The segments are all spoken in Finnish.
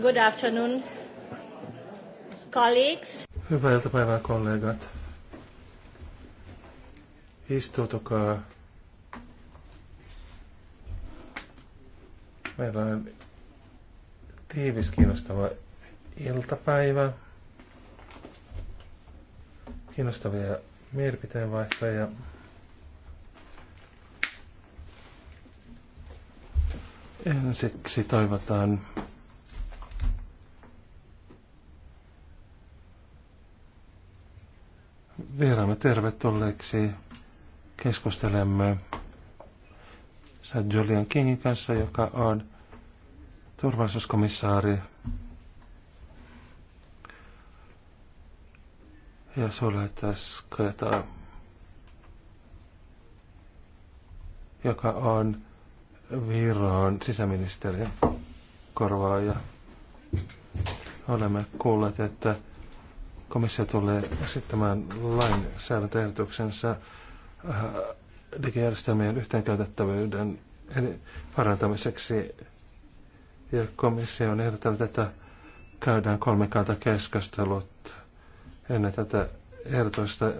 Good afternoon, colleagues. Hyvää iltapäivää, kollegat. Istutukaa. Meillä on tiivis kiinnostava iltapäivä. Kiinnostavia mielipiteenvaihtoja. Ensiksi toivotaan vieraamme tervetulleeksi. Keskustelemme Sir Julian Kingin kanssa, joka on turvallisuuskomissaari ja suljettaisiin joka on Viron sisäministeriön korvaaja. Olemme kuulleet, että komissio tulee esittämään lainsäädäntöehdotuksensa äh, digijärjestelmien yhteenkäytettävyyden parantamiseksi. Ja komissio on ehdottanut, että käydään kolmikanta keskustelut ennen tätä ehdotusta.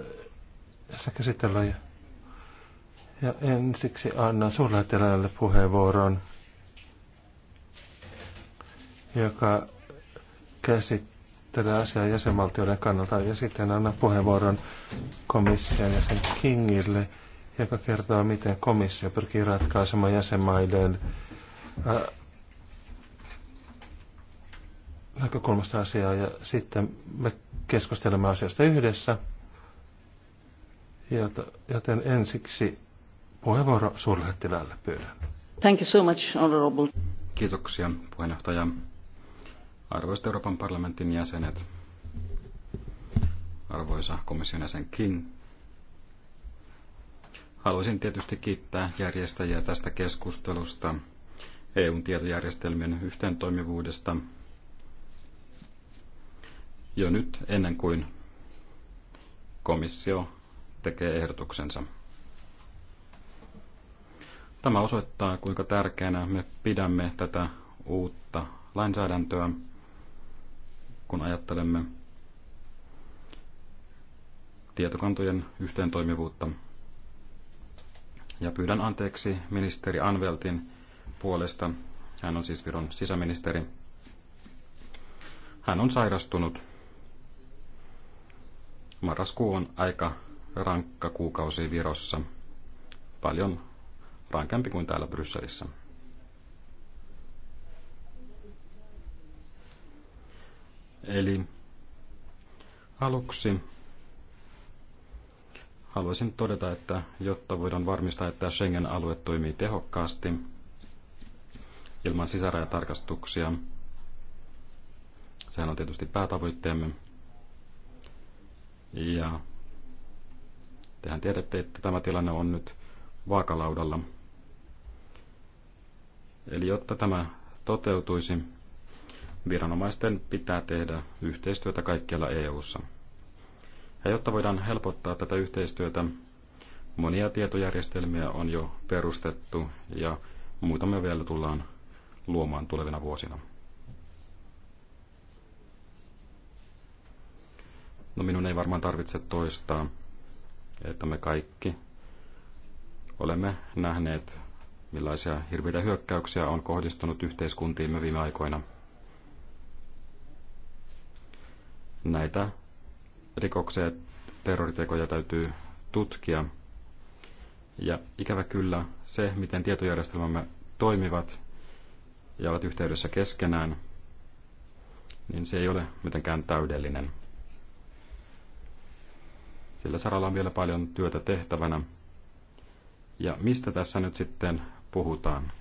Se käsitellään. Ja ensiksi annan suurlähettiläälle puheenvuoron, joka käsittää käsittelee asiaa jäsenvaltioiden kannalta ja sitten anna puheenvuoron komission ja sen Kingille, joka kertoo, miten komissio pyrkii ratkaisemaan jäsenmaiden ää, äh, näkökulmasta asiaa ja sitten me keskustelemme asiasta yhdessä. Joten ensiksi puheenvuoro suurlähettilälle pyydän. Thank you so much, honorable. Kiitoksia puheenjohtaja. Arvoisat Euroopan parlamentin jäsenet, arvoisa komission jäsen King, haluaisin tietysti kiittää järjestäjiä tästä keskustelusta EUn tietojärjestelmien toimivuudesta. jo nyt ennen kuin komissio tekee ehdotuksensa. Tämä osoittaa, kuinka tärkeänä me pidämme tätä uutta lainsäädäntöä – kun ajattelemme tietokantojen yhteentoimivuutta. Ja pyydän anteeksi ministeri Anveltin puolesta. Hän on siis Viron sisäministeri. Hän on sairastunut. Marraskuu on aika rankka kuukausi Virossa. Paljon rankempi kuin täällä Brysselissä. Eli aluksi haluaisin todeta, että jotta voidaan varmistaa, että Schengen-alue toimii tehokkaasti ilman sisärajatarkastuksia, sehän on tietysti päätavoitteemme. Ja tehän tiedätte, että tämä tilanne on nyt vaakalaudalla. Eli jotta tämä toteutuisi, Viranomaisten pitää tehdä yhteistyötä kaikkialla EU:ssa. Ja jotta voidaan helpottaa tätä yhteistyötä, monia tietojärjestelmiä on jo perustettu ja muutamia vielä tullaan luomaan tulevina vuosina. No minun ei varmaan tarvitse toistaa, että me kaikki olemme nähneet, millaisia hirveitä hyökkäyksiä on kohdistunut yhteiskuntiimme viime aikoina – näitä rikoksia ja terroritekoja täytyy tutkia. Ja ikävä kyllä se, miten tietojärjestelmämme toimivat ja ovat yhteydessä keskenään, niin se ei ole mitenkään täydellinen. Sillä saralla on vielä paljon työtä tehtävänä. Ja mistä tässä nyt sitten puhutaan?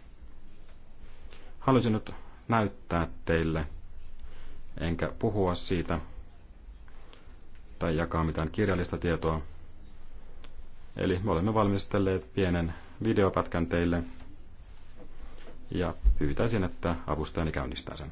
Haluaisin nyt näyttää teille, enkä puhua siitä, tai jakaa mitään kirjallista tietoa. Eli me olemme valmistelleet pienen videopätkän teille ja pyytäisin, että avustajani käynnistää sen.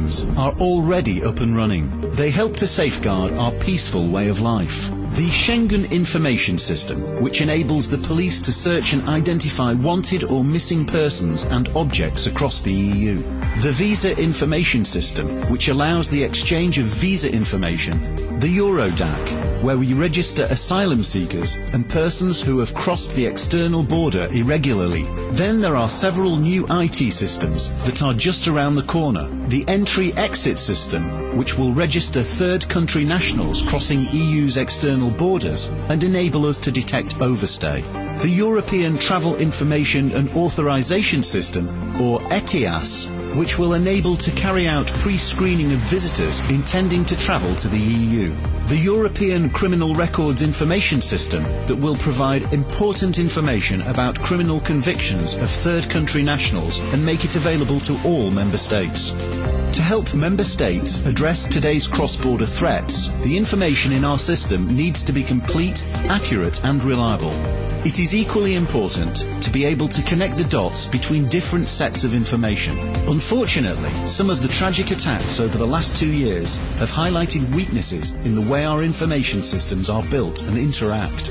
systems are already up and running. They help to safeguard our peaceful way of life. The Schengen Information System, which enables the police to search and identify wanted or missing persons and objects across the EU. The Visa Information System, which allows the exchange of visa information. The Eurodac, where we register asylum seekers and persons who have crossed the external border irregularly. Then there are several new IT systems that are just around the corner. The entry-exit system, which will register third country nationals crossing EU's external borders and enable us to detect overstay. The European Travel Information and Authorization System, or ETIAS, which will enable to carry out pre-screening of visitors intending to travel to the EU. The European Criminal Records Information System that will provide important information about criminal convictions of third country nationals and make it available to all member states. To help member states address today's cross-border threats, the information in our system needs to be complete, accurate and reliable. It is equally important to be able to connect the dots between different sets of information. Unfortunately, some of the tragic attacks over the last two years have highlighted weaknesses in the way our information systems are built and interact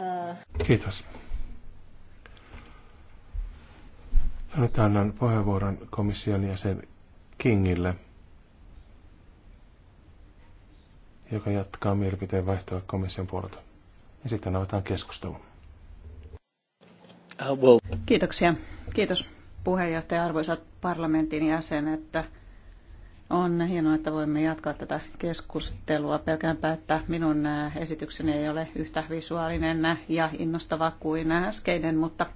Äh. Kiitos. Nyt annan puheenvuoron komission jäsen Kingille, joka jatkaa mielipiteen vaihtoa komission puolelta. Ja sitten avataan keskustelu. Uh, Kiitoksia. Kiitos puheenjohtaja, arvoisat parlamentin jäsenet. On hienoa, että voimme jatkaa tätä keskustelua. Pelkäänpä, että minun esitykseni ei ole yhtä visuaalinen ja innostava kuin äskeinen, mutta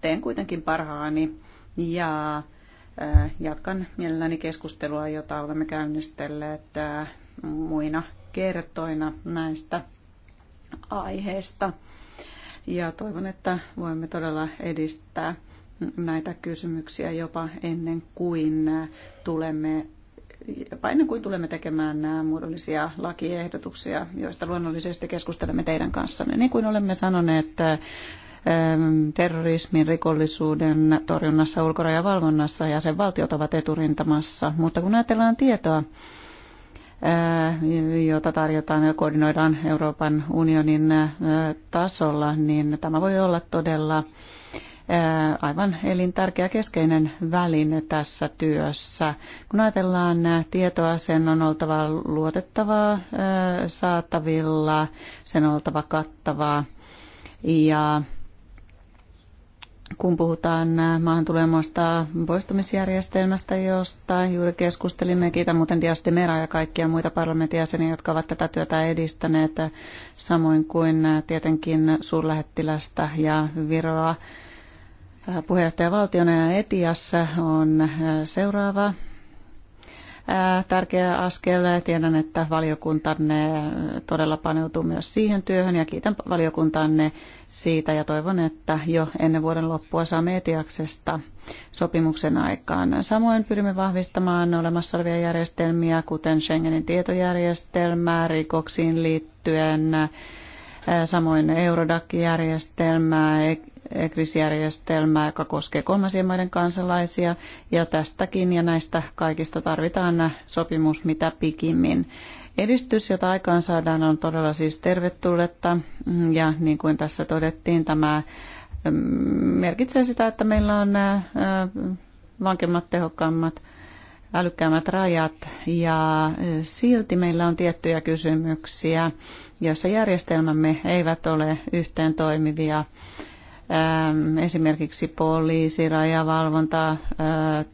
teen kuitenkin parhaani ja äh, jatkan mielelläni keskustelua, jota olemme käynnistelleet äh, muina kertoina näistä aiheista. Ja toivon, että voimme todella edistää näitä kysymyksiä jopa ennen kuin tulemme jopa ennen kuin tulemme tekemään nämä muodollisia lakiehdotuksia, joista luonnollisesti keskustelemme teidän kanssanne. Niin kuin olemme sanoneet, että ähm, terrorismin, rikollisuuden torjunnassa, ulkorajavalvonnassa ja sen valtiot ovat eturintamassa. Mutta kun ajatellaan tietoa, äh, jota tarjotaan ja koordinoidaan Euroopan unionin äh, tasolla, niin tämä voi olla todella aivan elintärkeä keskeinen väline tässä työssä. Kun ajatellaan tietoa, sen on oltava luotettavaa saatavilla, sen on oltava kattavaa ja kun puhutaan maahantulemasta poistumisjärjestelmästä, josta juuri keskustelimme, kiitän muuten Dias de Mera ja kaikkia muita parlamentin jäseniä, jotka ovat tätä työtä edistäneet, samoin kuin tietenkin suurlähettilästä ja Viroa puheenjohtajavaltiona ja Etiassa on äh, seuraava äh, tärkeä askel. Tiedän, että valiokuntanne äh, todella paneutuu myös siihen työhön ja kiitän valiokuntanne siitä ja toivon, että jo ennen vuoden loppua saamme etiaksesta sopimuksen aikaan. Samoin pyrimme vahvistamaan olemassa olevia järjestelmiä, kuten Schengenin tietojärjestelmää rikoksiin liittyen, samoin Eurodac-järjestelmää, kriisijärjestelmää, joka koskee kolmansien maiden kansalaisia. Ja tästäkin ja näistä kaikista tarvitaan sopimus mitä pikimmin. Edistys, jota aikaan saadaan, on todella siis tervetulletta. Ja niin kuin tässä todettiin, tämä mm, merkitsee sitä, että meillä on äh, vankemmat, tehokkaammat, älykkäämmät rajat ja äh, silti meillä on tiettyjä kysymyksiä, joissa järjestelmämme eivät ole yhteen toimivia Ähm, esimerkiksi poliisi, rajavalvonta, äh,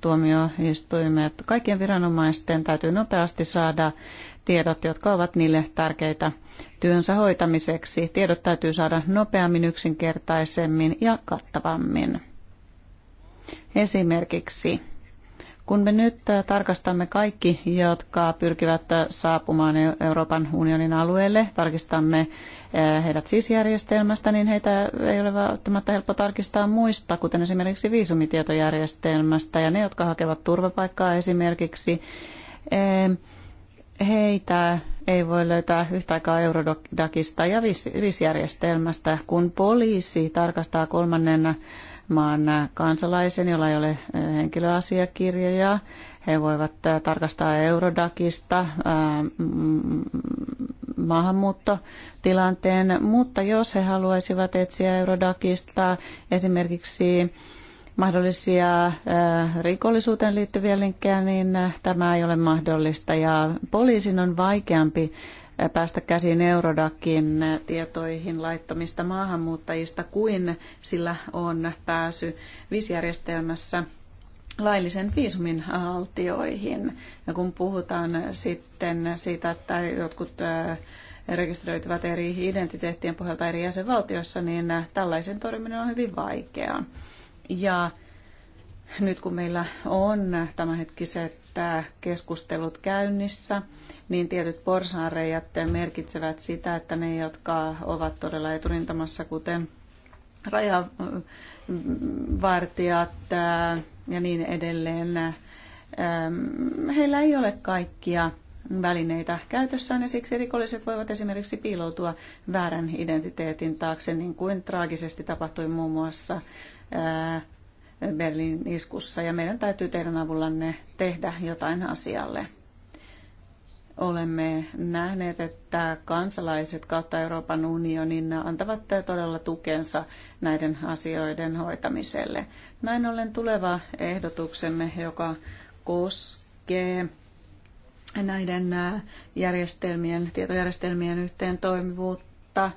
tuomioistuimet. Kaikkien viranomaisten täytyy nopeasti saada tiedot, jotka ovat niille tärkeitä työnsä hoitamiseksi. Tiedot täytyy saada nopeammin, yksinkertaisemmin ja kattavammin. Esimerkiksi kun me nyt äh, tarkastamme kaikki, jotka pyrkivät äh, saapumaan Euroopan unionin alueelle, tarkistamme heidät siis järjestelmästä, niin heitä ei ole välttämättä helppo tarkistaa muista, kuten esimerkiksi viisumitietojärjestelmästä. Ja ne, jotka hakevat turvapaikkaa esimerkiksi, heitä ei voi löytää yhtä aikaa Eurodakista ja visjärjestelmästä, kun poliisi tarkastaa kolmannen maan kansalaisen, jolla ei ole henkilöasiakirjoja. He voivat tarkastaa eurodakista maahanmuuttotilanteen, mutta jos he haluaisivat etsiä Eurodakista esimerkiksi mahdollisia äh, rikollisuuteen liittyviä linkkejä, niin äh, tämä ei ole mahdollista ja poliisin on vaikeampi äh, päästä käsiin Eurodakin tietoihin laittomista maahanmuuttajista kuin sillä on pääsy visjärjestelmässä laillisen viisumin haltioihin. Ja kun puhutaan sitten siitä, että jotkut rekisteröityvät eri identiteettien pohjalta eri jäsenvaltioissa, niin tällaisen torjuminen on hyvin vaikeaa. Ja nyt kun meillä on tämänhetkiset keskustelut käynnissä, niin tietyt porsaanreijat merkitsevät sitä, että ne, jotka ovat todella eturintamassa, kuten rajavartijat, ja niin edelleen. Heillä ei ole kaikkia välineitä käytössään ja siksi rikolliset voivat esimerkiksi piiloutua väärän identiteetin taakse, niin kuin traagisesti tapahtui muun muassa Berliin iskussa. Ja meidän täytyy teidän avullanne tehdä jotain asialle olemme nähneet, että kansalaiset kautta Euroopan unionin antavat todella tukensa näiden asioiden hoitamiselle. Näin ollen tuleva ehdotuksemme, joka koskee näiden järjestelmien, tietojärjestelmien yhteen toimivuutta,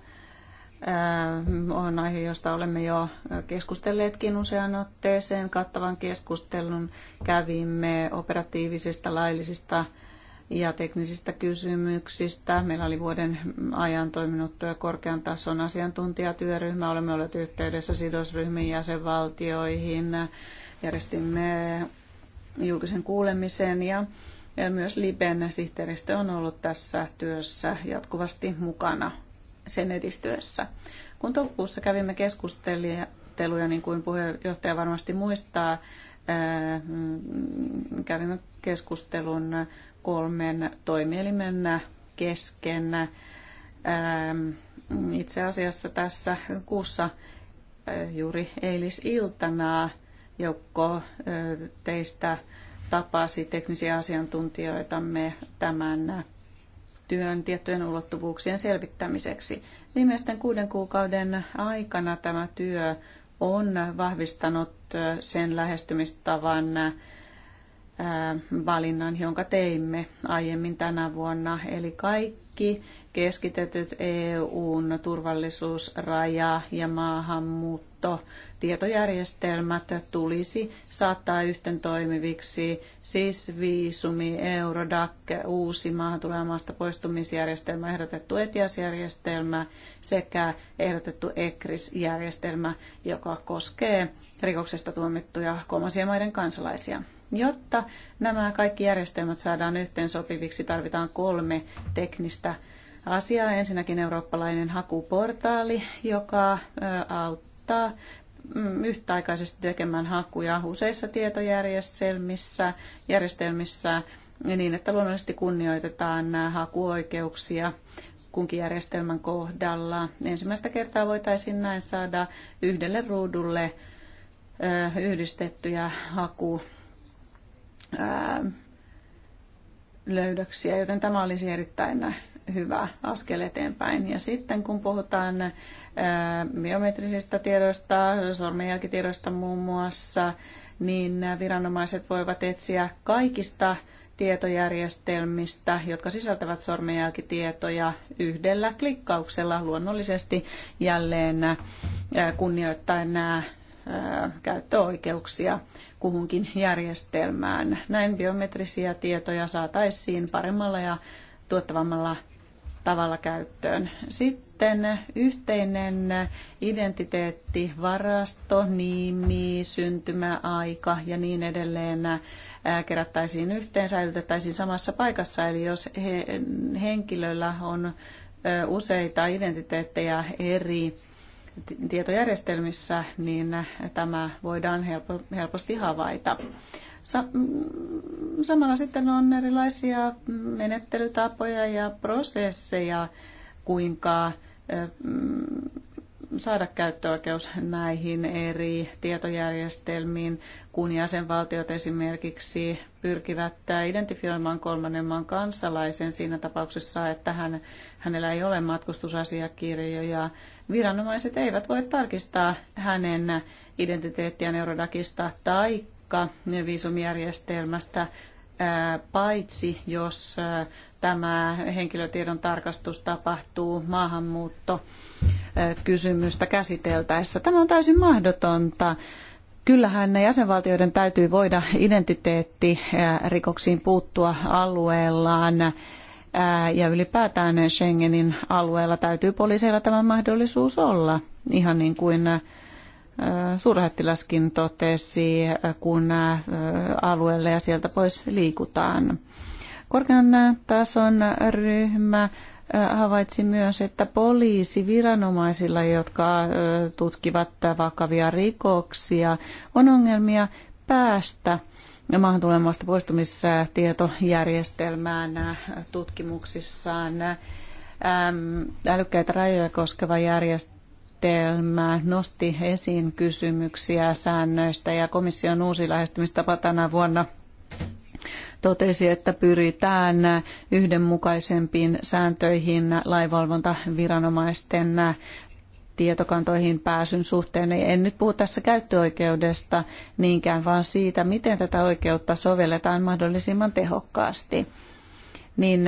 on aihe, josta olemme jo keskustelleetkin usean otteeseen. Kattavan keskustelun kävimme operatiivisista laillisista ja teknisistä kysymyksistä. Meillä oli vuoden ajan toiminut korkean tason asiantuntijatyöryhmä. Olemme olleet yhteydessä sidosryhmiin jäsenvaltioihin. Järjestimme julkisen kuulemisen ja myös Liben sihteeristö on ollut tässä työssä jatkuvasti mukana sen edistyessä. Kun toukokuussa kävimme keskusteluja, niin kuin puheenjohtaja varmasti muistaa, mm, kävimme keskustelun kolmen toimielimen kesken. Ähm, itse asiassa tässä kuussa äh, juuri eilisiltana joukko äh, teistä tapasi teknisiä asiantuntijoitamme tämän työn tiettyjen ulottuvuuksien selvittämiseksi. Viimeisten kuuden kuukauden aikana tämä työ on vahvistanut äh, sen lähestymistavan, valinnan, jonka teimme aiemmin tänä vuonna. Eli kaikki keskitetyt EUn turvallisuusraja- ja maahanmuutto tietojärjestelmät tulisi saattaa yhten toimiviksi, siis viisumi, Eurodac, uusi maahantulemasta poistumisjärjestelmä, ehdotettu ETIAS-järjestelmä sekä ehdotettu ECRIS-järjestelmä, joka koskee rikoksesta tuomittuja kolmansien maiden kansalaisia. Jotta nämä kaikki järjestelmät saadaan yhteen sopiviksi, tarvitaan kolme teknistä asiaa. Ensinnäkin eurooppalainen hakuportaali, joka auttaa mm, yhtäaikaisesti tekemään hakuja useissa tietojärjestelmissä, järjestelmissä niin, että luonnollisesti kunnioitetaan hakuoikeuksia kunkin järjestelmän kohdalla. Ensimmäistä kertaa voitaisiin näin saada yhdelle ruudulle yhdistettyjä hakuoikeuksia löydöksiä, joten tämä olisi erittäin hyvä askel eteenpäin. Ja sitten kun puhutaan biometrisistä tiedoista, sormenjälkitiedoista muun muassa, niin viranomaiset voivat etsiä kaikista tietojärjestelmistä, jotka sisältävät sormenjälkitietoja yhdellä klikkauksella luonnollisesti jälleen kunnioittaen nämä käyttöoikeuksia kuhunkin järjestelmään. Näin biometrisiä tietoja saataisiin paremmalla ja tuottavammalla tavalla käyttöön. Sitten yhteinen identiteetti, varasto, nimi, syntymäaika ja niin edelleen kerättäisiin yhteen, säilytettäisiin samassa paikassa. Eli jos he, henkilöllä on useita identiteettejä eri tietojärjestelmissä, niin tämä voidaan helposti havaita. Mm, samalla sitten on erilaisia menettelytapoja ja prosesseja, kuinka mm, saada käyttöoikeus näihin eri tietojärjestelmiin, kun jäsenvaltiot esimerkiksi pyrkivät identifioimaan kolmannen maan kansalaisen siinä tapauksessa, että hän, hänellä ei ole matkustusasiakirjoja. Viranomaiset eivät voi tarkistaa hänen identiteettiään Eurodakista tai viisumijärjestelmästä, paitsi jos tämä henkilötiedon tarkastus tapahtuu maahanmuutto kysymystä käsiteltäessä. Tämä on täysin mahdotonta. Kyllähän ne jäsenvaltioiden täytyy voida identiteettirikoksiin puuttua alueellaan ja ylipäätään Schengenin alueella täytyy poliiseilla tämä mahdollisuus olla, ihan niin kuin suurlähettiläskin totesi, kun alueelle ja sieltä pois liikutaan. Korkean tason ryhmä havaitsi myös, että poliisi viranomaisilla, jotka tutkivat vakavia rikoksia, on ongelmia päästä maahan tulemasta poistumistietojärjestelmään tutkimuksissaan. Älykkäitä rajoja koskeva järjestelmä määritelmä nosti esiin kysymyksiä säännöistä ja komission uusi lähestymistapa tänä vuonna totesi, että pyritään yhdenmukaisempiin sääntöihin laivalvontaviranomaisten tietokantoihin pääsyn suhteen. En nyt puhu tässä käyttöoikeudesta niinkään, vaan siitä, miten tätä oikeutta sovelletaan mahdollisimman tehokkaasti niin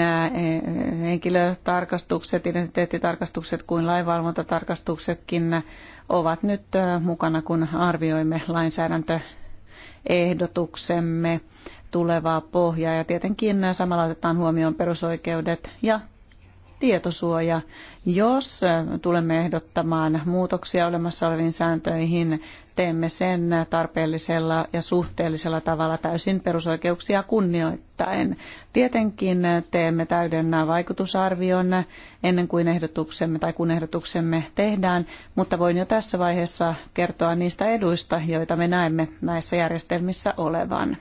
henkilötarkastukset, identiteettitarkastukset kuin lainvalvontatarkastuksetkin ovat nyt mukana, kun arvioimme lainsäädäntöehdotuksemme tulevaa pohjaa. Ja tietenkin samalla otetaan huomioon perusoikeudet ja tietosuoja. Jos tulemme ehdottamaan muutoksia olemassa oleviin sääntöihin, teemme sen tarpeellisella ja suhteellisella tavalla täysin perusoikeuksia kunnioittaen. Tietenkin teemme täyden vaikutusarvion ennen kuin ehdotuksemme tai kun ehdotuksemme tehdään, mutta voin jo tässä vaiheessa kertoa niistä eduista, joita me näemme näissä järjestelmissä olevan.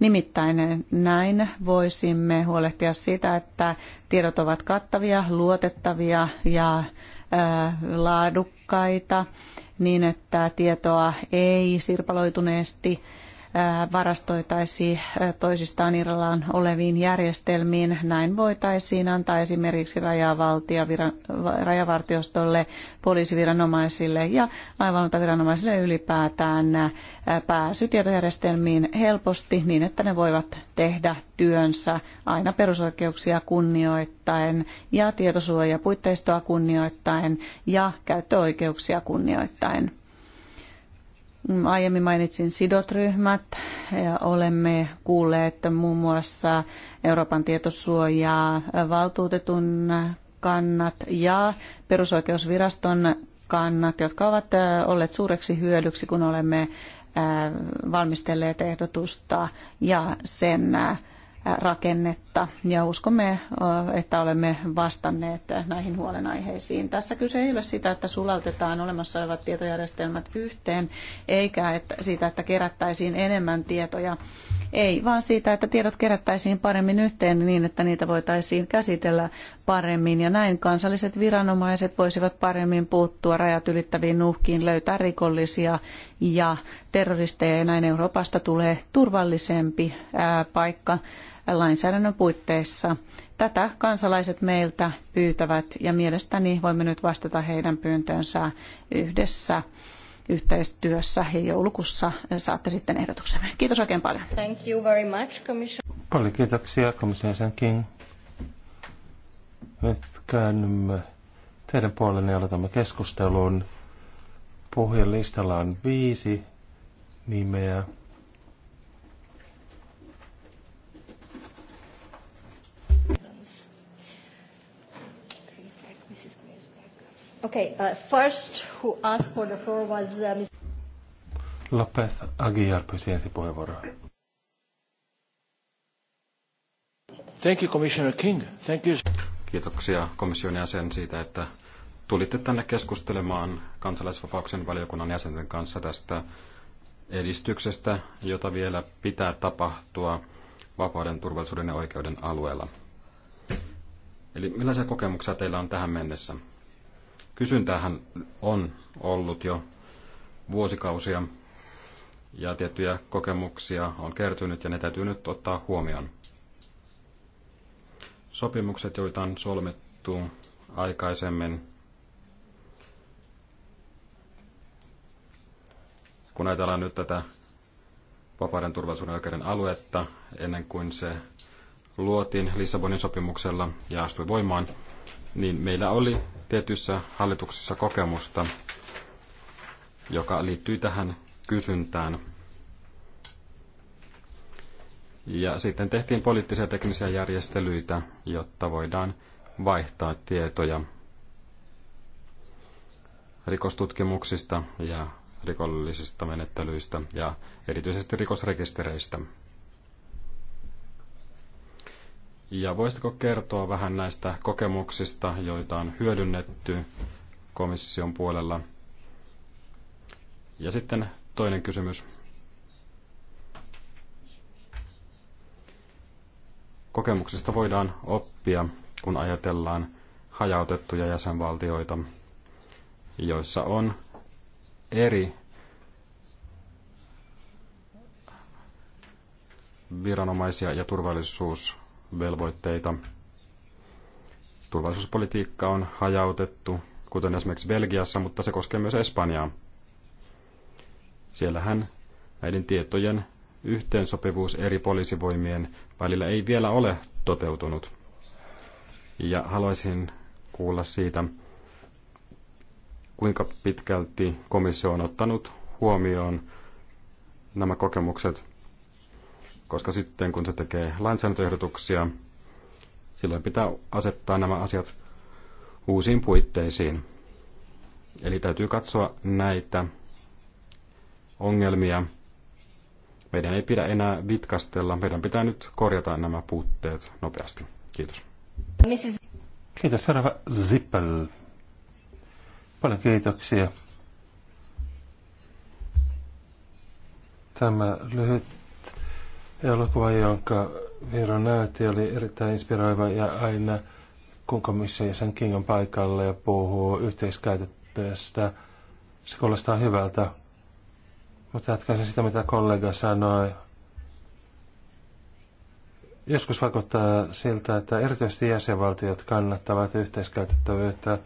Nimittäin näin voisimme huolehtia siitä, että tiedot ovat kattavia, luotettavia ja laadukkaita niin, että tietoa ei sirpaloituneesti varastoitaisi toisistaan irrallaan oleviin järjestelmiin. Näin voitaisiin antaa esimerkiksi rajavartiostolle, poliisiviranomaisille ja lainvalvontaviranomaisille ylipäätään pääsy tietojärjestelmiin helposti niin, että ne voivat tehdä työnsä aina perusoikeuksia kunnioittaen ja tietosuojapuitteistoa kunnioittaen ja käyttöoikeuksia kunnioittaen. Mm, aiemmin mainitsin sidotryhmät ja olemme kuulleet muun muassa Euroopan tietosuojaa valtuutetun kannat ja perusoikeusviraston kannat, jotka ovat äh, olleet suureksi hyödyksi, kun olemme äh, valmistelleet ehdotusta ja sen äh, rakennetta ja uskomme, että olemme vastanneet näihin huolenaiheisiin. Tässä kyse ei ole sitä, että sulautetaan olemassa olevat tietojärjestelmät yhteen, eikä että siitä, että kerättäisiin enemmän tietoja. Ei, vaan siitä, että tiedot kerättäisiin paremmin yhteen niin, että niitä voitaisiin käsitellä paremmin ja näin kansalliset viranomaiset voisivat paremmin puuttua rajat ylittäviin uhkiin, löytää rikollisia ja terroristeja ja näin Euroopasta tulee turvallisempi paikka lainsäädännön puitteissa. Tätä kansalaiset meiltä pyytävät ja mielestäni voimme nyt vastata heidän pyyntöönsä yhdessä yhteistyössä ja joulukuussa saatte sitten ehdotuksemme. Kiitos oikein paljon. Thank you very much, Paljon kiitoksia, komission King. Nyt käännymme teidän puolenne ja aloitamme keskustelun. Puhujan listalla on viisi nimeä. Okay, uh, first who asked for the floor was uh, Ms. Lopez Aguiar pyysi ensi Thank you, Commissioner King. Thank you. Kiitoksia komission jäsen siitä, että tulitte tänne keskustelemaan kansalaisvapauksen valiokunnan jäsenten kanssa tästä edistyksestä, jota vielä pitää tapahtua vapauden, turvallisuuden ja oikeuden alueella. Eli millaisia kokemuksia teillä on tähän mennessä? Kysyntäähän on ollut jo vuosikausia ja tiettyjä kokemuksia on kertynyt ja ne täytyy nyt ottaa huomioon. Sopimukset, joita on solmittu aikaisemmin, kun ajatellaan nyt tätä vapauden turvallisuuden oikeuden aluetta ennen kuin se luotiin Lissabonin sopimuksella ja astui voimaan, niin meillä oli tietyissä hallituksissa kokemusta, joka liittyy tähän kysyntään. Ja sitten tehtiin poliittisia teknisiä järjestelyitä, jotta voidaan vaihtaa tietoja rikostutkimuksista ja rikollisista menettelyistä ja erityisesti rikosrekistereistä. Ja voisitko kertoa vähän näistä kokemuksista, joita on hyödynnetty komission puolella? Ja sitten toinen kysymys. Kokemuksista voidaan oppia, kun ajatellaan hajautettuja jäsenvaltioita, joissa on eri viranomaisia ja turvallisuus velvoitteita. Turvallisuuspolitiikka on hajautettu, kuten esimerkiksi Belgiassa, mutta se koskee myös Espanjaa. Siellähän näiden tietojen yhteensopivuus eri poliisivoimien välillä ei vielä ole toteutunut. Ja haluaisin kuulla siitä, kuinka pitkälti komissio on ottanut huomioon nämä kokemukset koska sitten kun se tekee lainsäädäntöehdotuksia, silloin pitää asettaa nämä asiat uusiin puitteisiin. Eli täytyy katsoa näitä ongelmia. Meidän ei pidä enää vitkastella, meidän pitää nyt korjata nämä puutteet nopeasti. Kiitos. Kiitos, seuraava Zippel. Paljon kiitoksia. Tämä lyhyt elokuva, jonka Viro näytti, oli erittäin inspiroiva ja aina kun komissio ja sen King on paikalla ja puhuu yhteiskäytettävästä, se kuulostaa hyvältä. Mutta jatkaisin sitä, mitä kollega sanoi. Joskus vaikuttaa siltä, että erityisesti jäsenvaltiot kannattavat yhteiskäytettävyyttä,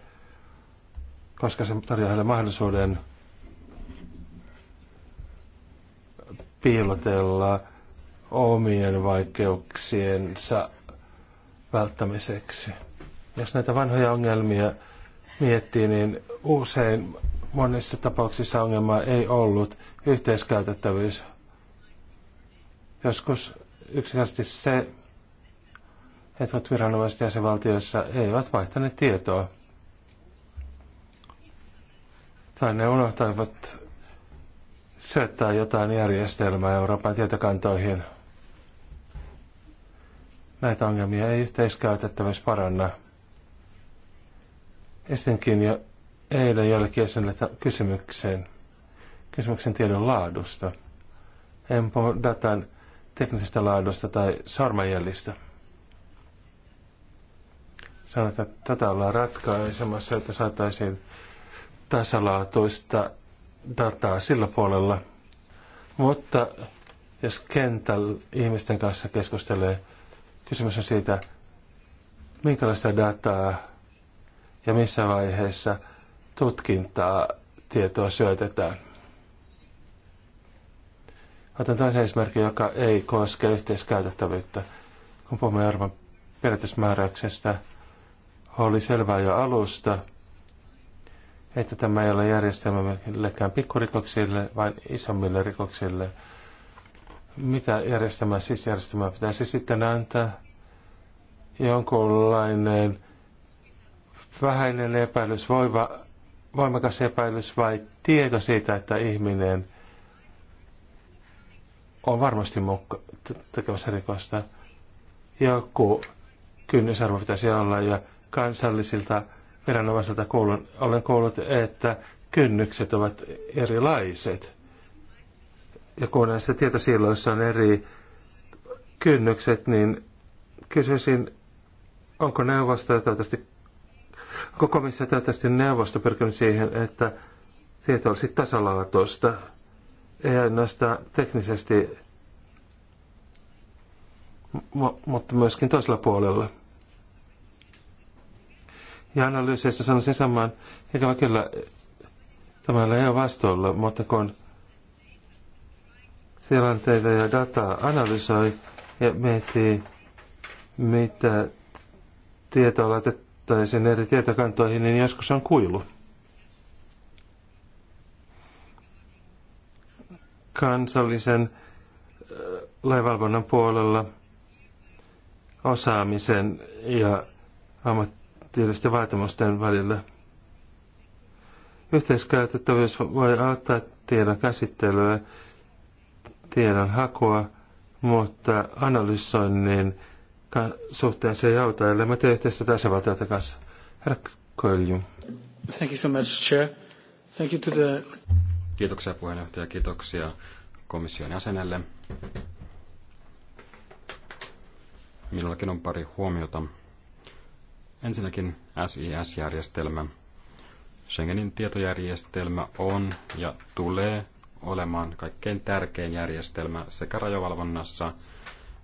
koska se tarjoaa heille mahdollisuuden piilotella – omien vaikeuksiensa välttämiseksi. Jos näitä vanhoja ongelmia miettii, niin usein monissa tapauksissa ongelma ei ollut yhteiskäytettävyys. Joskus yksinkertaisesti se, että viranomaiset jäsenvaltioissa eivät vaihtaneet tietoa. Tai ne unohtavat syöttää jotain järjestelmää Euroopan tietokantoihin – Näitä ongelmia ei yhteiskäytettävissä paranna. Estinkin jo eilen jollekin esille kysymykseen, kysymyksen tiedon laadusta, puhu datan teknisestä laadusta tai sormenjäljistä. Sanotaan, että tätä ollaan ratkaisemassa, että saataisiin tasalaatuista dataa sillä puolella. Mutta jos kentällä ihmisten kanssa keskustelee, Kysymys on siitä, minkälaista dataa ja missä vaiheessa tutkintaa tietoa syötetään. Otan toisen esimerkin, joka ei koske yhteiskäytettävyyttä. Kun puhumme arvon perätysmääräyksestä, oli selvää jo alusta, että tämä ei ole järjestelmä millekään pikkurikoksille, vaan isommille rikoksille – mitä järjestelmää siis järjestelmää pitäisi sitten antaa jonkunlainen vähäinen epäilys, voiva, voimakas epäilys vai tieto siitä, että ihminen on varmasti mukka, tekemässä rikosta. Joku kynnysarvo pitäisi olla ja kansallisilta viranomaisilta kuulun, olen kuullut, että kynnykset ovat erilaiset ja kun näissä tietosiiloissa on eri kynnykset, niin kysyisin, onko neuvosto ja toivottavasti, onko komissio toivottavasti neuvosto pyrkinyt siihen, että tieto olisi tasalaatuista, ei ainoastaan teknisesti, mutta myöskin toisella puolella. Ja analyyseista sanoisin saman, ikävä kyllä tämä ei ole vastuulla, mutta kun tilanteita ja dataa analysoi ja miettii, mitä tietoa laitettaisiin eri tietokantoihin, niin joskus on kuilu. Kansallisen äh, laivalvonnan puolella osaamisen ja ammattilaisten vaatimusten välillä. Yhteiskäytettävyys voi auttaa tiedon käsittelyä tiedon hakua, mutta analysoinnin suhteen se ei auta, ellei mä tee yhteistyötä jäsenvaltioiden kanssa. Herra Kölju. Thank you so much, Chair. Thank you to the... Kiitoksia puheenjohtaja, kiitoksia komission jäsenelle. Minullakin on pari huomiota. Ensinnäkin SIS-järjestelmä. Schengenin tietojärjestelmä on ja tulee olemaan kaikkein tärkein järjestelmä sekä rajavalvonnassa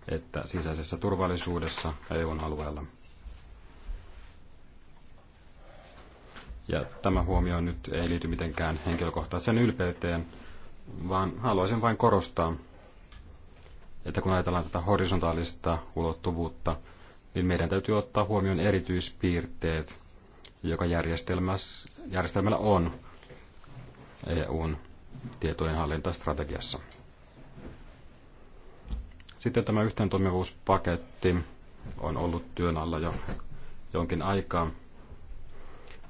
että sisäisessä turvallisuudessa EUn alueella. Ja tämä huomio nyt ei liity mitenkään henkilökohtaiseen ylpeyteen, vaan haluaisin vain korostaa, että kun ajatellaan tätä horisontaalista ulottuvuutta, niin meidän täytyy ottaa huomioon erityispiirteet, joka järjestelmällä on EUn Tietojenhallintastrategiassa. Sitten tämä toimivuuspaketti on ollut työn alla jo jonkin aikaa.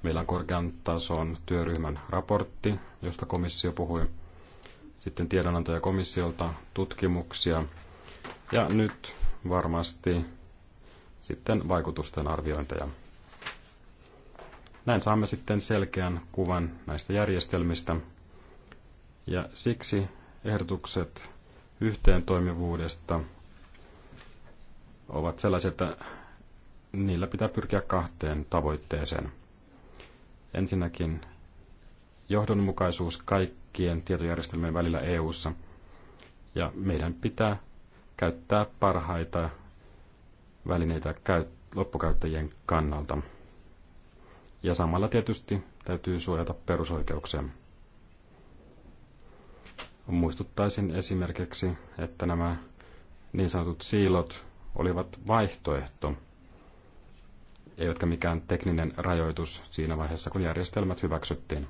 Meillä on korkean tason työryhmän raportti, josta komissio puhui. Sitten tiedonantoja komissiolta, tutkimuksia. Ja nyt varmasti sitten vaikutusten arviointeja. Näin saamme sitten selkeän kuvan näistä järjestelmistä – ja siksi ehdotukset yhteen toimivuudesta ovat sellaisia, että niillä pitää pyrkiä kahteen tavoitteeseen. Ensinnäkin johdonmukaisuus kaikkien tietojärjestelmien välillä EU:ssa ja meidän pitää käyttää parhaita välineitä loppukäyttäjien kannalta. Ja samalla tietysti täytyy suojata perusoikeuksia. Muistuttaisin esimerkiksi, että nämä niin sanotut siilot olivat vaihtoehto, eivätkä mikään tekninen rajoitus siinä vaiheessa, kun järjestelmät hyväksyttiin.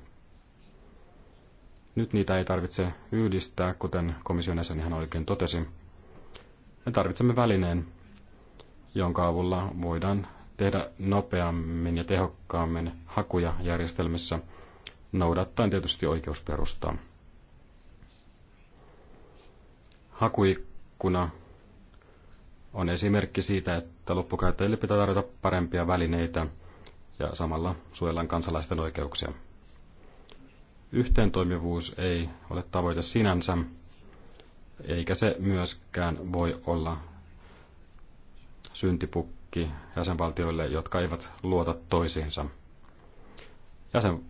Nyt niitä ei tarvitse yhdistää, kuten komission jäsen ihan oikein totesi. Me tarvitsemme välineen, jonka avulla voidaan tehdä nopeammin ja tehokkaammin hakuja järjestelmissä, noudattaen tietysti oikeusperustaa. Hakuikkuna on esimerkki siitä, että loppukäyttäjille pitää tarjota parempia välineitä ja samalla suojellaan kansalaisten oikeuksia. Yhteentoimivuus ei ole tavoite sinänsä, eikä se myöskään voi olla syntipukki jäsenvaltioille, jotka eivät luota toisiinsa. Jäsen...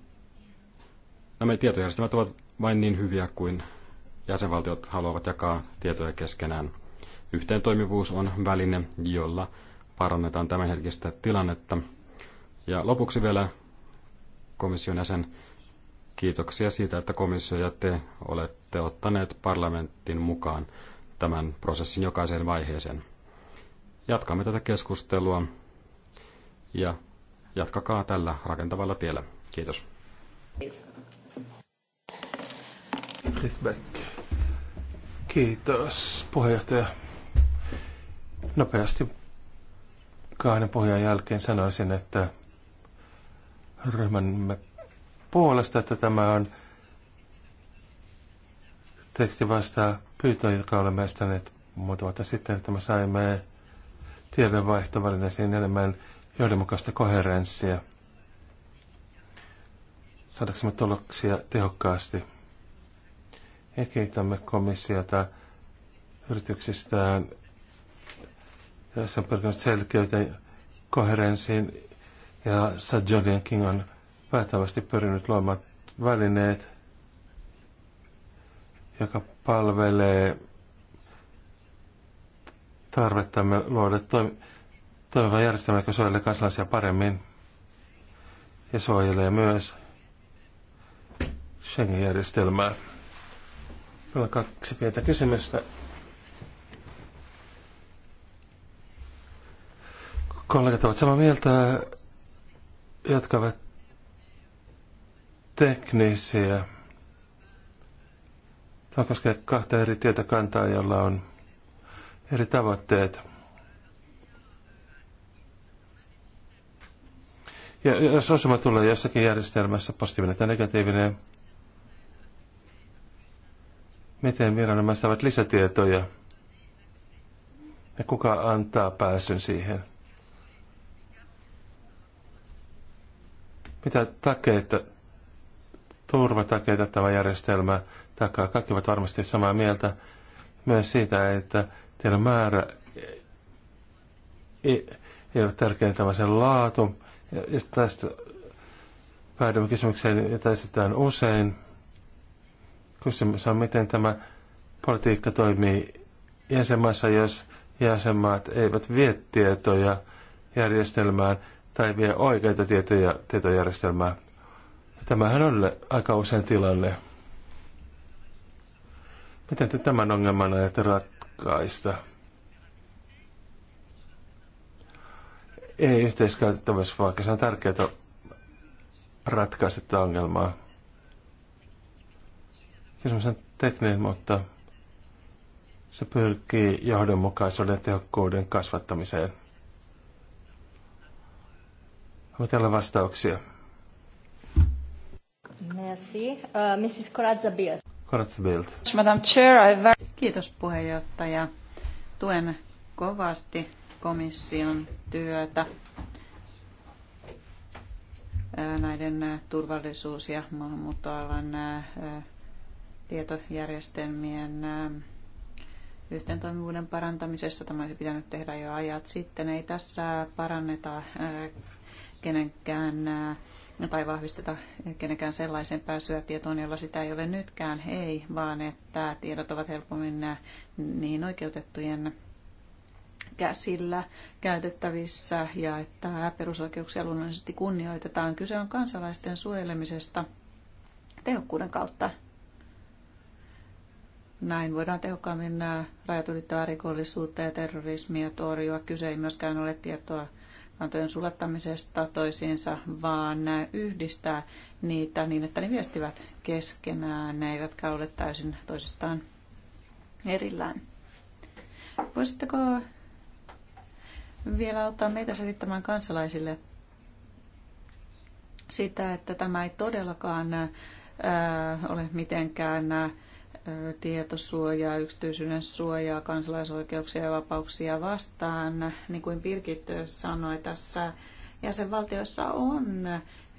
Nämä tietojärjestelmät ovat vain niin hyviä kuin jäsenvaltiot haluavat jakaa tietoja keskenään. Yhteentoimivuus on väline, jolla parannetaan tämänhetkistä tilannetta. Ja lopuksi vielä komission jäsen kiitoksia siitä, että komissio ja te olette ottaneet parlamentin mukaan tämän prosessin jokaiseen vaiheeseen. Jatkamme tätä keskustelua ja jatkakaa tällä rakentavalla tiellä. Kiitos. Respect. Kiitos, puheenjohtaja. Nopeasti kahden pohjan jälkeen sanoisin, että ryhmämme puolesta, että tämä on teksti vastaa pyyntöön, joka olemme estäneet muutama vuotta sitten, että me saimme tiedonvaihtovälineisiin enemmän johdonmukaista koherenssia. Saadaanko me tuloksia tehokkaasti? ja kiitämme komissiota yrityksistään, ja on pyrkinyt selkeyteen, koherenssiin ja Sajodian King on päättävästi pyrinyt luomaan välineet, joka palvelee tarvettamme luoda toim- toimiva järjestelmä, joka suojelee kansalaisia paremmin ja suojelee myös Schengen-järjestelmää. Minulla on kaksi pientä kysymystä. Kollegat ovat samaa mieltä, jotka ovat teknisiä. Tämä koskee kahta eri tietokantaa, jolla on eri tavoitteet. Ja jos osuma tulee jossakin järjestelmässä, positiivinen tai negatiivinen, miten viranomaiset saavat lisätietoja ja kuka antaa pääsyn siihen. Mitä takeita, turvatakeita tämä järjestelmä takaa? Kaikki ovat varmasti samaa mieltä myös siitä, että tiedon määrä ei, ei ole tärkeintä, vaan sen laatu. ja tästä päädymme kysymykseen, jota esitetään usein – Kysymys on, miten tämä politiikka toimii jäsenmaissa, jos jäsenmaat eivät vie tietoja järjestelmään tai vie oikeita tietoja tietojärjestelmään. Tämähän on aika usein tilanne. Miten te tämän ongelman ajatte ratkaista? Ei yhteiskäytettävyys, vaikka se on tärkeää ratkaista tätä ongelmaa. Kysymys on tekninen, mutta se pyrkii johdonmukaisuuden tehokkuuden kasvattamiseen. Onko teillä vastauksia? Merci. Uh, Mrs. Corazza Bild. Corazza Bild. Chair, I very... Kiitos puheenjohtaja. Tuen kovasti komission työtä uh, näiden uh, turvallisuus- ja maahanmuuttoalan uh, tietojärjestelmien äh, toimivuuden parantamisessa. Tämä olisi pitänyt tehdä jo ajat sitten. Ei tässä paranneta äh, kenenkään äh, tai vahvisteta kenenkään sellaisen pääsyä tietoon, jolla sitä ei ole nytkään. Ei, vaan että tiedot ovat helpommin niin oikeutettujen käsillä käytettävissä ja että perusoikeuksia luonnollisesti kunnioitetaan. Kyse on kansalaisten suojelemisesta tehokkuuden kautta näin voidaan tehokkaammin nämä äh, rajat ylittävää rikollisuutta ja terrorismia torjua. Kyse ei myöskään ole tietoa kantojen sulattamisesta toisiinsa, vaan äh, yhdistää niitä niin, että ne viestivät keskenään, ne eivätkä ole täysin toisistaan erillään. Voisitteko vielä auttaa meitä selittämään kansalaisille sitä, että tämä ei todellakaan äh, ole mitenkään tietosuojaa, yksityisyyden suojaa, kansalaisoikeuksia ja vapauksia vastaan. Niin kuin Birgit sanoi, tässä jäsenvaltioissa on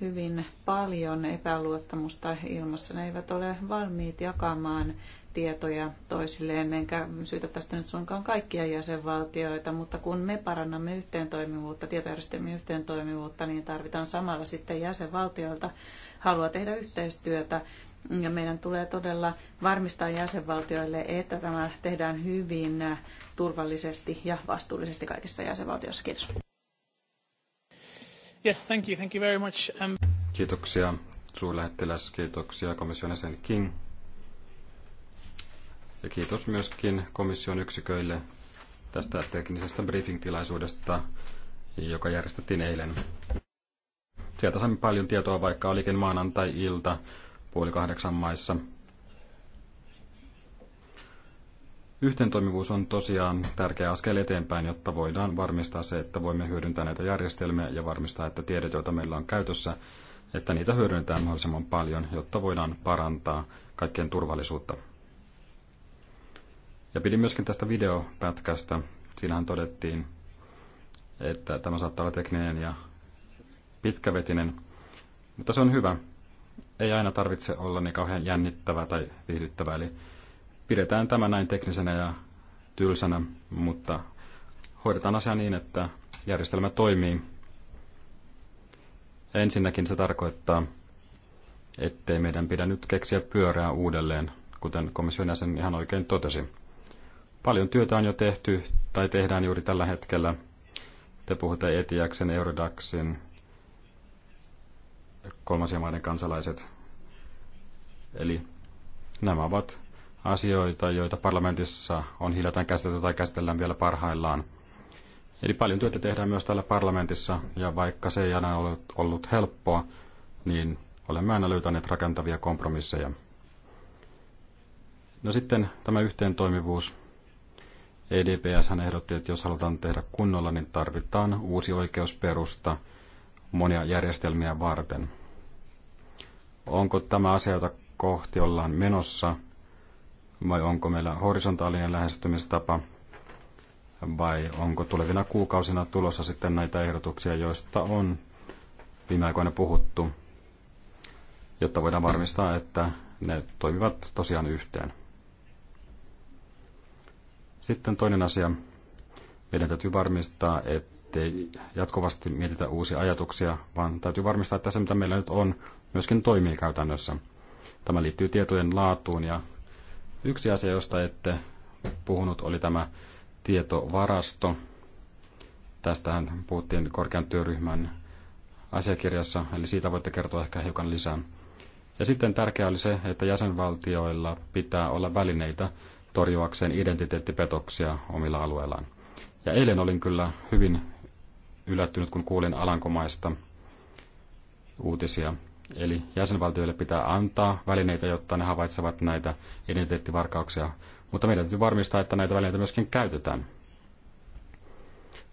hyvin paljon epäluottamusta ilmassa. Ne eivät ole valmiit jakamaan tietoja toisilleen, enkä syytä tästä nyt suinkaan kaikkia jäsenvaltioita, mutta kun me parannamme yhteentoimivuutta, tietojärjestelmien yhteentoimivuutta, niin tarvitaan samalla sitten jäsenvaltioilta halua tehdä yhteistyötä ja meidän tulee todella varmistaa jäsenvaltioille, että tämä tehdään hyvin turvallisesti ja vastuullisesti kaikissa jäsenvaltioissa. Kiitos. Yes, thank you. Thank you very much. Um... Kiitoksia suurlähettiläs, kiitoksia komission jäsen King. Ja kiitos myöskin komission yksiköille tästä teknisestä briefing-tilaisuudesta, joka järjestettiin eilen. Sieltä saimme paljon tietoa, vaikka olikin maanantai-ilta, puoli kahdeksan maissa. Yhteentoimivuus on tosiaan tärkeä askel eteenpäin, jotta voidaan varmistaa se, että voimme hyödyntää näitä järjestelmiä ja varmistaa, että tiedot, joita meillä on käytössä, että niitä hyödynnetään mahdollisimman paljon, jotta voidaan parantaa kaikkien turvallisuutta. Ja pidin myöskin tästä videopätkästä. Siinähän todettiin, että tämä saattaa olla tekninen ja pitkävetinen, mutta se on hyvä, ei aina tarvitse olla niin kauhean jännittävä tai viihdyttävä. Eli pidetään tämä näin teknisenä ja tylsänä, mutta hoidetaan asia niin, että järjestelmä toimii. Ensinnäkin se tarkoittaa, ettei meidän pidä nyt keksiä pyörää uudelleen, kuten komission jäsen ihan oikein totesi. Paljon työtä on jo tehty tai tehdään juuri tällä hetkellä. Te puhutte Etiaksen, Eurodaxin kolmansien maiden kansalaiset. Eli nämä ovat asioita, joita parlamentissa on hiljattain käsitelty tai käsitellään vielä parhaillaan. Eli paljon työtä tehdään myös täällä parlamentissa, ja vaikka se ei aina ollut, ollut helppoa, niin olemme aina löytäneet rakentavia kompromisseja. No sitten tämä yhteentoimivuus. EDPS hän ehdotti, että jos halutaan tehdä kunnolla, niin tarvitaan uusi oikeusperusta – monia järjestelmiä varten. Onko tämä asia, jota kohti ollaan menossa, vai onko meillä horisontaalinen lähestymistapa, vai onko tulevina kuukausina tulossa sitten näitä ehdotuksia, joista on viime aikoina puhuttu, jotta voidaan varmistaa, että ne toimivat tosiaan yhteen. Sitten toinen asia. Meidän täytyy varmistaa, että ettei jatkuvasti mietitä uusia ajatuksia, vaan täytyy varmistaa, että se mitä meillä nyt on, myöskin toimii käytännössä. Tämä liittyy tietojen laatuun ja yksi asia, josta ette puhunut, oli tämä tietovarasto. Tästähän puhuttiin korkean työryhmän asiakirjassa, eli siitä voitte kertoa ehkä hiukan lisää. Ja sitten tärkeää oli se, että jäsenvaltioilla pitää olla välineitä torjuakseen identiteettipetoksia omilla alueillaan. Ja eilen olin kyllä hyvin yllättynyt, kun kuulin Alankomaista uutisia. Eli jäsenvaltioille pitää antaa välineitä, jotta ne havaitsevat näitä identiteettivarkauksia, mutta meidän täytyy varmistaa, että näitä välineitä myöskin käytetään.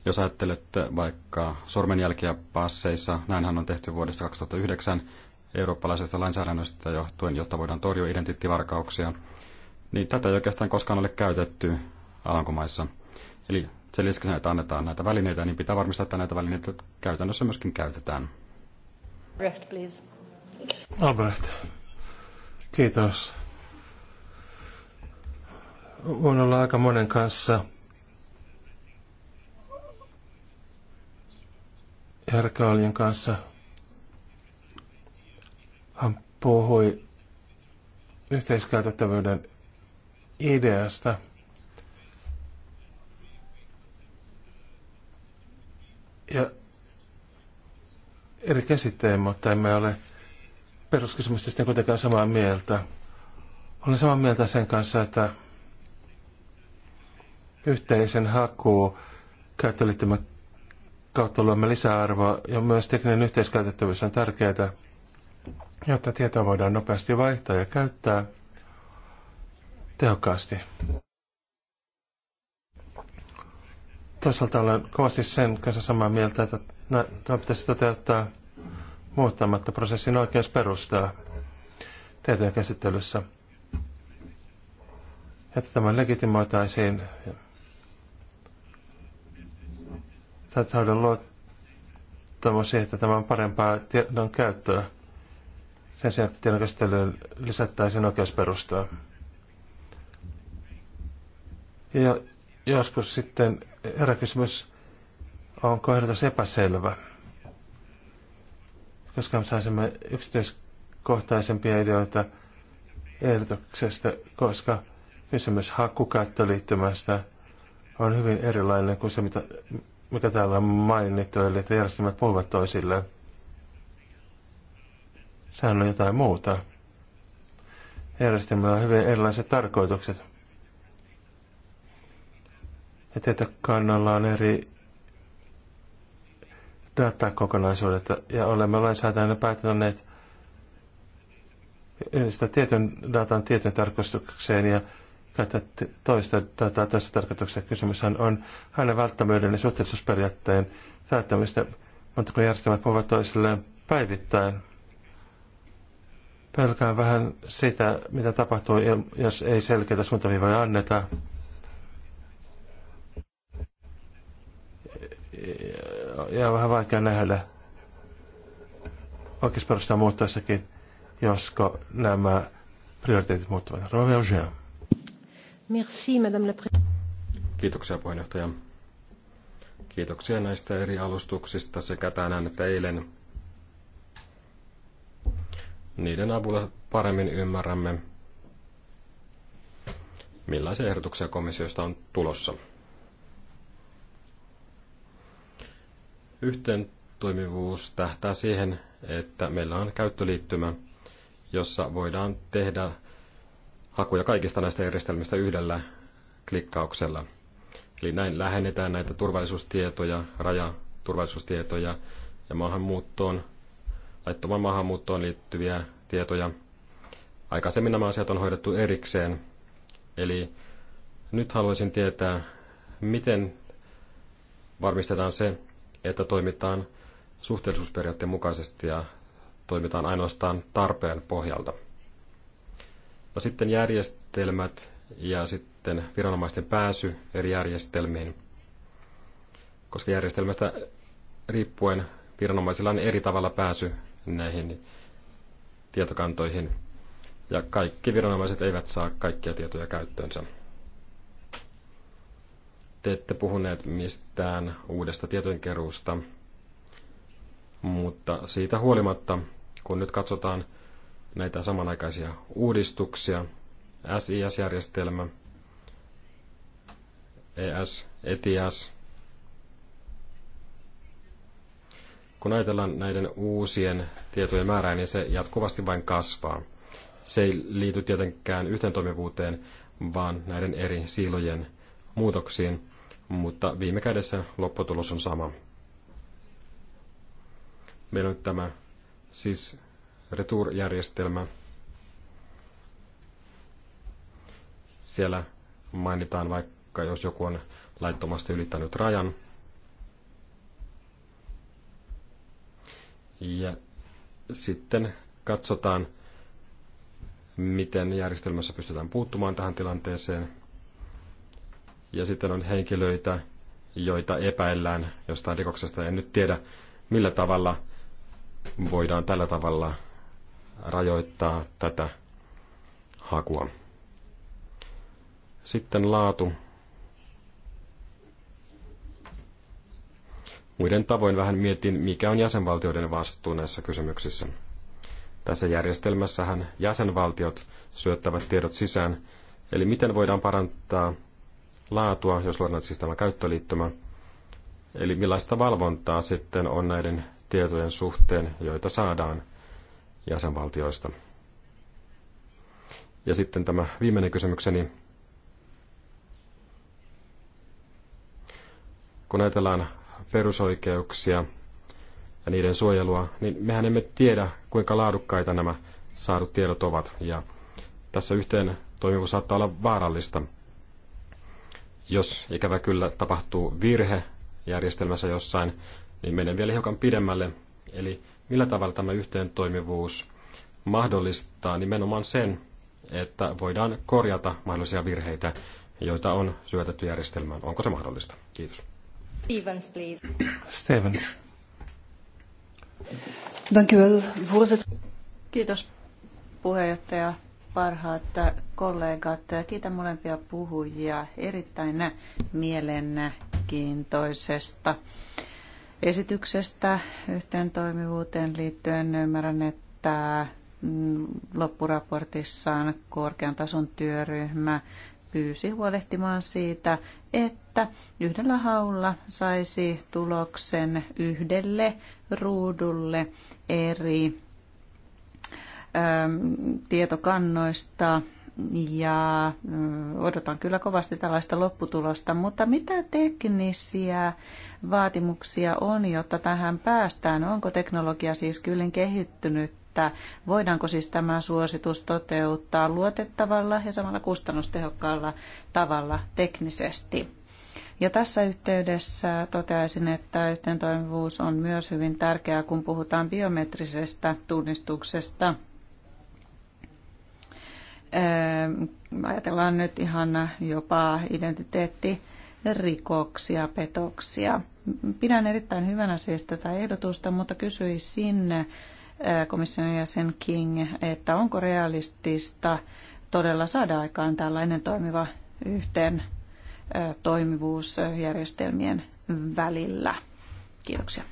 Jos ajattelette vaikka sormenjälkiä passeissa, näinhän on tehty vuodesta 2009 eurooppalaisesta lainsäädännöstä johtuen, jotta voidaan torjua identiteettivarkauksia, niin tätä ei oikeastaan koskaan ole käytetty Alankomaissa. Eli sen lisäksi, että annetaan näitä välineitä, niin pitää varmistaa, että näitä välineitä käytännössä myöskin käytetään. Rift, please. Albert, kiitos. Voin olla aika monen kanssa Järkaalien kanssa. Hän puhui yhteiskäytettävyyden ideasta – ja eri käsitteen, mutta emme ole peruskysymyksistä kuitenkaan samaa mieltä. Olen samaa mieltä sen kanssa, että yhteisen haku käyttöliittymä kautta luomme lisäarvoa ja myös tekninen yhteiskäytettävyys on tärkeää, jotta tietoa voidaan nopeasti vaihtaa ja käyttää tehokkaasti. toisaalta olen kovasti sen kanssa samaa mieltä, että tämä pitäisi toteuttaa muuttamatta prosessin oikeusperustaa tietojen käsittelyssä. Että tämä legitimoitaisiin taitauden luottamus siihen, että tämä on parempaa tiedon käyttöä sen sijaan, että tiedon käsittelyyn lisättäisiin oikeusperustaa. Ja joskus sitten herra kysymys, onko ehdotus epäselvä? Koska me saisimme yksityiskohtaisempia ideoita ehdotuksesta, koska kysymys hakukäyttöliittymästä on hyvin erilainen kuin se, mitä, mikä täällä on mainittu, eli että järjestelmät puhuvat toisilleen. Sehän on jotain muuta. Järjestelmällä on hyvin erilaiset tarkoitukset ja kannalla on eri datakokonaisuudet ja olemme lainsäätäjänä päättäneet yhdistää tietyn datan tietyn tarkoitukseen ja käyttää toista dataa tässä tarkoituksessa. Kysymyshän on hänen välttämöiden ja suhteellisuusperiaatteen täyttämistä. Montako järjestelmät puhuvat toisilleen päivittäin? Pelkään vähän sitä, mitä tapahtuu, jos ei selkeitä suuntaviivoja anneta. jää vähän vaikea nähdä oikeusperustaa muuttaessakin, josko nämä prioriteetit muuttuvat. Rovia Merci, Madame la Kiitoksia puheenjohtaja. Kiitoksia näistä eri alustuksista sekä tänään että eilen. Niiden avulla paremmin ymmärrämme, millaisia ehdotuksia komissiosta on tulossa. Yhteen toimivuus tähtää siihen, että meillä on käyttöliittymä, jossa voidaan tehdä hakuja kaikista näistä järjestelmistä yhdellä klikkauksella. Eli näin lähennetään näitä turvallisuustietoja, rajaturvallisuustietoja ja maahanmuuttoon, laittoman maahanmuuttoon liittyviä tietoja. Aikaisemmin nämä asiat on hoidettu erikseen. Eli nyt haluaisin tietää, miten varmistetaan se, että toimitaan suhteellisuusperiaatteen mukaisesti ja toimitaan ainoastaan tarpeen pohjalta. No sitten järjestelmät ja sitten viranomaisten pääsy eri järjestelmiin, koska järjestelmästä riippuen viranomaisilla on eri tavalla pääsy näihin tietokantoihin ja kaikki viranomaiset eivät saa kaikkia tietoja käyttöönsä. Te ette puhuneet mistään uudesta tietojenkeruusta, mutta siitä huolimatta, kun nyt katsotaan näitä samanaikaisia uudistuksia, SIS-järjestelmä, ES, ETIAS, kun ajatellaan näiden uusien tietojen määrää, niin se jatkuvasti vain kasvaa. Se ei liity tietenkään toimivuuteen vaan näiden eri siilojen muutoksiin mutta viime kädessä lopputulos on sama. Meillä on tämä siis returjärjestelmä. Siellä mainitaan vaikka, jos joku on laittomasti ylittänyt rajan. Ja sitten katsotaan, miten järjestelmässä pystytään puuttumaan tähän tilanteeseen – ja sitten on henkilöitä, joita epäillään jostain rikoksesta. En nyt tiedä, millä tavalla voidaan tällä tavalla rajoittaa tätä hakua. Sitten laatu. Muiden tavoin vähän mietin, mikä on jäsenvaltioiden vastuu näissä kysymyksissä. Tässä järjestelmässähän jäsenvaltiot syöttävät tiedot sisään, eli miten voidaan parantaa laatua, jos luodaan siis tämä käyttöliittymä. Eli millaista valvontaa sitten on näiden tietojen suhteen, joita saadaan jäsenvaltioista. Ja sitten tämä viimeinen kysymykseni. Kun ajatellaan perusoikeuksia ja niiden suojelua, niin mehän emme tiedä, kuinka laadukkaita nämä saadut tiedot ovat. Ja tässä yhteen toimivuus saattaa olla vaarallista – jos ikävä kyllä tapahtuu virhe järjestelmässä jossain, niin menen vielä hiukan pidemmälle. Eli millä tavalla tämä yhteentoimivuus mahdollistaa nimenomaan sen, että voidaan korjata mahdollisia virheitä, joita on syötetty järjestelmään. Onko se mahdollista? Kiitos. Stevens, please. Stevens. Kiitos, puheenjohtaja parhaat kollegat. Kiitän molempia puhujia erittäin mielenkiintoisesta esityksestä yhteen toimivuuteen liittyen. Ymmärrän, että mm, loppuraportissaan korkean tason työryhmä pyysi huolehtimaan siitä, että yhdellä haulla saisi tuloksen yhdelle ruudulle eri Ähm, tietokannoista ja äh, odotan kyllä kovasti tällaista lopputulosta, mutta mitä teknisiä vaatimuksia on, jotta tähän päästään? Onko teknologia siis kyllä kehittynyt? voidaanko siis tämä suositus toteuttaa luotettavalla ja samalla kustannustehokkaalla tavalla teknisesti. Ja tässä yhteydessä toteaisin, että yhteentoimivuus on myös hyvin tärkeää, kun puhutaan biometrisestä tunnistuksesta – ajatellaan nyt ihan jopa identiteettirikoksia, petoksia. Pidän erittäin hyvänä siis tätä ehdotusta, mutta kysyisin komission jäsen King, että onko realistista todella saada aikaan tällainen toimiva yhteen toimivuusjärjestelmien välillä. Kiitoksia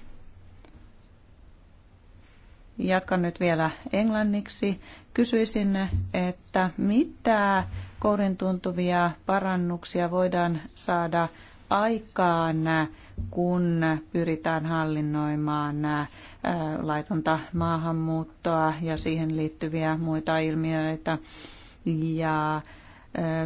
jatkan nyt vielä englanniksi. Kysyisin, että mitä kourin tuntuvia parannuksia voidaan saada aikaan, kun pyritään hallinnoimaan laitonta maahanmuuttoa ja siihen liittyviä muita ilmiöitä ja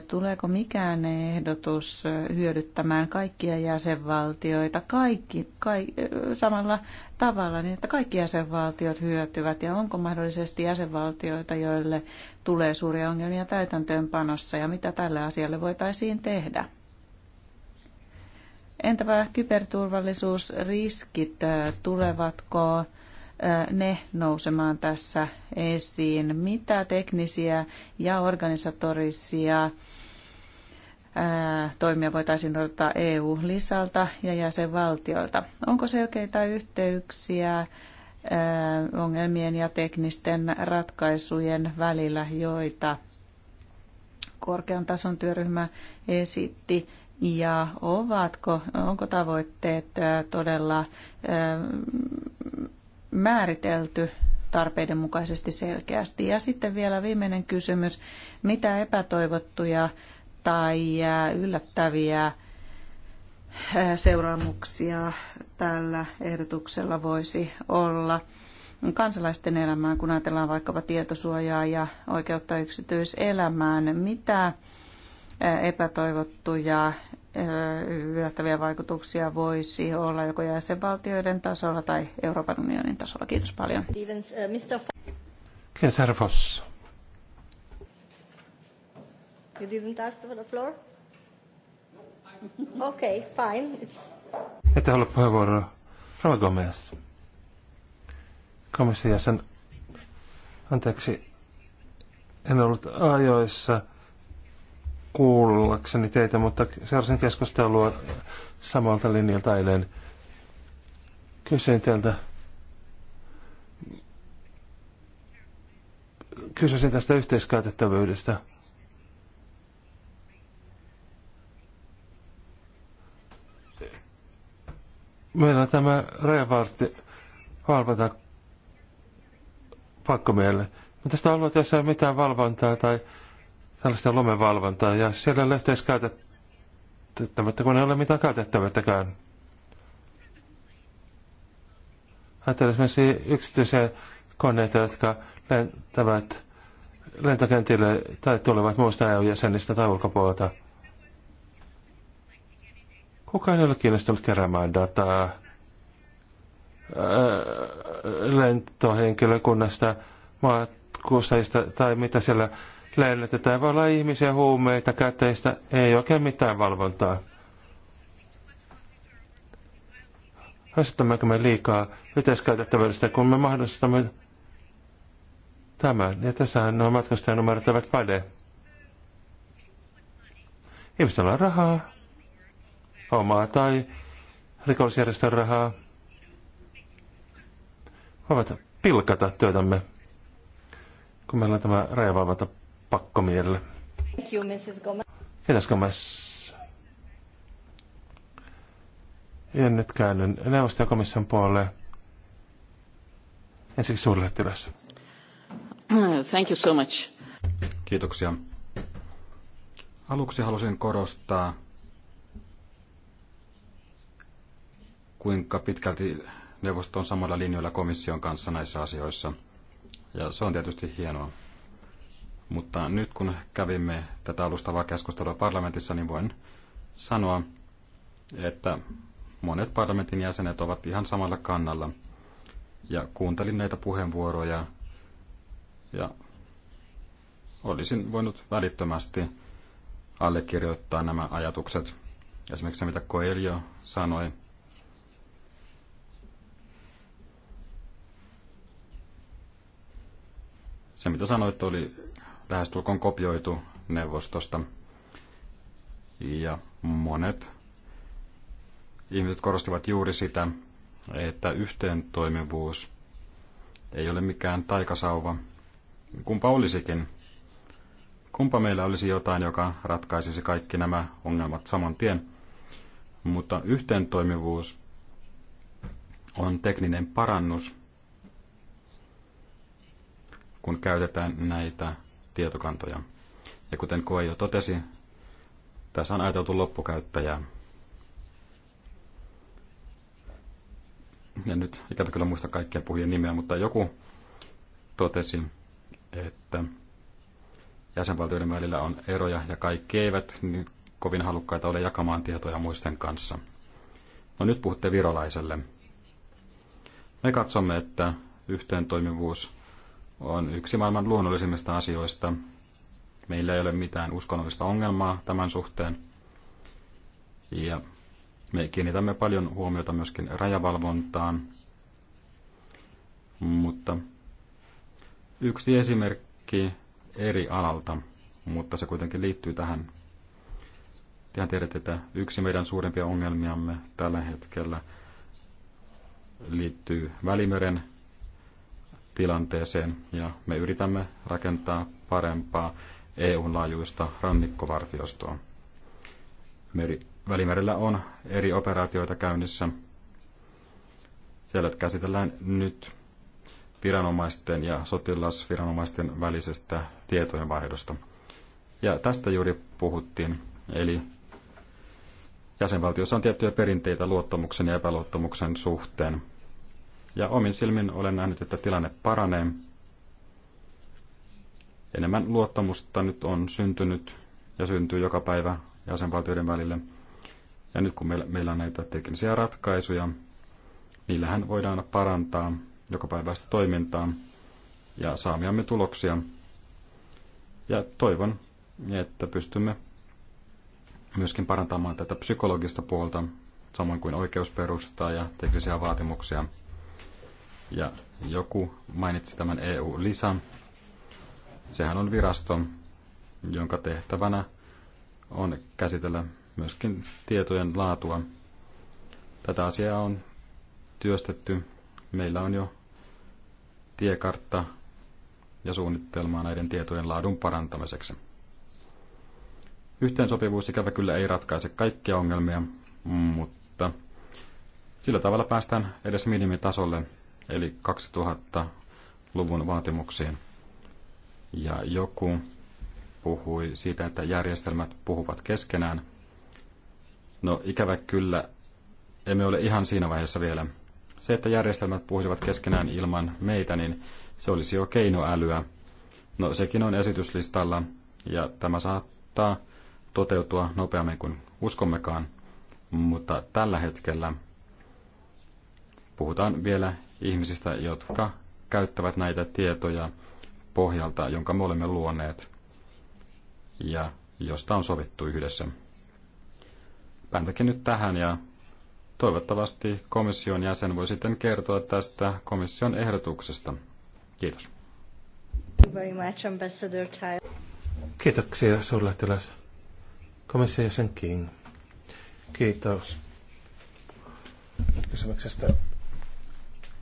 tuleeko mikään ehdotus hyödyttämään kaikkia jäsenvaltioita kaikki, kaikki, samalla tavalla, niin että kaikki jäsenvaltiot hyötyvät, ja onko mahdollisesti jäsenvaltioita, joille tulee suuria ongelmia täytäntöönpanossa, ja mitä tälle asialle voitaisiin tehdä? Entäpä kyberturvallisuusriskit, tulevatko ne nousemaan tässä esiin? Mitä teknisiä ja organisatorisia toimia voitaisiin odottaa EU-lisältä ja jäsenvaltioilta? Onko selkeitä yhteyksiä ongelmien ja teknisten ratkaisujen välillä, joita korkean tason työryhmä esitti? Ja ovatko, onko tavoitteet todella määritelty tarpeiden mukaisesti selkeästi. Ja sitten vielä viimeinen kysymys. Mitä epätoivottuja tai äh, yllättäviä äh, seuraamuksia tällä ehdotuksella voisi olla kansalaisten elämään, kun ajatellaan vaikkapa tietosuojaa ja oikeutta yksityiselämään? Mitä epätoivottuja yllättäviä vaikutuksia voisi olla joko jäsenvaltioiden tasolla tai Euroopan unionin tasolla. Kiitos paljon. Mr. Kesar Foss. You didn't ask for the floor? Okay, fine. It's... Ette halua puheenvuoroa. Rova Gomez. Komission jäsen. Anteeksi. En ollut ajoissa kuullakseni teitä, mutta seurasin keskustelua samalta linjalta eilen. Kysyin teiltä, kysyisin tästä yhteiskäytettävyydestä. Meillä on tämä rajavarti valvonta pakkomielle. Mutta tästä alueelta ei ole mitään valvontaa tai tällaista lumenvalvontaa ja siellä ei ole yhteiskäytettävyyttä, kun ei ole mitään käytettävyyttäkään. Ajattelen esimerkiksi yksityisiä koneita, jotka lentävät lentokentille tai tulevat muista EU-jäsenistä tai ulkopuolelta. Kukaan ei ole kiinnostunut keräämään dataa lentohenkilökunnasta, matkustajista tai mitä siellä Lennätetään voi olla ihmisiä, huumeita, käteistä, ei oikein mitään valvontaa. Asettammeko me liikaa yhteiskäytettävyydestä, kun me mahdollistamme tämän? Ja tässähän nuo matkustajanumerot eivät päde. Ihmisellä on rahaa, omaa tai rikollisjärjestön rahaa. Voivat pilkata työtämme, kun meillä on tämä rajavalvonta pakkomielle. Thank you, Mrs. Gomez. Kiitos, Gomez. Ja nyt käännyn komission puolelle. Ensiksi suurlähettilässä. Thank you so much. Kiitoksia. Aluksi halusin korostaa, kuinka pitkälti neuvosto on samalla linjoilla komission kanssa näissä asioissa. Ja se on tietysti hienoa. Mutta nyt kun kävimme tätä alustavaa keskustelua parlamentissa, niin voin sanoa, että monet parlamentin jäsenet ovat ihan samalla kannalla. Ja kuuntelin näitä puheenvuoroja ja olisin voinut välittömästi allekirjoittaa nämä ajatukset. Esimerkiksi se, mitä Coelho sanoi. Se, mitä sanoit, oli lähestulkoon kopioitu neuvostosta. Ja monet ihmiset korostivat juuri sitä, että toimivuus ei ole mikään taikasauva. Kumpa olisikin? Kumpa meillä olisi jotain, joka ratkaisisi kaikki nämä ongelmat saman tien? Mutta toimivuus on tekninen parannus, kun käytetään näitä tietokantoja. Ja kuten Koe jo totesi, tässä on ajateltu loppukäyttäjää. Ja nyt ikävä kyllä muista kaikkien puhujien nimeä, mutta joku totesi, että jäsenvaltioiden välillä on eroja ja kaikki eivät nyt kovin halukkaita ole jakamaan tietoja muisten kanssa. No nyt puhutte virolaiselle. Me katsomme, että yhteentoimivuus on yksi maailman luonnollisimmista asioista. Meillä ei ole mitään uskonnollista ongelmaa tämän suhteen. Ja me kiinnitämme paljon huomiota myöskin rajavalvontaan. Mutta yksi esimerkki eri alalta, mutta se kuitenkin liittyy tähän. Tehän tiedätte, että yksi meidän suurimpia ongelmiamme tällä hetkellä liittyy Välimeren tilanteeseen ja me yritämme rakentaa parempaa EUn laajuista rannikkovartiostoa. Meri, Välimerellä on eri operaatioita käynnissä. Siellä käsitellään nyt viranomaisten ja sotilasviranomaisten välisestä tietojenvaihdosta. Ja tästä juuri puhuttiin, eli jäsenvaltiossa on tiettyjä perinteitä luottamuksen ja epäluottamuksen suhteen. Ja omin silmin olen nähnyt, että tilanne paranee. Enemmän luottamusta nyt on syntynyt ja syntyy joka päivä jäsenvaltioiden välille. Ja nyt kun meillä on näitä teknisiä ratkaisuja, niillähän voidaan parantaa joka päivästä toimintaa ja saamiamme tuloksia. Ja toivon, että pystymme myöskin parantamaan tätä psykologista puolta, samoin kuin oikeusperustaa ja teknisiä vaatimuksia. Ja joku mainitsi tämän EU-lisän. Sehän on virasto, jonka tehtävänä on käsitellä myöskin tietojen laatua. Tätä asiaa on työstetty. Meillä on jo tiekartta ja suunnitelmaa näiden tietojen laadun parantamiseksi. Yhteensopivuus ikävä kyllä ei ratkaise kaikkia ongelmia, mutta sillä tavalla päästään edes minimitasolle, eli 2000-luvun vaatimuksiin. Ja joku puhui siitä, että järjestelmät puhuvat keskenään. No ikävä kyllä, emme ole ihan siinä vaiheessa vielä. Se, että järjestelmät puhuisivat keskenään ilman meitä, niin se olisi jo keinoälyä. No sekin on esityslistalla ja tämä saattaa toteutua nopeammin kuin uskommekaan, mutta tällä hetkellä puhutaan vielä ihmisistä, jotka käyttävät näitä tietoja pohjalta, jonka me olemme luoneet ja josta on sovittu yhdessä. Päätäkin nyt tähän ja toivottavasti komission jäsen voi sitten kertoa tästä komission ehdotuksesta. Kiitos. Kiitoksia suurlähettiläs. Komission jäsen King. Kiitos kysymyksestä.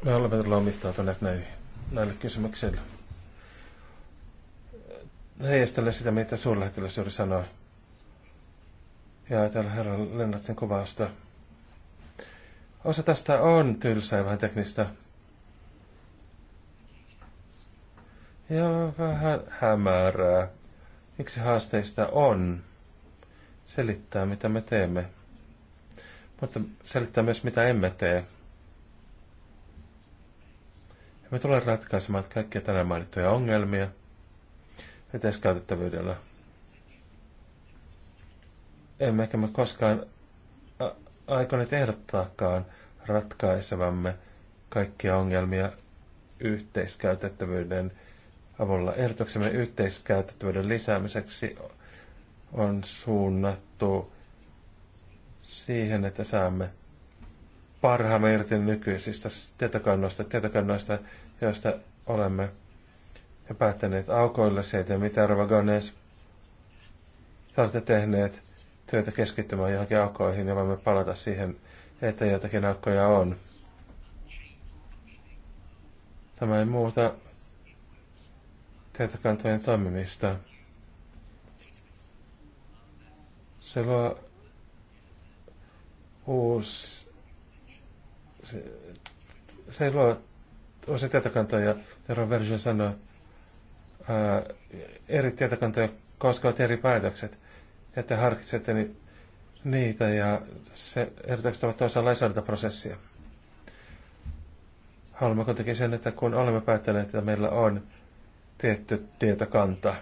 Me olemme todella omistautuneet näille, näille kysymyksille. Heijastele sitä, mitä suurlähettiläs juuri sanoi. Ja täällä herra sen kuvausta. Osa tästä on tylsää ja vähän teknistä. Ja vähän hämärää. Miksi haasteista on selittää, mitä me teemme. Mutta selittää myös, mitä emme tee. Me tulemme ratkaisemaan kaikkia tänään mainittuja ongelmia yhteiskäytettävyydellä. Emmekä me koskaan aikoneet ehdottaakaan ratkaisevamme kaikkia ongelmia yhteiskäytettävyyden avulla. Ehdotuksemme yhteiskäytettävyyden lisäämiseksi on suunnattu siihen, että saamme parhaamme irti nykyisistä tietokannoista, tietokannoista, joista olemme ja päättäneet aukoilla että mitä Rava Ganes, olette tehneet työtä keskittymään johonkin aukoihin, ja voimme palata siihen, että jotakin aukkoja on. Tämä ei muuta tietokantojen toimimista. Se luo uusi se, se luo uusia tietokantoja, Tero Versio sanoi, ää, eri tietokantoja koskevat eri päätökset, ja te harkitsette ni, niitä, ja se erityisesti ovat osa lainsäädäntöprosessia. Haluamme kuitenkin sen, että kun olemme päättäneet, että meillä on tietty tietokanta,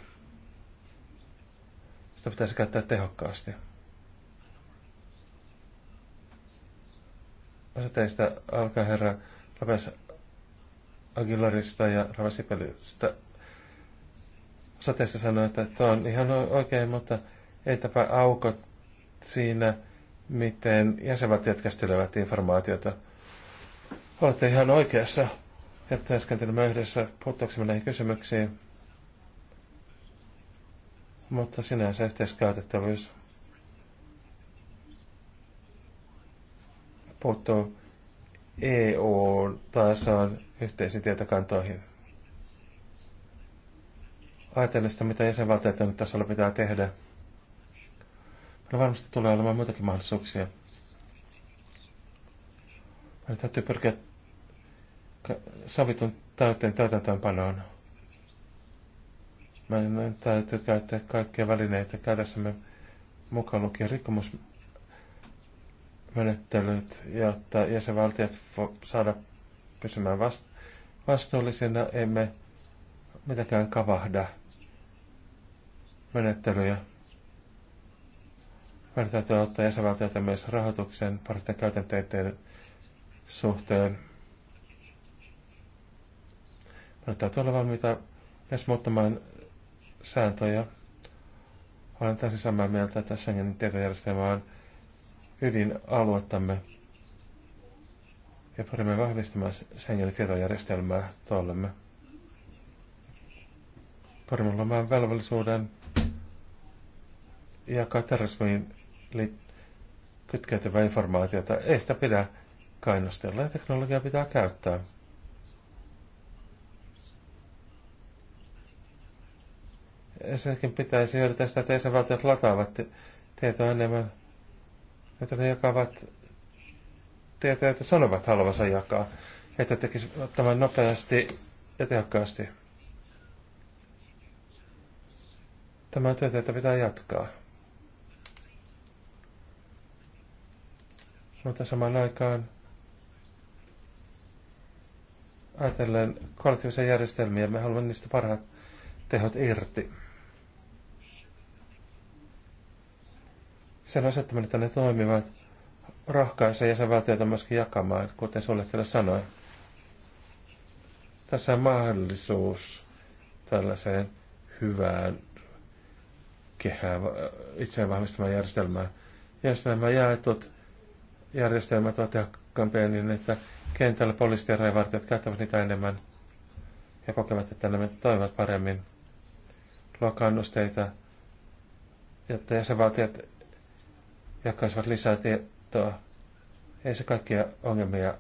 sitä pitäisi käyttää tehokkaasti. Osa alkaa herra Raves Aguilarista ja Ravesipelistä. Sateessa sanoi, että tuo on ihan oikein, mutta ei tapa aukot siinä, miten jäsenvaltiot käsittelevät informaatiota. Olette ihan oikeassa ja työskentelemme yhdessä puuttuaksemme näihin kysymyksiin. Mutta sinänsä yhteiskäytettävyys puuttua e eu on yhteisiin tietokantoihin. Ajatellen sitä, mitä jäsenvaltioiden tässä pitää tehdä. Meillä varmasti tulee olemaan muitakin mahdollisuuksia. Meidän täytyy pyrkiä sovitun täyteen täytäntöönpanoon. Meidän täytyy käyttää kaikkia välineitä käytässämme mukaan lukien rikkomus menettelyt, jotta jäsenvaltiot saada pysymään vast- vastuullisina, emme mitenkään kavahda menettelyjä. Meidän täytyy ottaa jäsenvaltioita myös rahoituksen parten käytänteiden suhteen. Meidän täytyy olla valmiita myös muuttamaan sääntöjä. Olen täysin samaa mieltä, että Schengenin tietojärjestelmä on ydinaluettamme ja pyrimme vahvistamaan Schengenin tietojärjestelmää tuollemme. Pyrimme luomaan velvollisuuden jakaa terrorismiin kytkeytyvää informaatiota. Ei sitä pidä kainostella ja teknologiaa pitää käyttää. Ensinnäkin pitäisi hyödyntää sitä, että jäsenvaltiot lataavat tietoa enemmän että ne jakavat tietoja, että sanovat haluavansa jakaa, että tekisivät tämän nopeasti ja tehokkaasti. Tämä työtä, että pitää jatkaa. Mutta samaan aikaan ajatellen kollektiivisia järjestelmiä, me haluamme niistä parhaat tehot irti. sen asettaminen, että ne toimivat, rohkaisee jäsenvaltioita myöskin jakamaan, kuten suunnittelija sanoi. Tässä on mahdollisuus tällaiseen hyvään kehään, itseään vahvistamaan järjestelmään. Ja sitten nämä jaetut järjestelmät ovat tehokkaampia niin, että kentällä poliisit ja raivartijat käyttävät niitä enemmän ja kokevat, että nämä toimivat paremmin, Luokannusteita, jotta jäsenvaltiot jakaisivat lisää tietoa. Ei se kaikkia ongelmia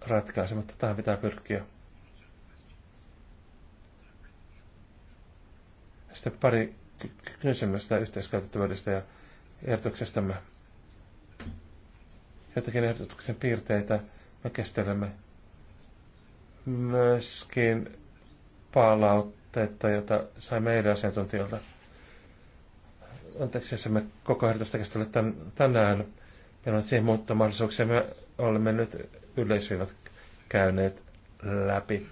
ratkaise, mutta tähän pitää pyrkiä. Sitten pari kysymystä yhteiskäytettävyydestä ja ehdotuksestamme. Jotakin ehdotuksen piirteitä me kestelemme myöskin palautetta, jota saimme meidän asiantuntijoilta anteeksi, jos me koko ehdotusta keskustele tänään. Meillä on siihen muutta mahdollisuuksia. Me olemme nyt yleisviivat käyneet läpi.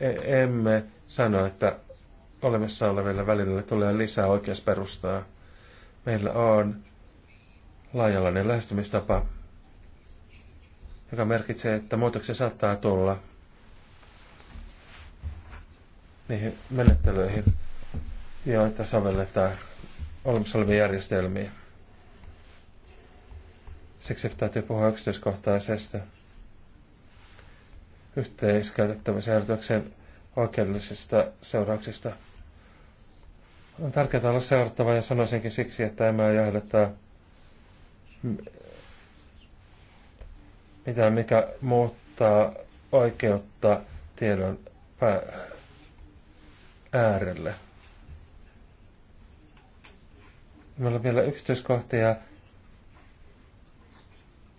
E- emme sano, että olemassa olevilla välillä tulee lisää oikeusperustaa. Meillä on laajalainen lähestymistapa, joka merkitsee, että muutoksia saattaa tulla niihin menettelyihin, että sovelletaan olemassa olevia järjestelmiä. Siksi täytyy puhua yksityiskohtaisesta yhteiskäytettävisen ehdotuksen oikeudellisista seurauksista. On tärkeää olla seurattava ja sanoisinkin siksi, että emme johdeta mitään, mikä muuttaa oikeutta tiedon pää äärelle. Meillä on vielä yksityiskohtia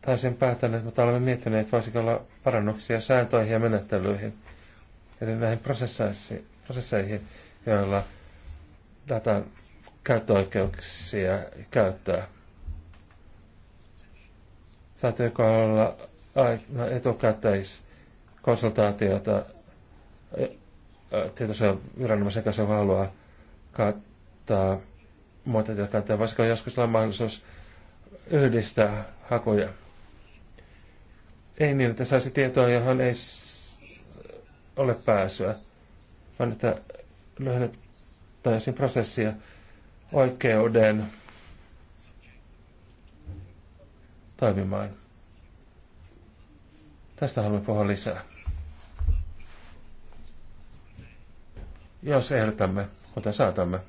tai sen päättäneet, mutta olemme miettineet, että voisiko olla parannuksia sääntöihin ja menettelyihin, eli näihin prosesseihin, joilla datan käyttöoikeuksia käyttää. Täytyykö olla aina etukäteiskonsultaatiota tietoisen viranomaisen kanssa haluaa kattaa muuta kantaa. Voisiko joskus olla mahdollisuus yhdistää hakuja? Ei niin, että saisi tietoa, johon ei ole pääsyä, vaan että lyhennettäisiin prosessia oikeuden toimimaan. Tästä haluamme puhua lisää. Jos ehdotamme, kuten saatamme.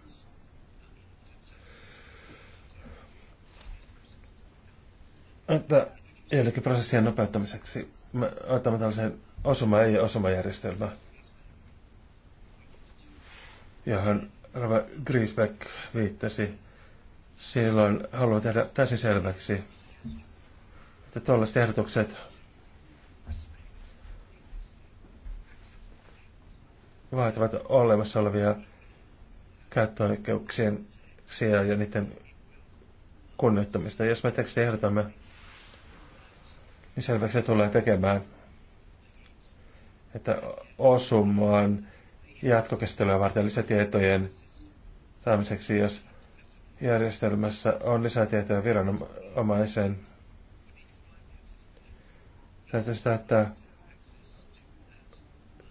että joidenkin prosessien nopeuttamiseksi me otamme tällaisen osuma- ei osumajärjestelmä, johon Rava Griesbeck viittasi. Silloin haluan tehdä täysin selväksi, että tuollaiset ehdotukset vaativat olemassa olevia käyttöoikeuksien ja niiden kunnioittamista. Jos me tekstin ehdotamme niin selväksi se tulee tekemään, että osumaan jatkokestelyä varten lisätietojen saamiseksi, jos järjestelmässä on lisätietoja viranomaisen. Täytyy sitä, että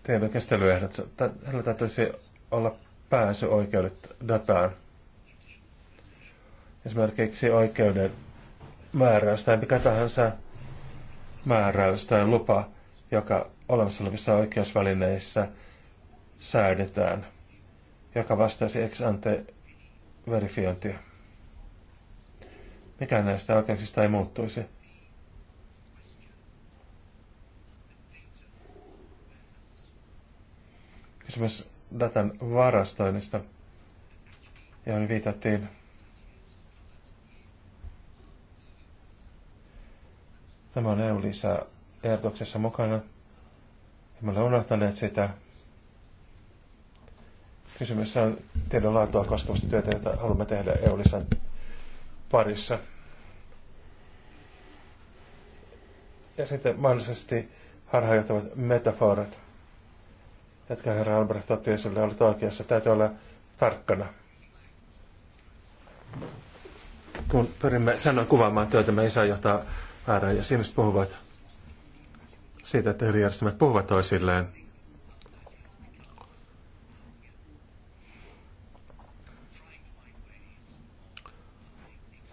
tiedon kestelyehdot, tällä täytyisi olla pääsyoikeudet dataan. Esimerkiksi oikeuden määräys tai mikä tahansa määräys tai lupa, joka olemassa olevissa oikeusvälineissä säädetään, joka vastaisi ex ante verifiointia. Mikään näistä oikeuksista ei muuttuisi. Kysymys datan varastoinnista, johon viitattiin Tämä on EU-lisää ehdotuksessa mukana. Emme ole unohtaneet sitä. Kysymys on tiedon laatua koskevasta työtä, jota haluamme tehdä eu parissa. Ja sitten mahdollisesti harhaanjohtavat metaforat, jotka herra Albrecht otti esille, olet oikeassa. Täytyy olla tarkkana. Kun pyrimme sanoa kuvaamaan työtä, me ei saa johtaa väärää. Ja ihmiset puhuvat siitä, että eri järjestelmät puhuvat toisilleen.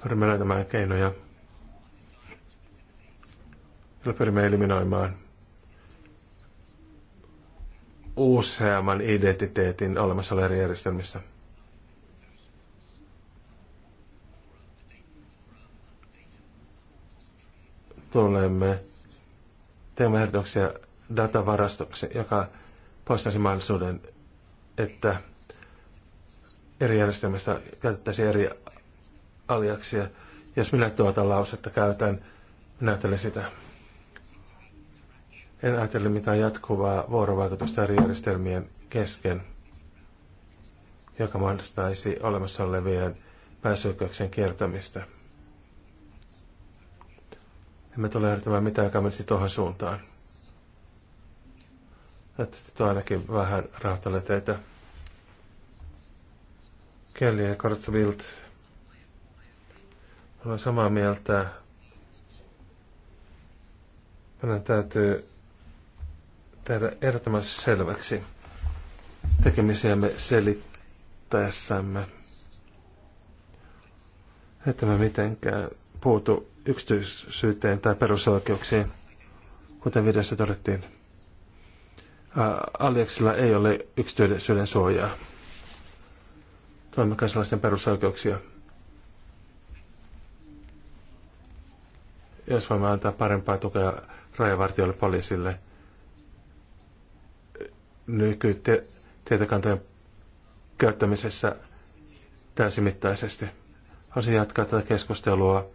Pyrimme löytämään keinoja, joilla pyrimme eliminoimaan useamman identiteetin olemassa eri järjestelmissä. tulemme teemme ehdotuksia datavarastoksi, joka poistaisi mahdollisuuden, että eri järjestelmästä käytettäisiin eri aliaksia. Jos minä tuota lausetta käytän, minä ajattelen sitä. En ajattele mitään jatkuvaa vuorovaikutusta eri järjestelmien kesken, joka mahdollistaisi olemassa olevien pääsyoikeuksien kiertämistä. Emme tule ehdottamaan mitään, joka menisi tuohon suuntaan. Toivottavasti tuo ainakin vähän rahoittelee teitä. Kelly ja Kortsavilt. Olen samaa mieltä. Meidän täytyy tehdä ehdottomasti selväksi tekemisiämme selittäessämme. Että me mitenkään puutu yksityisyyteen tai perusoikeuksiin, kuten videossa todettiin. Aliaksilla ei ole yksityisyyden suojaa. Toimme kansalaisten perusoikeuksia. Jos voimme antaa parempaa tukea rajavartijoille poliisille, nykytietokantojen käyttämisessä täysimittaisesti. Haluaisin jatkaa tätä keskustelua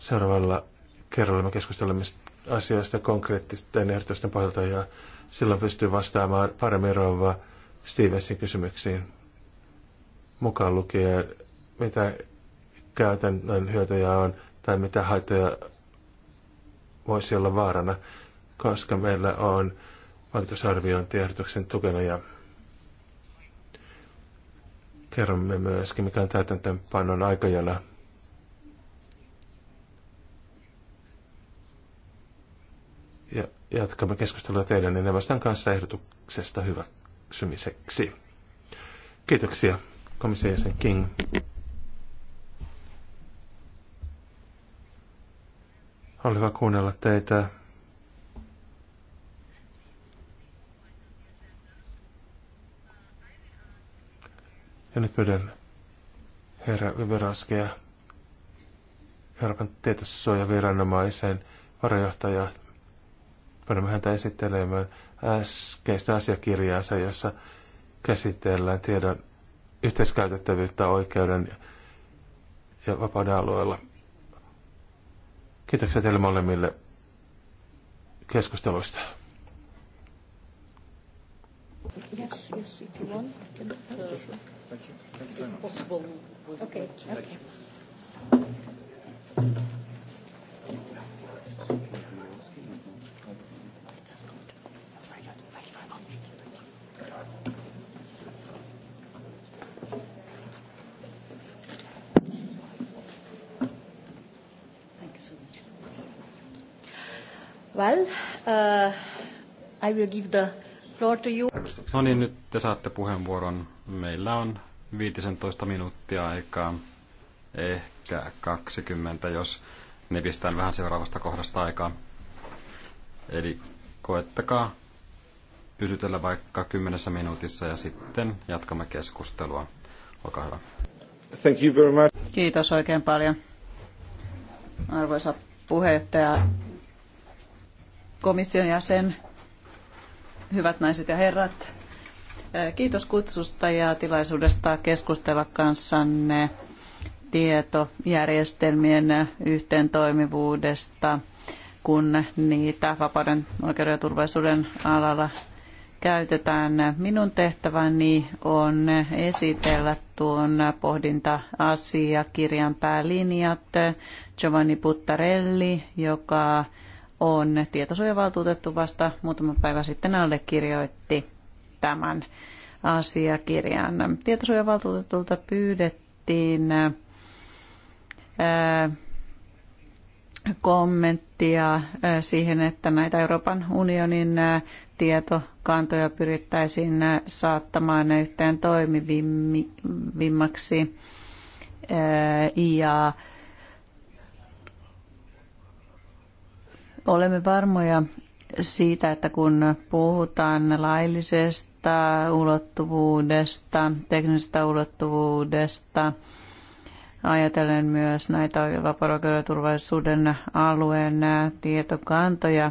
Seuraavalla kerralla me keskustelemme asioista konkreettisten ehdotusten pohjalta ja silloin pystyy vastaamaan paremmin rouva Stevensin kysymyksiin mukaan lukien, mitä käytännön hyötyjä on tai mitä haittoja voisi olla vaarana, koska meillä on vaikutusarviointiehdotuksen tukena ja kerromme myöskin, mikä on täytäntöönpanon aikajana jatkamme keskustelua teidän ja kanssa ehdotuksesta hyväksymiseksi. Kiitoksia, komission jäsen King. Oli hyvä kuunnella teitä. Ja nyt pyydän herra Viberaskia, Euroopan tietosuojaviranomaisen varajohtajaa Pyydämme häntä esittelemään äskeistä asiakirjaansa, jossa käsitellään tiedon yhteiskäytettävyyttä oikeuden ja vapauden alueella. Kiitoksia teille molemmille keskusteluista. Yes, yes, Okay. Okay. Well, uh, I will give the floor to you. No niin, nyt te saatte puheenvuoron. Meillä on 15 minuuttia aikaa, ehkä 20, jos nipistään vähän seuraavasta kohdasta aikaa. Eli koettakaa pysytellä vaikka kymmenessä minuutissa ja sitten jatkamme keskustelua. Olkaa hyvä. Thank you very much. Kiitos oikein paljon, arvoisa puheenjohtaja komission jäsen, hyvät naiset ja herrat. Kiitos kutsusta ja tilaisuudesta keskustella kanssanne tietojärjestelmien yhteentoimivuudesta, kun niitä vapauden, oikeuden ja turvallisuuden alalla käytetään. Minun tehtäväni on esitellä tuon pohdinta-asiakirjan päälinjat. Giovanni Puttarelli, joka on tietosuojavaltuutettu vasta muutama päivä sitten allekirjoitti tämän asiakirjan. Tietosuojavaltuutetulta pyydettiin kommenttia siihen, että näitä Euroopan unionin tietokantoja pyrittäisiin saattamaan yhteen toimivimmaksi ja olemme varmoja siitä, että kun puhutaan laillisesta ulottuvuudesta, teknisestä ulottuvuudesta, ajatellen myös näitä vapaa turvallisuuden alueen tietokantoja,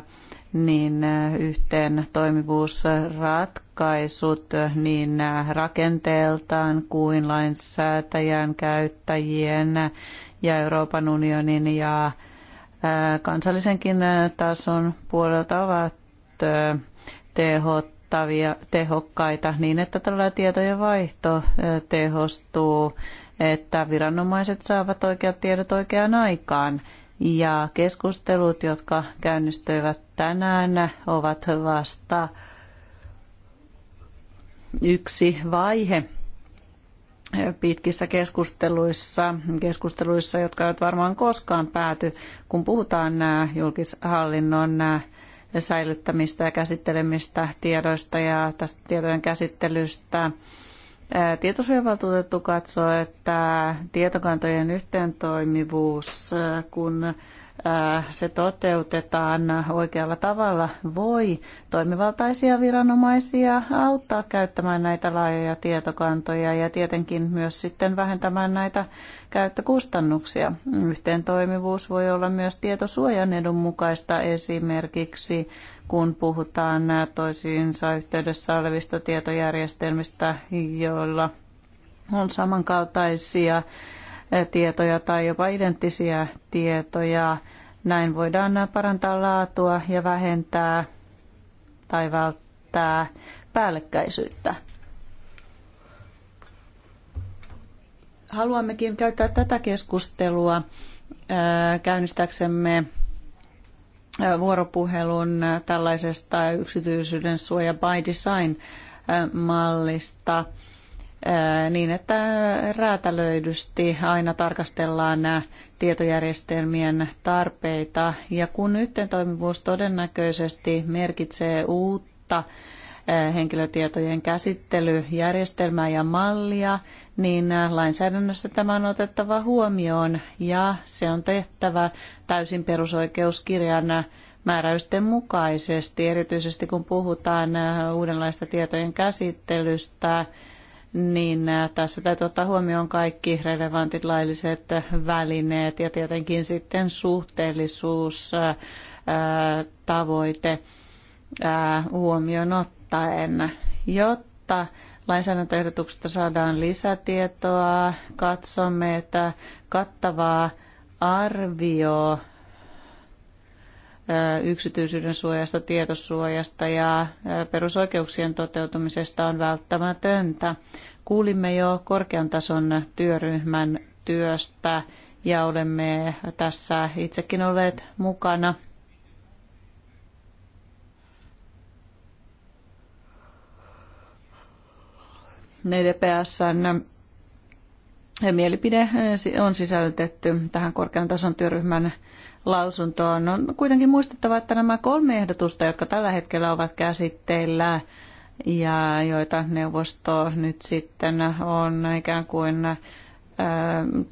niin yhteen toimivuusratkaisut niin rakenteeltaan kuin lainsäätäjän, käyttäjien ja Euroopan unionin ja kansallisenkin tason puolelta ovat tehottavia, tehokkaita niin, että tällä tietojen vaihto tehostuu, että viranomaiset saavat oikeat tiedot oikeaan aikaan. Ja keskustelut, jotka käynnistyivät tänään, ovat vasta yksi vaihe pitkissä keskusteluissa, keskusteluissa, jotka eivät varmaan koskaan pääty, kun puhutaan julkishallinnon säilyttämistä ja käsittelemistä tiedoista ja tästä tietojen käsittelystä. Tietosuojavaltuutettu katsoo, että tietokantojen yhteentoimivuus, kun Äh, se toteutetaan oikealla tavalla, voi toimivaltaisia viranomaisia auttaa käyttämään näitä laajoja tietokantoja ja tietenkin myös sitten vähentämään näitä käyttökustannuksia. Yhteen toimivuus voi olla myös tietosuojan edun mukaista esimerkiksi kun puhutaan toisiinsa yhteydessä olevista tietojärjestelmistä, joilla on samankaltaisia tietoja tai jopa identtisiä tietoja. Näin voidaan parantaa laatua ja vähentää tai välttää päällekkäisyyttä. Haluammekin käyttää tätä keskustelua äh, käynnistäksemme äh, vuoropuhelun tällaisesta yksityisyyden suoja by design äh, mallista – niin, että räätälöidysti aina tarkastellaan nämä tietojärjestelmien tarpeita. Ja kun yhteentoimivuus todennäköisesti merkitsee uutta henkilötietojen käsittelyjärjestelmää ja mallia, niin lainsäädännössä tämä on otettava huomioon ja se on tehtävä täysin perusoikeuskirjan määräysten mukaisesti, erityisesti kun puhutaan uudenlaista tietojen käsittelystä niin äh, tässä täytyy ottaa huomioon kaikki relevantit lailliset välineet ja tietenkin sitten suhteellisuus äh, tavoite äh, huomioon ottaen, jotta lainsäädäntöehdotuksesta saadaan lisätietoa, katsomme, että kattavaa arvio yksityisyyden suojasta, tietosuojasta ja perusoikeuksien toteutumisesta on välttämätöntä. Kuulimme jo korkean tason työryhmän työstä ja olemme tässä itsekin olleet mukana. NDPSn mielipide on sisällytetty tähän korkean tason työryhmän lausuntoon. On kuitenkin muistettava, että nämä kolme ehdotusta, jotka tällä hetkellä ovat käsitteillä ja joita neuvosto nyt sitten on ikään kuin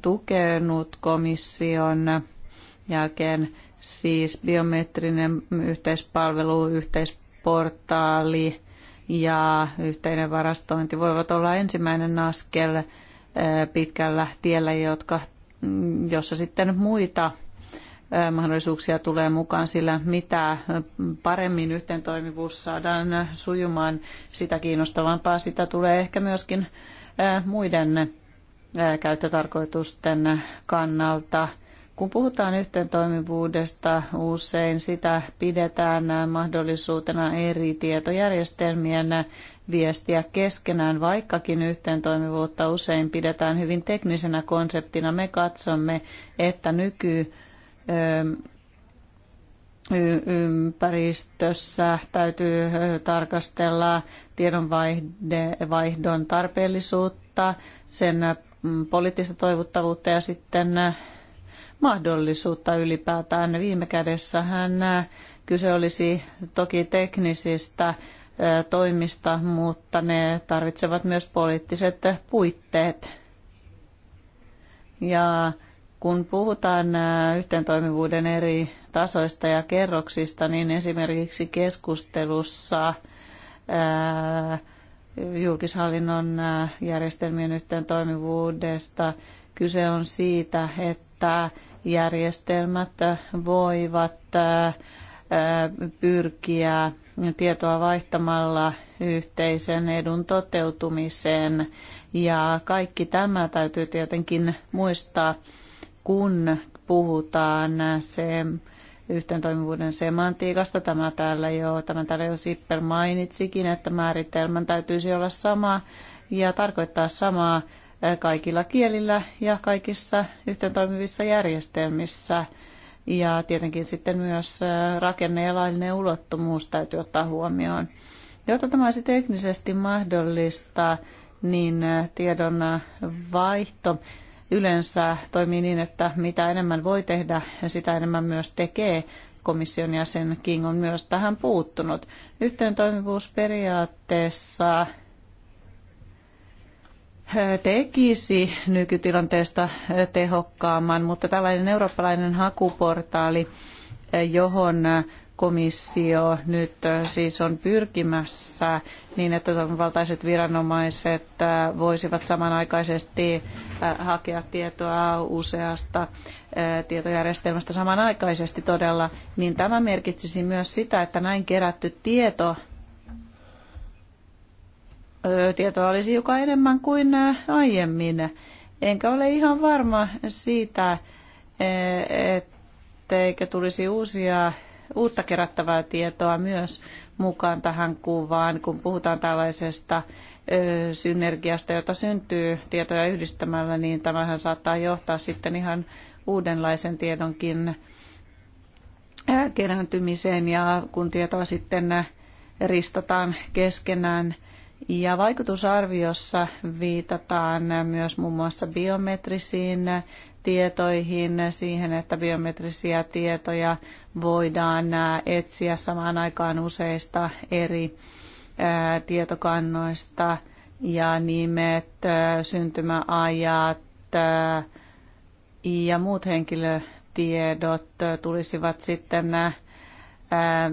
tukenut komission jälkeen, siis biometrinen yhteispalvelu, yhteisportaali ja yhteinen varastointi voivat olla ensimmäinen askel pitkällä tiellä, jotka, jossa sitten muita mahdollisuuksia tulee mukaan, sillä mitä paremmin yhteentoimivuus saadaan sujumaan, sitä kiinnostavampaa sitä tulee ehkä myöskin muiden käyttötarkoitusten kannalta. Kun puhutaan yhteentoimivuudesta, usein sitä pidetään mahdollisuutena eri tietojärjestelmien viestiä keskenään, vaikkakin yhteentoimivuutta usein pidetään hyvin teknisenä konseptina. Me katsomme, että nyky ympäristössä täytyy tarkastella tiedonvaihdon tarpeellisuutta, sen poliittista toivottavuutta ja sitten mahdollisuutta ylipäätään. Viime kädessähän kyse olisi toki teknisistä toimista, mutta ne tarvitsevat myös poliittiset puitteet. Ja kun puhutaan yhteentoimivuuden eri tasoista ja kerroksista, niin esimerkiksi keskustelussa julkishallinnon järjestelmien yhteentoimivuudesta kyse on siitä, että järjestelmät voivat pyrkiä tietoa vaihtamalla yhteisen edun toteutumiseen. Ja kaikki tämä täytyy tietenkin muistaa kun puhutaan se toimivuuden semantiikasta. Tämä täällä jo, tämän täällä jo Sippel mainitsikin, että määritelmän täytyisi olla sama ja tarkoittaa samaa eh, kaikilla kielillä ja kaikissa toimivissa järjestelmissä. Ja tietenkin sitten myös eh, rakenne ja laillinen ulottuvuus täytyy ottaa huomioon. Jotta tämä olisi teknisesti mahdollista, niin eh, tiedon vaihto yleensä toimii niin, että mitä enemmän voi tehdä, sitä enemmän myös tekee. Komission jäsen King on myös tähän puuttunut. Yhteen toimivuusperiaatteessa tekisi nykytilanteesta tehokkaamman, mutta tällainen eurooppalainen hakuportaali, johon komissio nyt siis on pyrkimässä niin, että toimivaltaiset viranomaiset voisivat samanaikaisesti hakea tietoa useasta tietojärjestelmästä samanaikaisesti todella, niin tämä merkitsisi myös sitä, että näin kerätty tieto tietoa olisi joka enemmän kuin aiemmin. Enkä ole ihan varma siitä, e, etteikö tulisi uusia uutta kerättävää tietoa myös mukaan tähän kuvaan, kun puhutaan tällaisesta synergiasta, jota syntyy tietoja yhdistämällä, niin tämähän saattaa johtaa sitten ihan uudenlaisen tiedonkin kerääntymiseen ja kun tietoa sitten ristataan keskenään. Ja vaikutusarviossa viitataan myös muun muassa biometrisiin tietoihin, siihen, että biometrisiä tietoja voidaan etsiä samaan aikaan useista eri tietokannoista ja nimet, syntymäajat ja muut henkilötiedot tulisivat sitten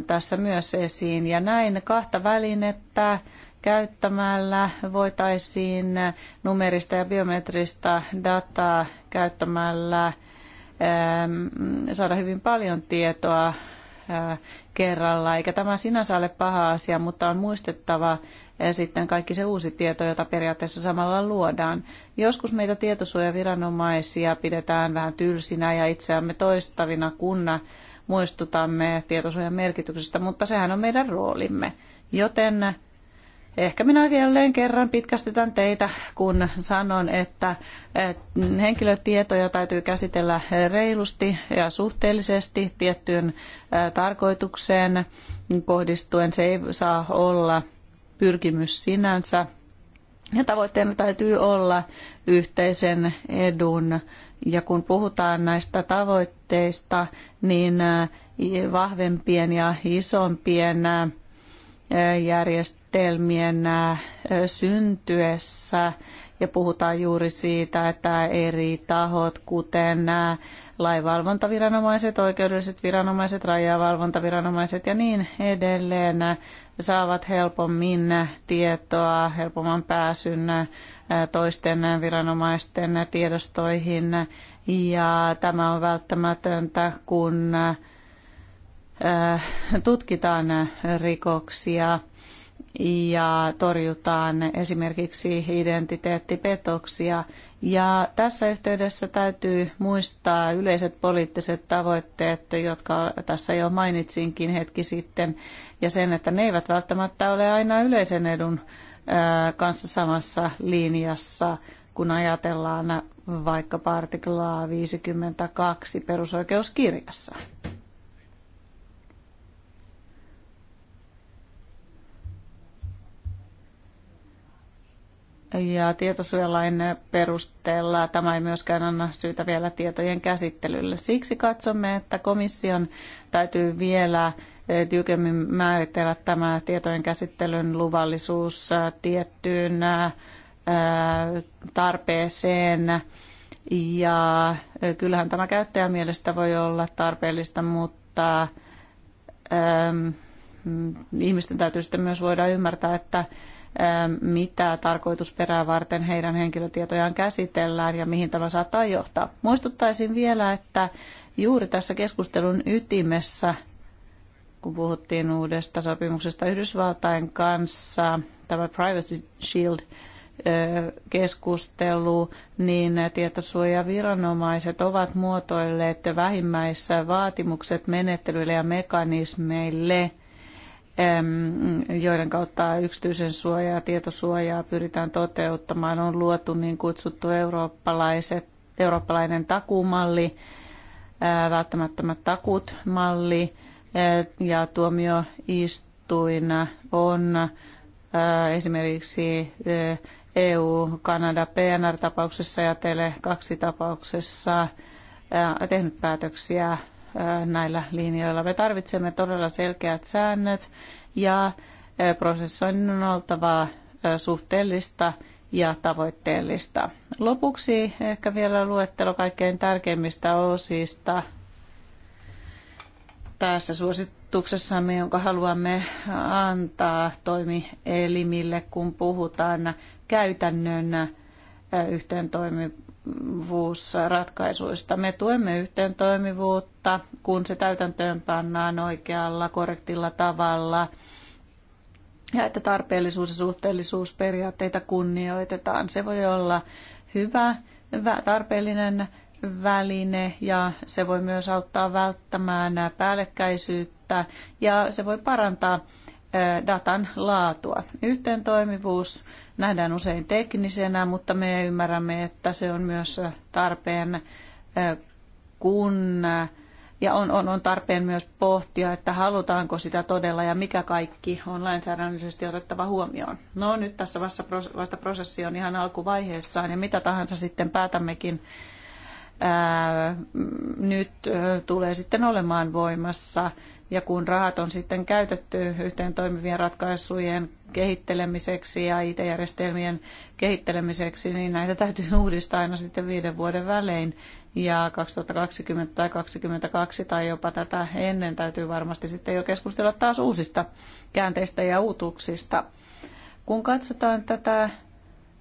tässä myös esiin. Ja näin kahta välinettä käyttämällä voitaisiin numerista ja biometristä dataa käyttämällä ähm, saada hyvin paljon tietoa äh, kerralla, eikä tämä sinänsä ole paha asia, mutta on muistettava äh, sitten kaikki se uusi tieto, jota periaatteessa samalla luodaan. Joskus meitä tietosuojaviranomaisia pidetään vähän tylsinä ja itseämme toistavina, kun muistutamme tietosuojan merkityksestä, mutta sehän on meidän roolimme. Joten Ehkä minä jälleen kerran pitkästytän teitä, kun sanon, että henkilötietoja täytyy käsitellä reilusti ja suhteellisesti tiettyyn tarkoitukseen kohdistuen. Se ei saa olla pyrkimys sinänsä. Ja tavoitteena täytyy olla yhteisen edun. Ja kun puhutaan näistä tavoitteista, niin vahvempien ja isompien järjestelmien syntyessä ja puhutaan juuri siitä, että eri tahot, kuten laivalvontaviranomaiset, oikeudelliset viranomaiset, rajavalvontaviranomaiset ja niin edelleen, saavat helpommin tietoa, helpomman pääsyn toisten viranomaisten tiedostoihin. Ja tämä on välttämätöntä, kun tutkitaan rikoksia ja torjutaan esimerkiksi identiteettipetoksia. Ja tässä yhteydessä täytyy muistaa yleiset poliittiset tavoitteet, jotka tässä jo mainitsinkin hetki sitten, ja sen, että ne eivät välttämättä ole aina yleisen edun kanssa samassa linjassa, kun ajatellaan vaikkapa artiklaa 52 perusoikeuskirjassa. ja tietosuojalain perusteella tämä ei myöskään anna syytä vielä tietojen käsittelylle. Siksi katsomme, että komission täytyy vielä eh, tiukemmin määritellä tämä tietojen käsittelyn luvallisuus eh, tiettyyn eh, tarpeeseen. Ja kyllähän tämä käyttäjän mielestä voi olla tarpeellista, mutta mm, ihmisten täytyy sitten myös voida ymmärtää, että Ähm, mitä tarkoitusperää varten heidän henkilötietojaan käsitellään ja mihin tämä saattaa johtaa. Muistuttaisin vielä, että juuri tässä keskustelun ytimessä, kun puhuttiin uudesta sopimuksesta Yhdysvaltain kanssa, tämä Privacy Shield keskustelu, niin tietosuojaviranomaiset ovat muotoilleet vähimmäissä vaatimukset menettelyille ja mekanismeille – joiden kautta yksityisen suojaa, tietosuojaa pyritään toteuttamaan, on luotu niin kutsuttu eurooppalaiset, eurooppalainen takuumalli, välttämättömät takut malli ja tuomioistuin on esimerkiksi EU, Kanada, PNR-tapauksessa ja Tele2-tapauksessa tehnyt päätöksiä Äh, näillä linjoilla. Me tarvitsemme todella selkeät säännöt ja äh, prosessoinnin on oltava äh, suhteellista ja tavoitteellista. Lopuksi ehkä vielä luettelo kaikkein tärkeimmistä osista tässä suosituksessamme, jonka haluamme antaa toimielimille, kun puhutaan käytännön yhteen toimi, toimivuusratkaisuista. Me tuemme yhteen toimivuutta, kun se täytäntöön pannaan oikealla, korrektilla tavalla ja että tarpeellisuus- ja suhteellisuusperiaatteita kunnioitetaan. Se voi olla hyvä, tarpeellinen väline ja se voi myös auttaa välttämään päällekkäisyyttä ja se voi parantaa datan laatua. toimivuus nähdään usein teknisenä, mutta me ymmärrämme, että se on myös tarpeen, kun ja on, on, on tarpeen myös pohtia, että halutaanko sitä todella ja mikä kaikki on lainsäädännöllisesti otettava huomioon. No nyt tässä vasta prosessi on ihan alkuvaiheessaan ja mitä tahansa sitten päätämmekin nyt tulee sitten olemaan voimassa. Ja kun rahat on sitten käytetty yhteen toimivien ratkaisujen kehittelemiseksi ja IT-järjestelmien kehittelemiseksi, niin näitä täytyy uudistaa aina sitten viiden vuoden välein. Ja 2020 tai 2022 tai jopa tätä ennen täytyy varmasti sitten jo keskustella taas uusista käänteistä ja uutuksista. Kun katsotaan tätä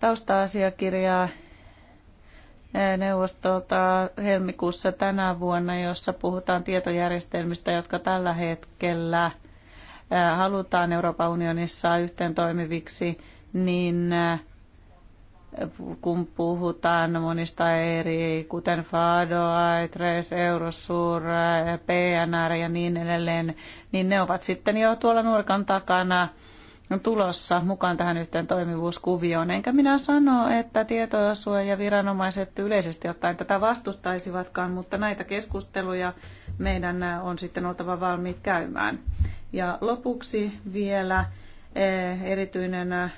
tausta-asiakirjaa, neuvostolta helmikuussa tänä vuonna, jossa puhutaan tietojärjestelmistä, jotka tällä hetkellä halutaan Euroopan unionissa yhteen toimiviksi, niin kun puhutaan monista eri, kuten FADO, ITRES, Eurosur, PNR ja niin edelleen, niin ne ovat sitten jo tuolla nurkan takana – tulossa mukaan tähän yhteen toimivuuskuvioon. Enkä minä sano, että viranomaiset yleisesti ottaen tätä vastustaisivatkaan, mutta näitä keskusteluja meidän on sitten oltava valmiit käymään. Ja lopuksi vielä eh, erityinen eh,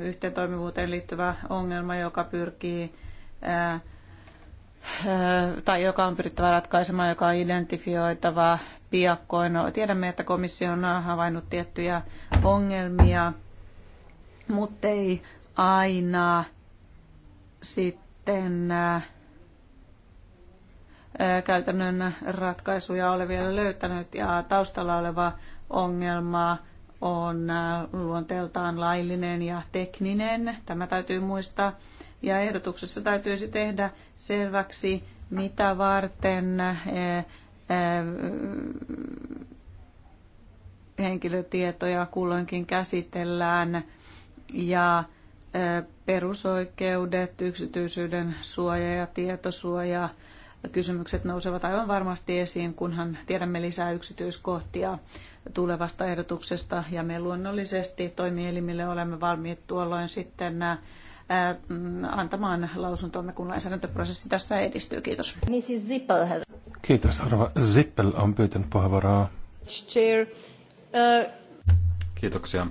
yhteentoimivuuteen liittyvä ongelma, joka pyrkii eh, tai joka on pyrittävä ratkaisemaan, joka on identifioitava piakkoin. No, tiedämme, että komissio on havainnut tiettyjä ongelmia, mutta ei aina sitten käytännön ratkaisuja ole vielä löytänyt ja taustalla oleva ongelma on luonteeltaan laillinen ja tekninen. Tämä täytyy muistaa. Ja ehdotuksessa täytyisi tehdä selväksi, mitä varten eh, eh, henkilötietoja kulloinkin käsitellään ja eh, perusoikeudet, yksityisyyden suoja ja tietosuoja kysymykset nousevat aivan varmasti esiin, kunhan tiedämme lisää yksityiskohtia tulevasta ehdotuksesta ja me luonnollisesti toimielimille olemme valmiit tuolloin sitten Mm, antamaan lausuntomme, kun lainsäädäntöprosessi tässä edistyy. Kiitos. Kiitos. Arva Zippel on pyytänyt puheenvuoroa. Chair. Uh- Kiitoksia.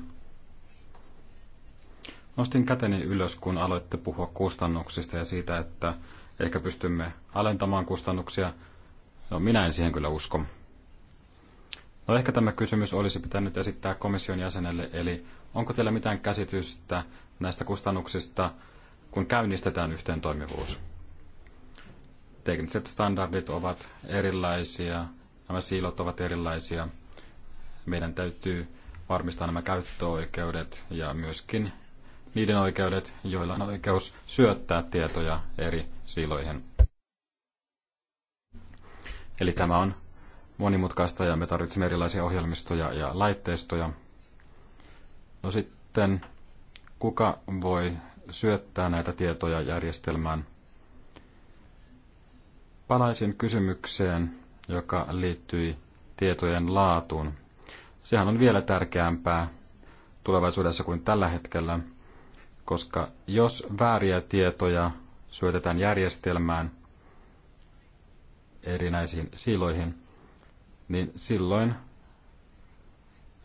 Nostin käteni ylös, kun aloitte puhua kustannuksista ja siitä, että ehkä pystymme alentamaan kustannuksia. No, minä en siihen kyllä usko. No ehkä tämä kysymys olisi pitänyt esittää komission jäsenelle, eli onko teillä mitään käsitystä näistä kustannuksista, kun käynnistetään yhteen toimivuus? Tekniset standardit ovat erilaisia, nämä siilot ovat erilaisia. Meidän täytyy varmistaa nämä käyttöoikeudet ja myöskin niiden oikeudet, joilla on oikeus syöttää tietoja eri siiloihin. Eli tämä on monimutkaista ja me tarvitsemme erilaisia ohjelmistoja ja laitteistoja. No sitten, kuka voi syöttää näitä tietoja järjestelmään? Palaisin kysymykseen, joka liittyi tietojen laatuun. Sehän on vielä tärkeämpää tulevaisuudessa kuin tällä hetkellä, koska jos vääriä tietoja syötetään järjestelmään erinäisiin siiloihin, niin silloin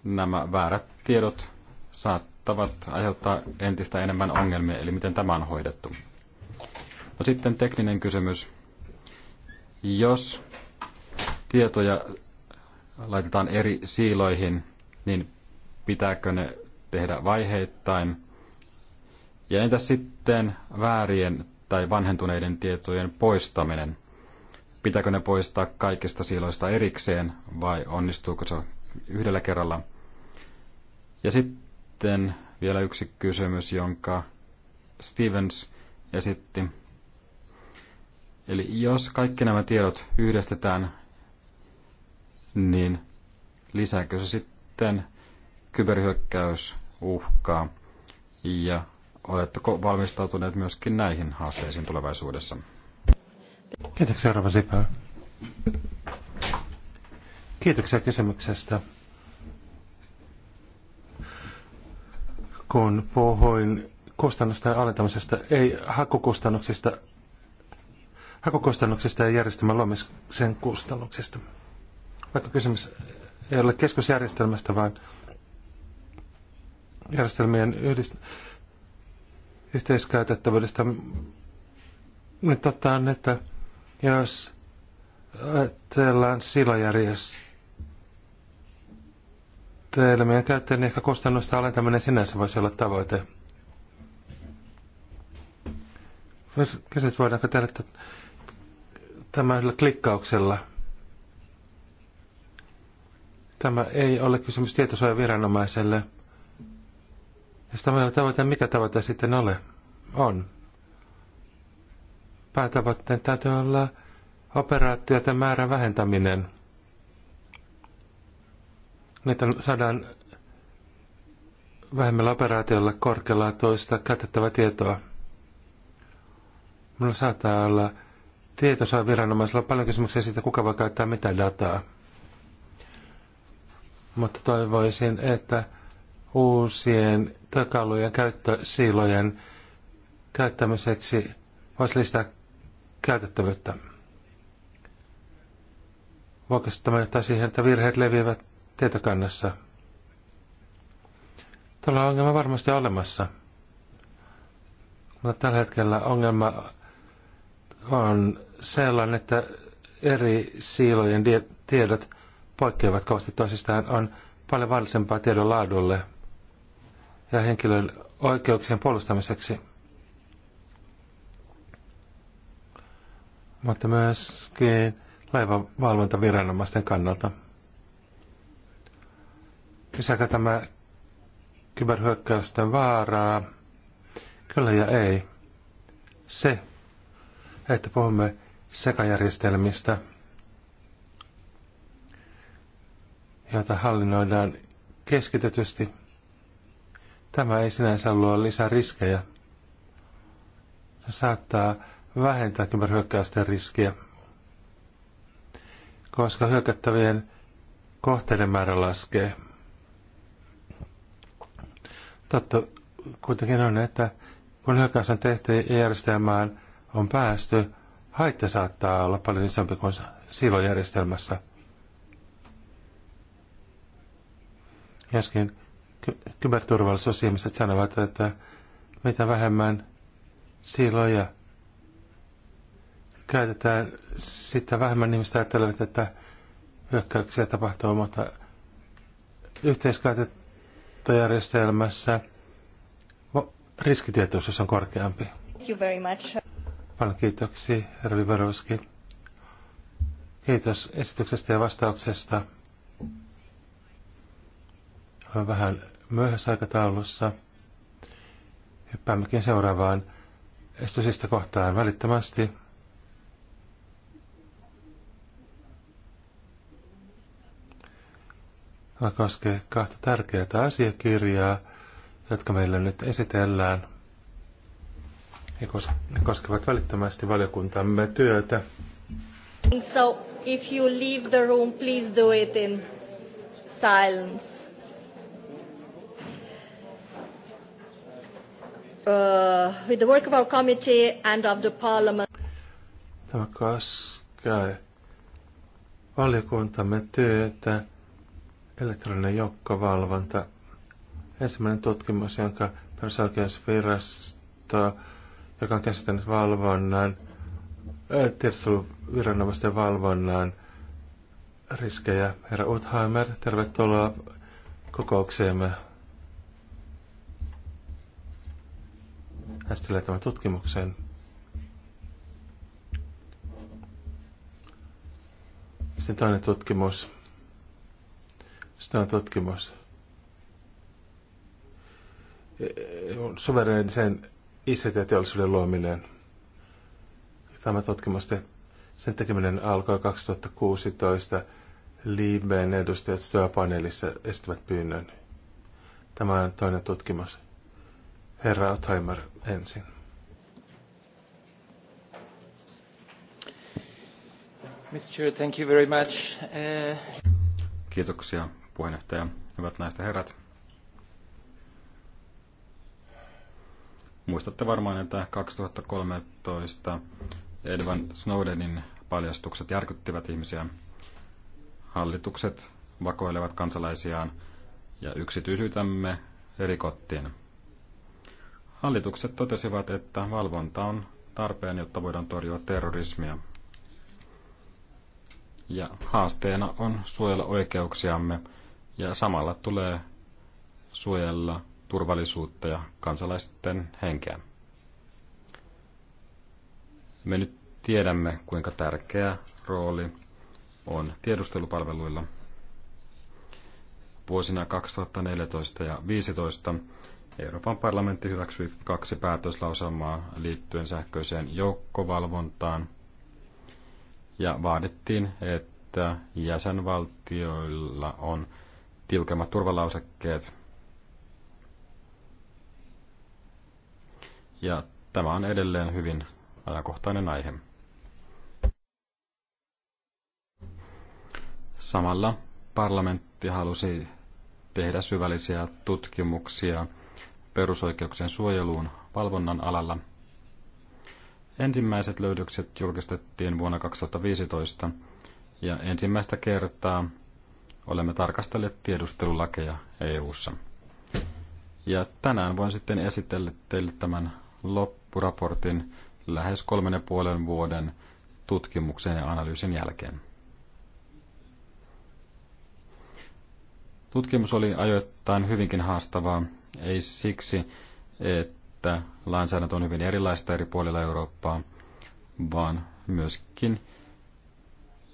nämä väärät tiedot saattavat aiheuttaa entistä enemmän ongelmia, eli miten tämä on hoidettu. No sitten tekninen kysymys. Jos tietoja laitetaan eri siiloihin, niin pitääkö ne tehdä vaiheittain? Ja entäs sitten väärien tai vanhentuneiden tietojen poistaminen? pitääkö ne poistaa kaikista siiloista erikseen vai onnistuuko se yhdellä kerralla. Ja sitten vielä yksi kysymys, jonka Stevens esitti. Eli jos kaikki nämä tiedot yhdistetään, niin lisääkö se sitten uhkaa, ja oletteko valmistautuneet myöskin näihin haasteisiin tulevaisuudessa? Kiitoksia, Rova Sipä. Kiitoksia kysymyksestä. Kun puhuin kustannusten alentamisesta, ei hakukustannuksista, hakukustannuksista ja järjestelmän luomisen kustannuksista. Vaikka kysymys ei ole keskusjärjestelmästä, vaan järjestelmien yhdist- yhteiskäytettävyydestä. Nyt niin ottaen, että jos ajatellaan meidän käyttöön, niin ehkä kustannusta alentaminen sinänsä voisi olla tavoite. Kysyt, voidaanko tehdä tämmöisellä klikkauksella. Tämä ei ole kysymys tietosuojaviranomaiselle. Ja sitä meillä tavoite, mikä tavoite sitten ole, on päätavoitteen täytyy olla operaatioiden määrän vähentäminen. Niitä saadaan vähemmällä operaatiolla toista käytettävää tietoa. Minulla saattaa olla tieto saa viranomaisella paljon kysymyksiä siitä, kuka voi käyttää mitä dataa. Mutta toivoisin, että uusien työkalujen käyttösiilojen käyttämiseksi voisi lisätä käytettävyyttä. vaikka tämä johtaa siihen, että virheet leviävät tietokannassa? Tällä on ongelma varmasti olemassa. Mutta tällä hetkellä ongelma on sellainen, että eri siilojen tiedot poikkeavat kovasti toisistaan. On paljon vaarallisempaa tiedon laadulle ja henkilön oikeuksien puolustamiseksi – mutta myöskin laivavalvontaviranomaisten kannalta. Lisääkö tämä kyberhyökkäysten vaaraa? Kyllä ja ei. Se, että puhumme sekajärjestelmistä, joita hallinnoidaan keskitetysti, tämä ei sinänsä luo lisää riskejä. Se saattaa vähentää kyberhyökkäysten riskiä, koska hyökättävien kohteiden määrä laskee. Totta kuitenkin on, että kun hyökkäys on tehty ja järjestelmään on päästy, haitta saattaa olla paljon isompi kuin silloin järjestelmässä. Joskin ky- kyberturvallisuusihmiset sanovat, että mitä vähemmän siiloja käytetään, sitä vähemmän ihmistä ajattelevat, että hyökkäyksiä tapahtuu, mutta yhteiskäyttöjärjestelmässä riskitietoisuus on korkeampi. Thank you very much. Paljon kiitoksia, herra Viberovski. Kiitos esityksestä ja vastauksesta. Olen vähän myöhässä aikataulussa. Hyppäämmekin seuraavaan esitysistä kohtaan välittömästi. Tämä koskee kahta tärkeää asiakirjaa, jotka meillä nyt esitellään. Ne koskevat välittömästi valiokuntamme työtä. So if you leave the room, please do it in silence. Uh, with the work of our committee and of the parliament. Tämä koskee valiokuntamme työtä elektroninen joukkovalvonta. Ensimmäinen tutkimus, jonka perusoikeusvirasto, joka on käsitellyt valvonnan, tiedusteluviranomaisten valvonnan riskejä. Herra Uthheimer, tervetuloa kokoukseemme. Hän tämän tutkimuksen. Sitten toinen tutkimus. Sitä on tutkimus. E, e, Suverenisen ICT-teollisuuden luominen. Tämä tutkimus, sen tekeminen alkoi 2016 Liibeen edustajat työpaneelissa estivät pyynnön. Tämä on toinen tutkimus. Herra Otheimer ensin. Mr. Chair, thank you very much. Uh, Kiitoksia puheenjohtaja, hyvät naiset ja herrat. Muistatte varmaan, että 2013 Edvan Snowdenin paljastukset järkyttivät ihmisiä. Hallitukset vakoilevat kansalaisiaan ja yksityisyytämme rikottiin. Hallitukset totesivat, että valvonta on tarpeen, jotta voidaan torjua terrorismia. Ja haasteena on suojella oikeuksiamme ja samalla tulee suojella turvallisuutta ja kansalaisten henkeä. Me nyt tiedämme, kuinka tärkeä rooli on tiedustelupalveluilla. Vuosina 2014 ja 2015 Euroopan parlamentti hyväksyi kaksi päätöslauselmaa liittyen sähköiseen joukkovalvontaan ja vaadittiin, että jäsenvaltioilla on tiukemmat turvalausekkeet. Ja tämä on edelleen hyvin ajankohtainen aihe. Samalla parlamentti halusi tehdä syvällisiä tutkimuksia perusoikeuksien suojeluun valvonnan alalla. Ensimmäiset löydökset julkistettiin vuonna 2015 ja ensimmäistä kertaa olemme tarkastelleet tiedustelulakeja EU:ssa. Ja tänään voin sitten esitellä teille tämän loppuraportin lähes kolmen ja puolen vuoden tutkimuksen ja analyysin jälkeen. Tutkimus oli ajoittain hyvinkin haastavaa, ei siksi, että lainsäädäntö on hyvin erilaista eri puolilla Eurooppaa, vaan myöskin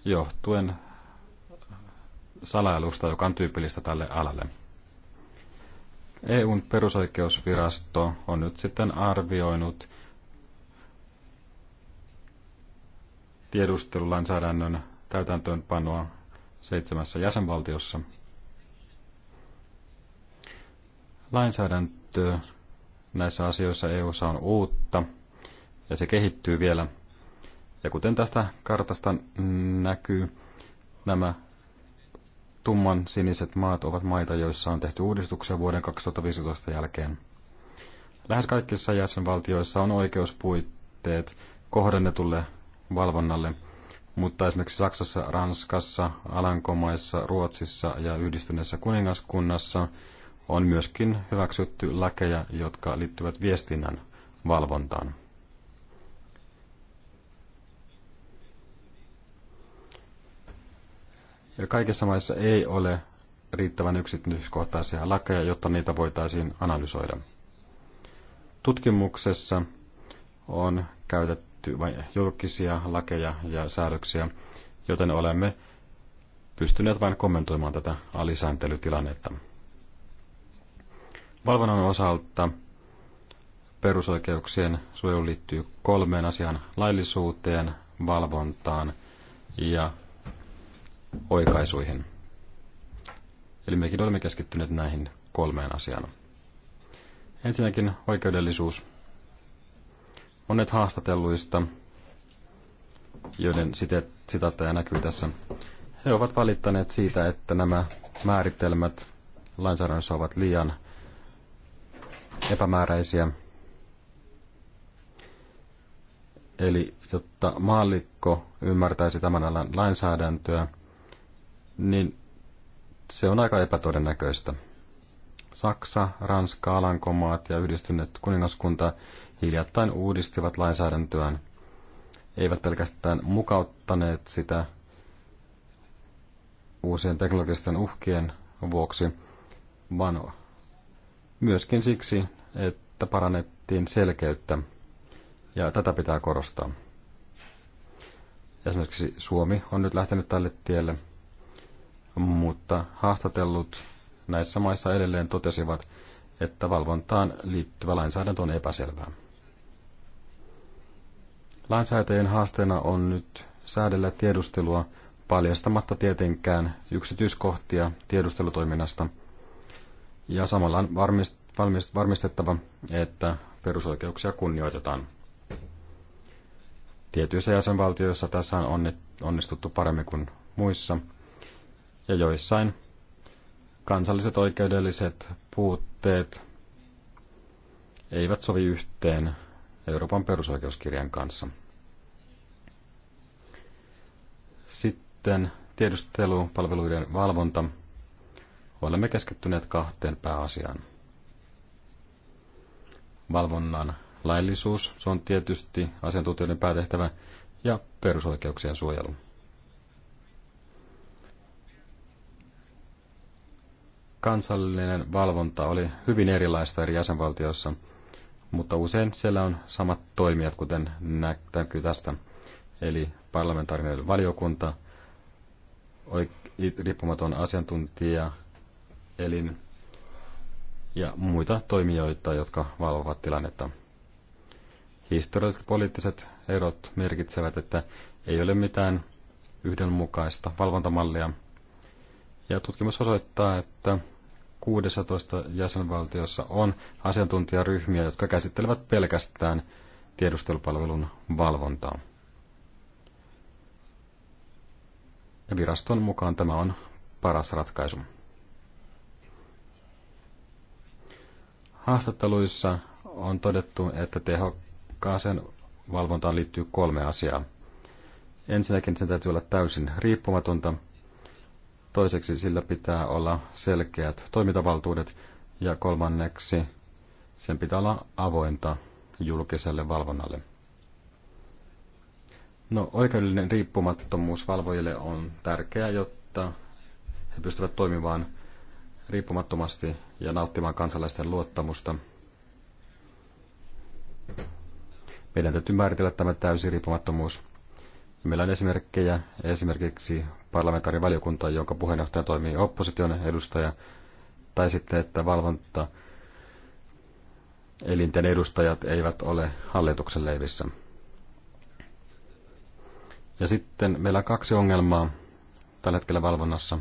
johtuen salailusta, joka on tyypillistä tälle alalle. EUn perusoikeusvirasto on nyt sitten arvioinut tiedustelulainsäädännön täytäntöönpanoa seitsemässä jäsenvaltiossa. Lainsäädäntö näissä asioissa EUssa on uutta ja se kehittyy vielä. Ja kuten tästä kartasta näkyy, nämä tumman siniset maat ovat maita, joissa on tehty uudistuksia vuoden 2015 jälkeen. Lähes kaikissa jäsenvaltioissa on oikeuspuitteet kohdennetulle valvonnalle, mutta esimerkiksi Saksassa, Ranskassa, Alankomaissa, Ruotsissa ja Yhdistyneessä kuningaskunnassa on myöskin hyväksytty lakeja, jotka liittyvät viestinnän valvontaan. Ja kaikissa maissa ei ole riittävän yksityiskohtaisia lakeja, jotta niitä voitaisiin analysoida. Tutkimuksessa on käytetty vain julkisia lakeja ja säädöksiä, joten olemme pystyneet vain kommentoimaan tätä alisääntelytilannetta. Valvonnan osalta perusoikeuksien suojelu liittyy kolmeen asiaan, laillisuuteen, valvontaan ja oikaisuihin. Eli mekin olemme keskittyneet näihin kolmeen asiaan. Ensinnäkin oikeudellisuus. Monet haastatelluista, joiden sitaatteja näkyy tässä, he ovat valittaneet siitä, että nämä määritelmät lainsäädännössä ovat liian epämääräisiä. Eli jotta maallikko ymmärtäisi tämän alan lainsäädäntöä, niin se on aika epätodennäköistä. Saksa, Ranska, Alankomaat ja yhdistyneet kuningaskunta hiljattain uudistivat lainsäädäntöään, eivät pelkästään mukauttaneet sitä uusien teknologisten uhkien vuoksi, vaan myöskin siksi, että parannettiin selkeyttä, ja tätä pitää korostaa. Esimerkiksi Suomi on nyt lähtenyt tälle tielle – mutta haastatellut näissä maissa edelleen totesivat, että valvontaan liittyvä lainsäädäntö on epäselvää. Lainsäätäjien haasteena on nyt säädellä tiedustelua paljastamatta tietenkään yksityiskohtia tiedustelutoiminnasta ja samalla on varmistettava, että perusoikeuksia kunnioitetaan. Tietyissä jäsenvaltioissa tässä on onnistuttu paremmin kuin muissa – ja joissain kansalliset oikeudelliset puutteet eivät sovi yhteen Euroopan perusoikeuskirjan kanssa. Sitten tiedustelupalveluiden valvonta. Olemme keskittyneet kahteen pääasiaan. Valvonnan laillisuus, se on tietysti asiantuntijoiden päätehtävä, ja perusoikeuksien suojelu. kansallinen valvonta oli hyvin erilaista eri jäsenvaltioissa, mutta usein siellä on samat toimijat, kuten näkyy tästä. Eli parlamentaarinen valiokunta, riippumaton asiantuntija, elin ja muita toimijoita, jotka valvovat tilannetta. Historialliset poliittiset erot merkitsevät, että ei ole mitään yhdenmukaista valvontamallia – ja tutkimus osoittaa, että 16 jäsenvaltiossa on asiantuntijaryhmiä, jotka käsittelevät pelkästään tiedustelupalvelun valvontaa. Ja viraston mukaan tämä on paras ratkaisu. Haastatteluissa on todettu, että tehokkaaseen valvontaan liittyy kolme asiaa. Ensinnäkin sen täytyy olla täysin riippumatonta – Toiseksi sillä pitää olla selkeät toimintavaltuudet ja kolmanneksi sen pitää olla avointa julkiselle valvonnalle. No, oikeudellinen riippumattomuus valvojille on tärkeää, jotta he pystyvät toimimaan riippumattomasti ja nauttimaan kansalaisten luottamusta. Meidän täytyy määritellä tämä täysi riippumattomuus. Meillä on esimerkkejä esimerkiksi parlamentaarinen valiokunta, jonka puheenjohtaja toimii opposition edustaja, tai sitten, että valvonta elinten edustajat eivät ole hallituksen leivissä. Ja sitten meillä on kaksi ongelmaa tällä hetkellä valvonnassa.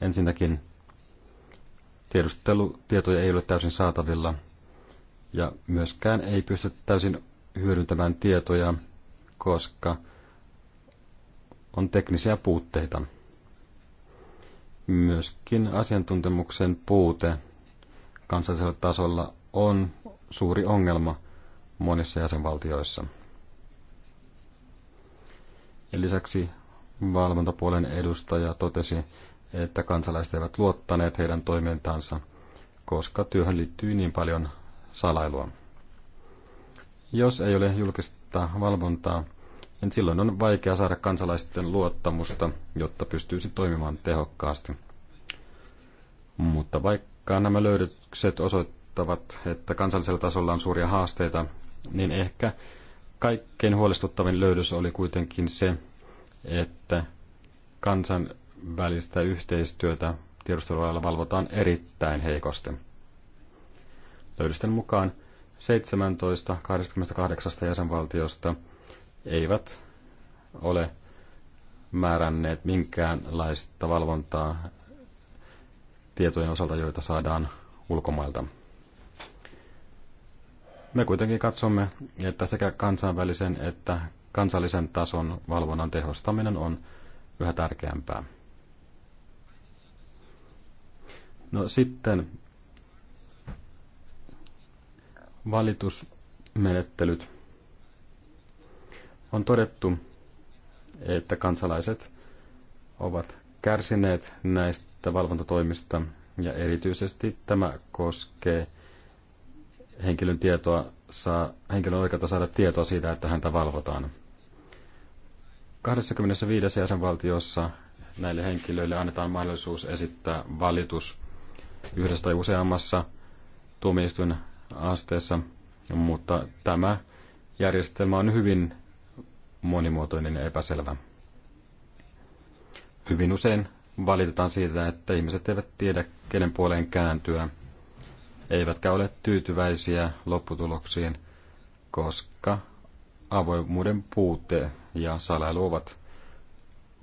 Ensinnäkin tiedustelutietoja ei ole täysin saatavilla ja myöskään ei pysty täysin hyödyntämään tietoja, koska – on teknisiä puutteita. Myöskin asiantuntemuksen puute kansallisella tasolla on suuri ongelma monissa jäsenvaltioissa. Ja lisäksi valvontapuolen edustaja totesi, että kansalaiset eivät luottaneet heidän toimintaansa, koska työhön liittyy niin paljon salailua. Jos ei ole julkista valvontaa, niin silloin on vaikea saada kansalaisten luottamusta, jotta pystyisi toimimaan tehokkaasti. Mutta vaikka nämä löydökset osoittavat, että kansallisella tasolla on suuria haasteita, niin ehkä kaikkein huolestuttavin löydös oli kuitenkin se, että kansainvälistä yhteistyötä tiedustelualalla valvotaan erittäin heikosti. Löydösten mukaan 17 28 jäsenvaltiosta – eivät ole määränneet minkäänlaista valvontaa tietojen osalta, joita saadaan ulkomailta. Me kuitenkin katsomme, että sekä kansainvälisen että kansallisen tason valvonnan tehostaminen on yhä tärkeämpää. No sitten valitusmenettelyt. On todettu, että kansalaiset ovat kärsineet näistä valvontatoimista ja erityisesti tämä koskee henkilön, tietoa saa, henkilön oikeutta saada tietoa siitä, että häntä valvotaan. 25 jäsenvaltiossa näille henkilöille annetaan mahdollisuus esittää valitus yhdessä tai useammassa tuomioistuin asteessa, mutta tämä järjestelmä on hyvin monimuotoinen ja epäselvä. Hyvin usein valitetaan siitä, että ihmiset eivät tiedä, kenen puoleen kääntyä, eivätkä ole tyytyväisiä lopputuloksiin, koska avoimuuden puute ja salailu ovat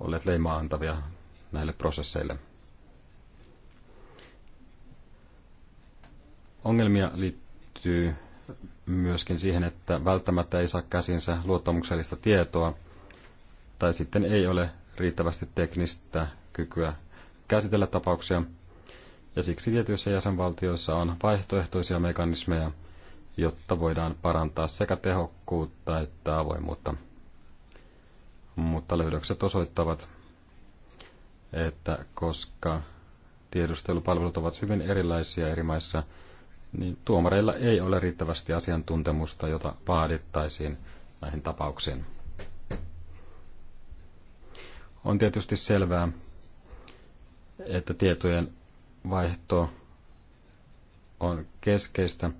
olleet leimaa antavia näille prosesseille. Ongelmia liittyy myöskin siihen, että välttämättä ei saa käsinsä luottamuksellista tietoa tai sitten ei ole riittävästi teknistä kykyä käsitellä tapauksia. Ja siksi tietyissä jäsenvaltioissa on vaihtoehtoisia mekanismeja, jotta voidaan parantaa sekä tehokkuutta että avoimuutta. Mutta löydökset osoittavat, että koska tiedustelupalvelut ovat hyvin erilaisia eri maissa, niin tuomareilla ei ole riittävästi asiantuntemusta, jota vaadittaisiin näihin tapauksiin. On tietysti selvää, että tietojen vaihto on keskeistä,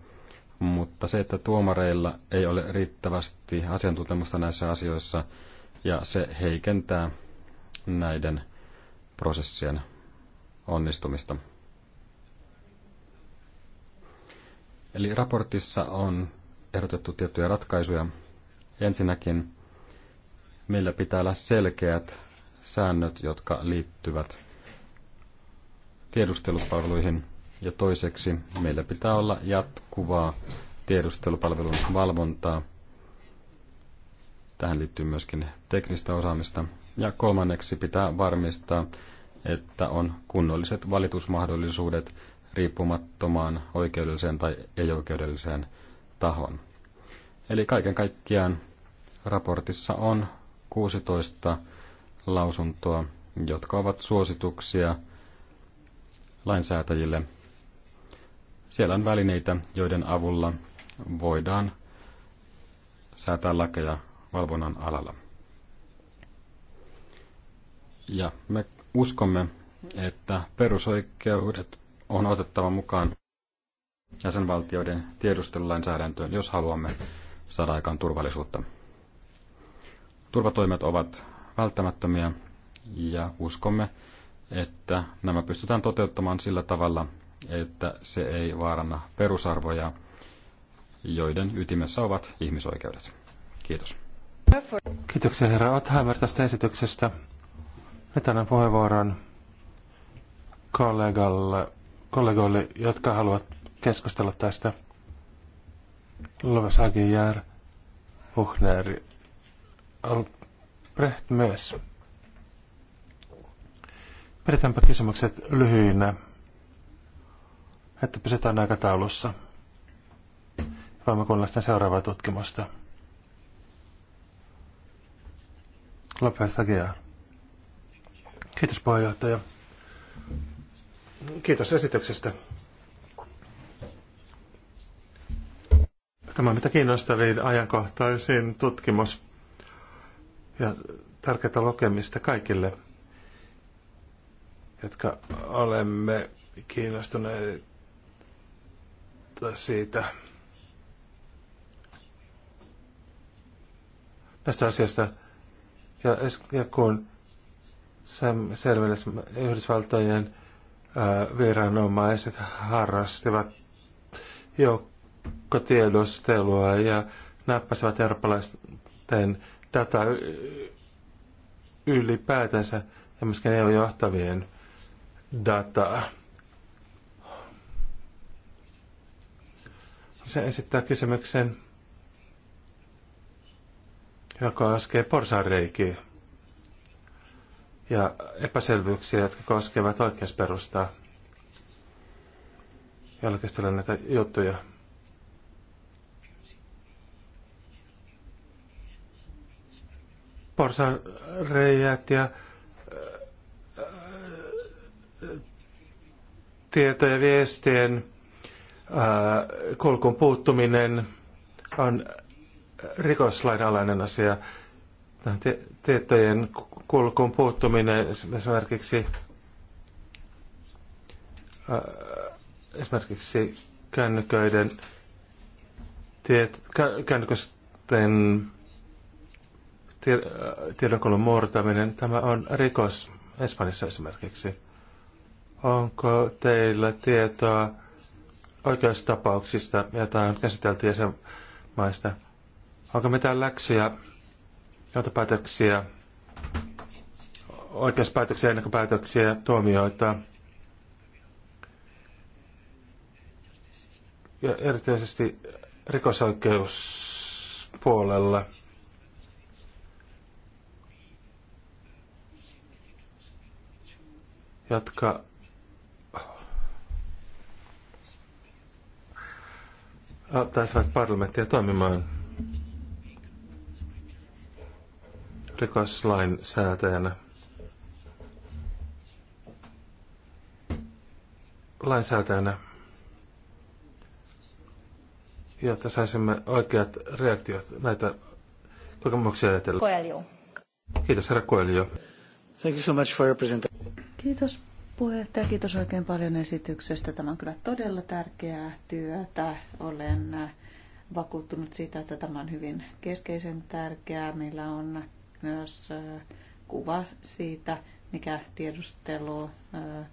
mutta se, että tuomareilla ei ole riittävästi asiantuntemusta näissä asioissa, ja se heikentää näiden prosessien onnistumista. Eli raportissa on ehdotettu tiettyjä ratkaisuja. Ensinnäkin meillä pitää olla selkeät säännöt, jotka liittyvät tiedustelupalveluihin. Ja toiseksi meillä pitää olla jatkuvaa tiedustelupalvelun valvontaa. Tähän liittyy myöskin teknistä osaamista. Ja kolmanneksi pitää varmistaa, että on kunnolliset valitusmahdollisuudet riippumattomaan oikeudelliseen tai ei-oikeudelliseen tahon. Eli kaiken kaikkiaan raportissa on 16 lausuntoa, jotka ovat suosituksia lainsäätäjille. Siellä on välineitä, joiden avulla voidaan säätää lakeja valvonnan alalla. Ja me uskomme, että perusoikeudet on otettava mukaan jäsenvaltioiden tiedustelulainsäädäntöön, jos haluamme saada aikaan turvallisuutta. Turvatoimet ovat välttämättömiä ja uskomme, että nämä pystytään toteuttamaan sillä tavalla, että se ei vaaranna perusarvoja, joiden ytimessä ovat ihmisoikeudet. Kiitos. Kiitoksia herra Othheimer tästä esityksestä. Nyt tänään puheenvuoron kollegalle kollegoille, jotka haluavat keskustella tästä. Lovas Agijar, Huchner, Albrecht myös. Pidetäänpä kysymykset lyhyinä, että pysytään aikataulussa. Voimme kuunnella sitä seuraavaa tutkimusta. Lopez Kiitos puheenjohtaja. Kiitos esityksestä. Tämä, mitä kiinnosteli, niin ajankohtaisin tutkimus ja tärkeää lukemista kaikille, jotka olemme kiinnostuneita siitä Tästä asiasta Ja, ja kun Sam selville Yhdysvaltojen Äh, viranomaiset harrastivat joukkotiedustelua ja nappasivat eurooppalaisten dataa ylipäätänsä ja myöskin EU-johtavien dataa. Se esittää kysymyksen, joka askee porsareikiä ja epäselvyyksiä, jotka koskevat oikeusperustaa. Jälkistelen näitä juttuja. Porsan reijät ja äh, äh, tietojen viestien äh, kulkun puuttuminen on rikoslain alainen asia tähän te- tietojen kulkuun puuttuminen esimerkiksi, äh, esimerkiksi kännyköiden tiet, kä- kännykösten tiedonkulun murtaminen, tämä on rikos Espanjassa esimerkiksi. Onko teillä tietoa oikeustapauksista, joita on käsitelty jäsenmaista? Onko mitään läksyjä johtopäätöksiä, oikeuspäätöksiä, ennakkopäätöksiä, tuomioita. Ja erityisesti rikosoikeuspuolella. jotka auttaisivat parlamenttia toimimaan rikoslain säätäjänä. Lainsäätäjänä, jotta saisimme oikeat reaktiot näitä kokemuksia ajatella. Kiitos, herra Koelio. Thank you so much for your presentation. Kiitos puheenjohtaja, kiitos oikein paljon esityksestä. Tämä on kyllä todella tärkeää työtä. Olen vakuuttunut siitä, että tämä on hyvin keskeisen tärkeää. Meillä on myös kuva siitä, mikä tiedustelu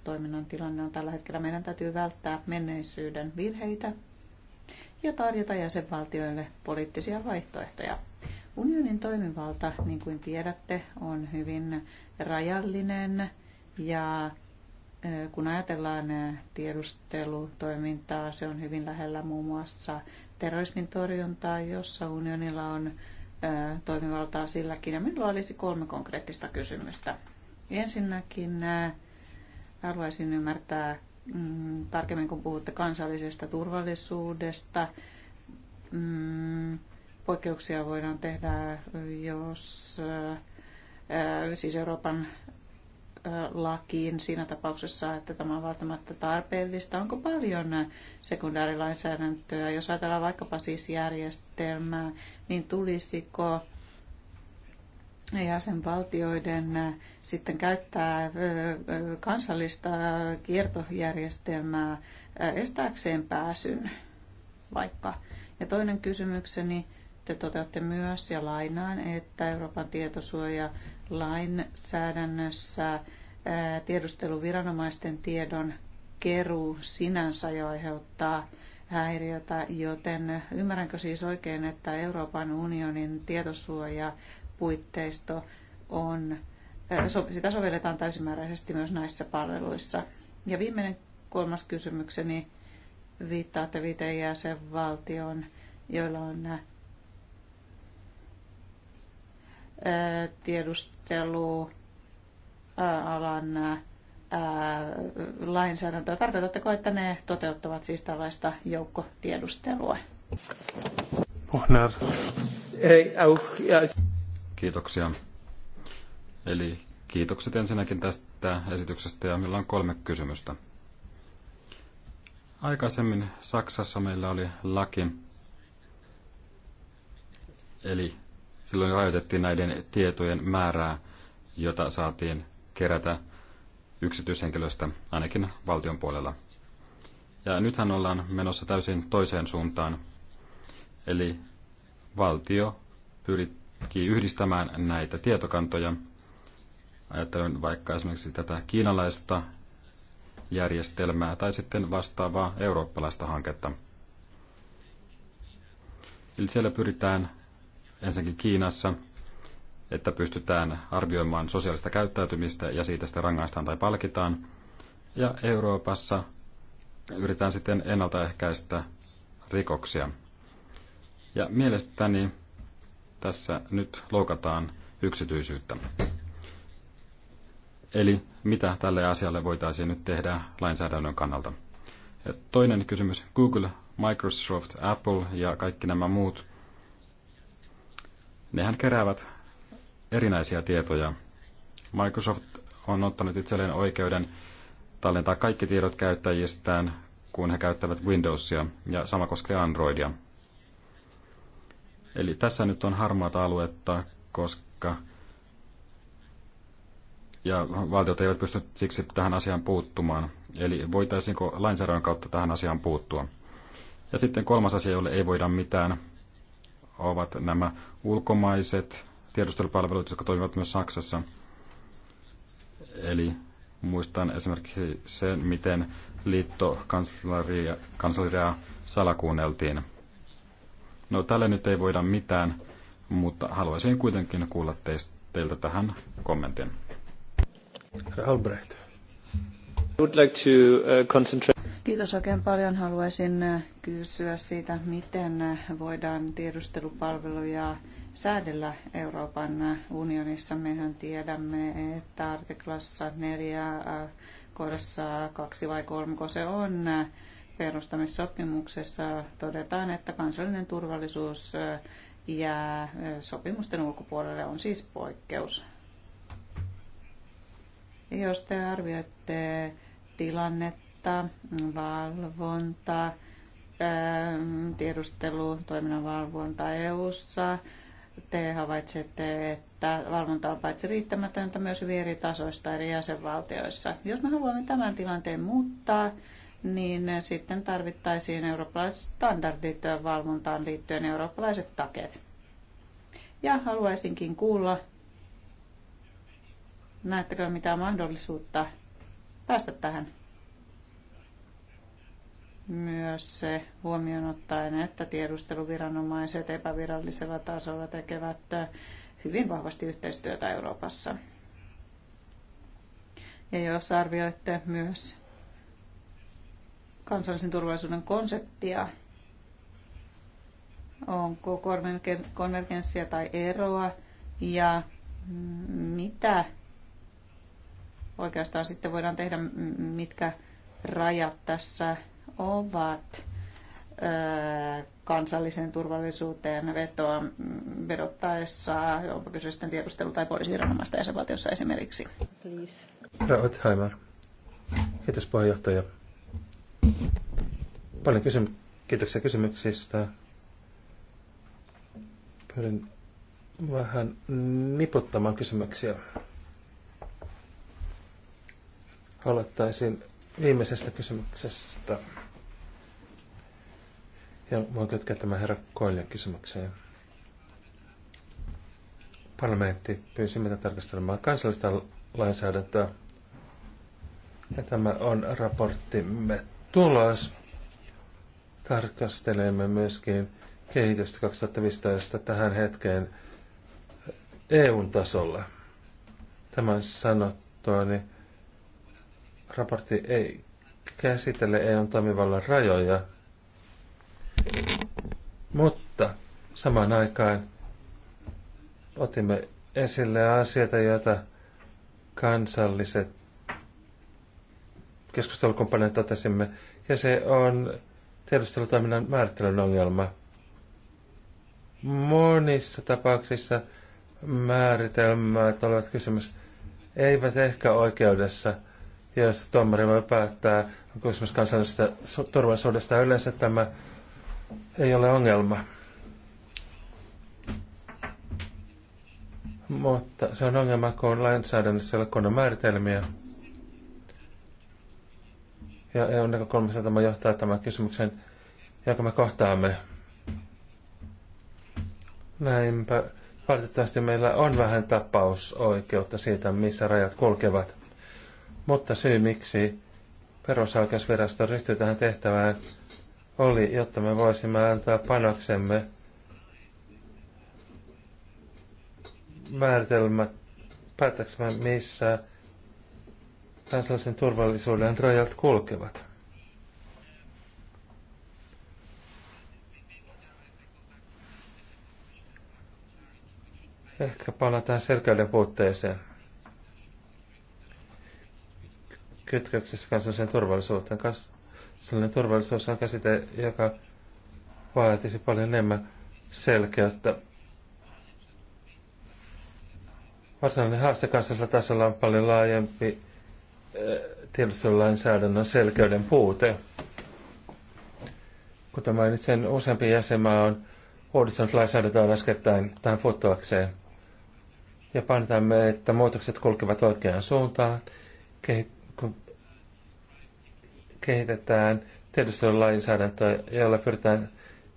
toiminnan tilanne on tällä hetkellä. Meidän täytyy välttää menneisyyden virheitä ja tarjota jäsenvaltioille poliittisia vaihtoehtoja. Unionin toimivalta, niin kuin tiedätte, on hyvin rajallinen ja kun ajatellaan tiedustelutoimintaa, se on hyvin lähellä muun muassa terrorismin torjuntaa, jossa unionilla on toimivaltaa silläkin. Ja minulla olisi kolme konkreettista kysymystä. Ensinnäkin haluaisin ymmärtää mm, tarkemmin, kun puhutte kansallisesta turvallisuudesta. Mm, poikkeuksia voidaan tehdä, jos siis Euroopan lakiin siinä tapauksessa, että tämä on välttämättä tarpeellista? Onko paljon sekundaarilainsäädäntöä? Jos ajatellaan vaikkapa siis järjestelmää, niin tulisiko jäsenvaltioiden äh, sitten käyttää äh, kansallista kiertojärjestelmää äh, estääkseen pääsyn vaikka. Ja toinen kysymykseni, te toteatte myös ja lainaan, että Euroopan tietosuoja lainsäädännössä tiedusteluviranomaisten tiedon keruu sinänsä jo aiheuttaa häiriötä, joten ymmärränkö siis oikein, että Euroopan unionin tietosuoja puitteisto on, sitä sovelletaan täysimääräisesti myös näissä palveluissa. Ja viimeinen kolmas kysymykseni viittaatte viiteen jäsenvaltioon, joilla on tiedustelualan lainsäädäntöä. Tarkoitatteko, että ne toteuttavat siis tällaista joukkotiedustelua? Kiitoksia. Eli kiitokset ensinnäkin tästä esityksestä ja meillä on kolme kysymystä. Aikaisemmin Saksassa meillä oli laki, eli Silloin rajoitettiin näiden tietojen määrää, jota saatiin kerätä yksityishenkilöstä, ainakin valtion puolella. Ja nythän ollaan menossa täysin toiseen suuntaan. Eli valtio pyrkii yhdistämään näitä tietokantoja. Ajattelen vaikka esimerkiksi tätä kiinalaista järjestelmää tai sitten vastaavaa eurooppalaista hanketta. Eli siellä pyritään ensinnäkin Kiinassa, että pystytään arvioimaan sosiaalista käyttäytymistä ja siitä sitten rangaistaan tai palkitaan. Ja Euroopassa yritetään sitten ennaltaehkäistä rikoksia. Ja mielestäni tässä nyt loukataan yksityisyyttä. Eli mitä tälle asialle voitaisiin nyt tehdä lainsäädännön kannalta? Ja toinen kysymys. Google, Microsoft, Apple ja kaikki nämä muut Nehän keräävät erinäisiä tietoja. Microsoft on ottanut itselleen oikeuden tallentaa kaikki tiedot käyttäjistään, kun he käyttävät Windowsia, ja sama koskee Androidia. Eli tässä nyt on harmaata aluetta, koska ja valtiot eivät pysty siksi tähän asiaan puuttumaan. Eli voitaisiinko lainsäädännön kautta tähän asiaan puuttua? Ja sitten kolmas asia, jolle ei voida mitään, ovat nämä ulkomaiset tiedustelupalvelut, jotka toimivat myös Saksassa. Eli muistan esimerkiksi sen, miten liittokansleria salakuunneltiin. No tälle nyt ei voida mitään, mutta haluaisin kuitenkin kuulla teistä, teiltä tähän kommentin. Albrecht. I would like to uh, concentrate Kiitos oikein paljon. Haluaisin äh, kysyä siitä, miten äh, voidaan tiedustelupalveluja säädellä Euroopan äh, unionissa. Mehän tiedämme, että artiklassa 4 kohdassa 2 vai 3, kun se on perustamissopimuksessa, todetaan, että kansallinen turvallisuus jää sopimusten ulkopuolelle, on siis poikkeus. Jos te arvioitte tilannetta, valvonta, valvonta, tiedustelutoiminnan valvonta EU-ssa. Te havaitsette, että valvonta on paitsi riittämätöntä myös hyvin eri tasoista eri jäsenvaltioissa. Jos me haluamme tämän tilanteen muuttaa, niin sitten tarvittaisiin eurooppalaiset standardit valvontaan liittyen eurooppalaiset taket. Ja haluaisinkin kuulla, näettekö mitä mahdollisuutta päästä tähän myös se huomioon ottaen, että tiedusteluviranomaiset epävirallisella tasolla tekevät äh, hyvin vahvasti yhteistyötä Euroopassa. Ja jos arvioitte myös kansallisen turvallisuuden konseptia, onko konvergenssia tai eroa ja mitä oikeastaan sitten voidaan tehdä, mitkä rajat tässä ovat kansalliseen turvallisuuteen vetoa, vedottaessa, onko kyse sitten tiedustelu- tai poliisiranomaista jäsenvaltiossa esimerkiksi. Please. Rothheimer. Kiitos puheenjohtaja. Paljon kysym- kiitoksia kysymyksistä. Pyydän vähän niputtamaan kysymyksiä. Aloittaisin viimeisestä kysymyksestä. Ja voin kytkeä tämän herra Koiljan kysymykseen. Parlamentti pyysi meitä tarkastelemaan kansallista lainsäädäntöä. Ja tämä on raporttimme tulos. Tarkastelemme myöskin kehitystä 2015 tähän hetkeen EUn tasolla. Tämän sanottuani niin raportti ei käsittele EUn toimivallan rajoja, mutta samaan aikaan otimme esille asioita, joita kansalliset keskustelukumppanit totesimme, ja se on tiedustelutoiminnan määrittelyn ongelma. Monissa tapauksissa määritelmät olevat kysymys eivät ehkä oikeudessa, jos tuomari voi päättää, onko kysymys kansallisesta turvallisuudesta. Yleensä tämä ei ole ongelma. Mutta se on ongelma, kun lainsäädännössä ei ole kunnon määritelmiä. Ja EUn näkökulmasta tämä johtaa tämän kysymyksen, jonka me kohtaamme. Näinpä valitettavasti meillä on vähän tapausoikeutta siitä, missä rajat kulkevat. Mutta syy miksi perusoikeusvirasto ryhtyy tähän tehtävään oli, jotta me voisimme antaa panoksemme määritelmä päätäksemme, missä kansallisen turvallisuuden rajat kulkevat. Ehkä palataan selkeyden puutteeseen. Kytköksessä kansallisen turvallisuuteen. Kas- Sellainen turvallisuus on käsite, joka vaatisi paljon enemmän selkeyttä. Varsinainen haaste kansallisella tasolla on paljon laajempi eh, tiedustelulainsäädännön selkeyden puute. Kuten mainitsin, useampi jäsenmaa on uudistanut lainsäädäntöä äskettäin tähän puuttuakseen. Ja painotamme, että muutokset kulkevat oikeaan suuntaan, kehittyvät kehitetään tiedustelulainsäädäntöä, jolla pyritään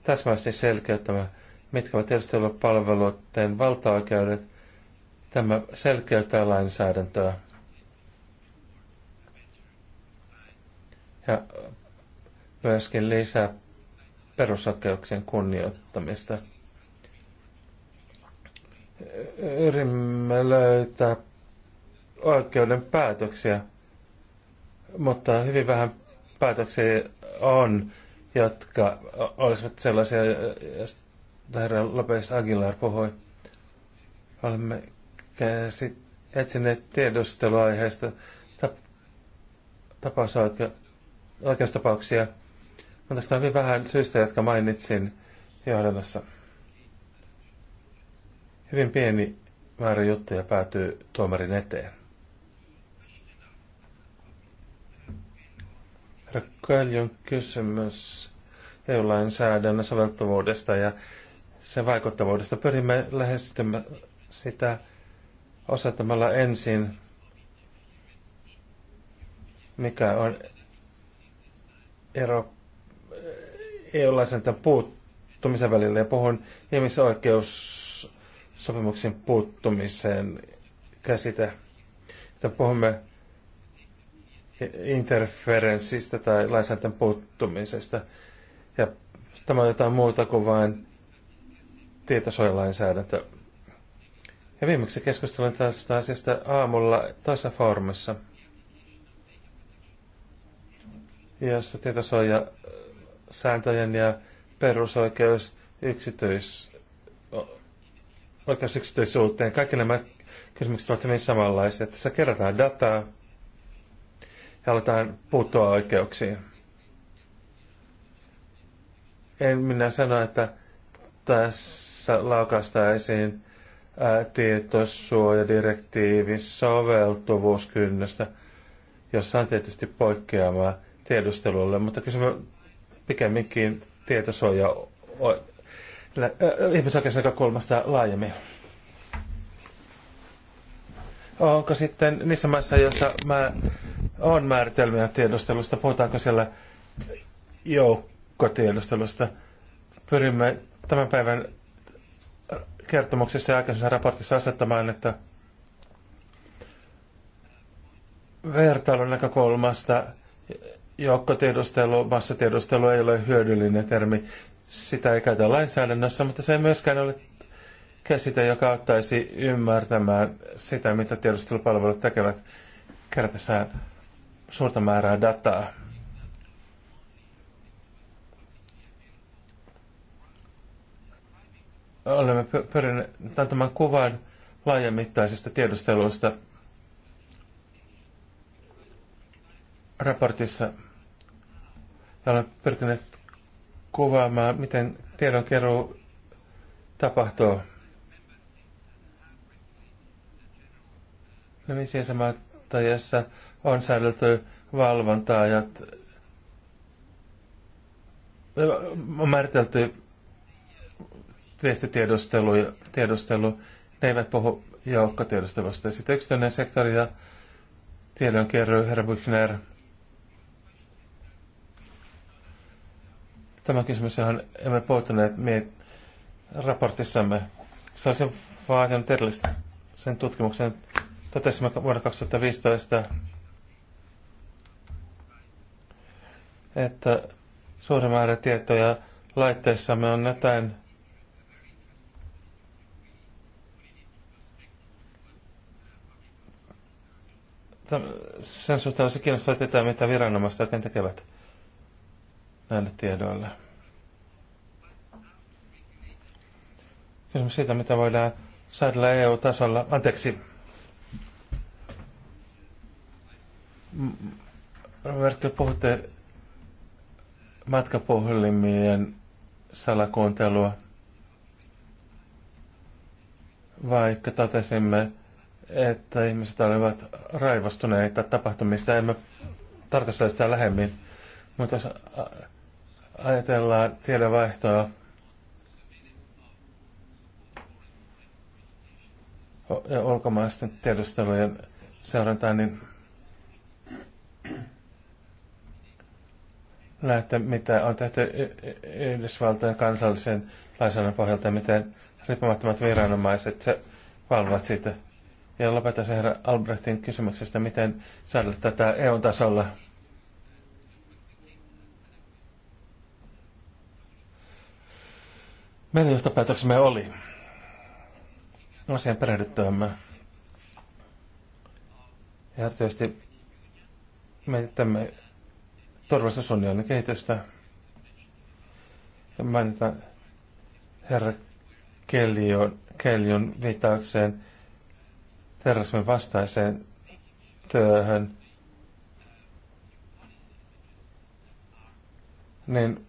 täsmällisesti selkeyttämään, mitkä ovat tiedustelupalveluiden valtaoikeudet. Tämä selkeyttää lainsäädäntöä. Ja myöskin lisää perusoikeuksien kunnioittamista. Yrimme löytää oikeuden päätöksiä, mutta hyvin vähän päätöksiä on, jotka olisivat sellaisia, joista herra Lopes Aguilar puhui. Olemme etsineet tiedusteluaiheista tap, tapausoikeustapauksia, mutta tästä on hyvin vähän syistä, jotka mainitsin johdannossa. Hyvin pieni määrä juttuja päätyy tuomarin eteen. Koeljon kysymys EU-lainsäädännön soveltuvuudesta ja sen vaikuttavuudesta. Pyrimme lähestymään sitä osoittamalla ensin, mikä on ero eh, EU-lainsäädännön puuttumisen välillä. Ja puhun ihmisoikeussopimuksen puuttumisen käsite. Että puhumme interferenssistä tai lainsäädännön puuttumisesta. Ja tämä on jotain muuta kuin vain tietosuojalainsäädäntö. Ja viimeksi keskustelin tästä asiasta aamulla toisessa foorumissa, jossa tietosuoja sääntöjen ja perusoikeus yksityis, oikeus yksityisyyteen, kaikki nämä kysymykset ovat hyvin samanlaisia. Tässä kerätään dataa, ja aletaan puuttua oikeuksiin. En minä sano, että tässä laukaistaisiin tietosuojadirektiivin soveltuvuuskynnystä, jossa on tietysti poikkeamaa tiedustelulle, mutta kysymme pikemminkin tietosuoja ihmisoikeusnäkökulmasta laajemmin. Onko sitten niissä maissa, joissa mä on määritelmiä tiedustelusta, puhutaanko siellä joukkotiedustelusta? Pyrimme tämän päivän kertomuksessa ja aikaisessa raportissa asettamaan, että vertailun näkökulmasta joukkotiedustelu, massatiedustelu ei ole hyödyllinen termi. Sitä ei käytä lainsäädännössä, mutta se ei myöskään ole käsite, joka auttaisi ymmärtämään sitä, mitä tiedustelupalvelut tekevät kerätessään suurta määrää dataa. Olemme pyrineet antamaan kuvan laajamittaisesta tiedustelusta. Raportissa ja olemme pyrkineet kuvaamaan, miten tiedonkeruu tapahtuu. Ja missä jäsenmaata, on säädelty valvontaa ja on määritelty viestitiedustelu, tiedustelu, ne eivät puhu joukkotiedustelusta. Sitten yksityinen sektori ja tiedonkierry, herra Buchner. Tämä kysymys, johon emme puuttuneet raportissamme. Se olisi vaatinut erillistä sen tutkimuksen, totesimme vuonna 2015, että suuri määrä tietoja laitteissamme on jotain sen suhteen olisi kiinnostavaa tietää, mitä viranomaiset oikein tekevät näille tiedoille. Kysymys siitä, mitä voidaan saada EU-tasolla, anteeksi, Robert, puhutte matkapuhelimien salakuuntelua, vaikka totesimme, että ihmiset olivat raivostuneita tapahtumista, emme tarkastele sitä lähemmin. Mutta jos ajatellaan tiedonvaihtoa, ja ulkomaisten tiedustelujen seurantaa, niin näette, mitä on tehty Yhdysvaltojen kansallisen lainsäädännön pohjalta miten riippumattomat viranomaiset valvovat siitä. Ja lopetan se herra Albrechtin kysymyksestä, miten saada tätä EU-tasolla. Meidän johtopäätöksemme oli asian perehdyttyämme. Ja erityisesti me, me turvallisuusunionin kehitystä. Ja mainita herra Kellion Kellion viittaukseen terrorismin vastaiseen työhön, niin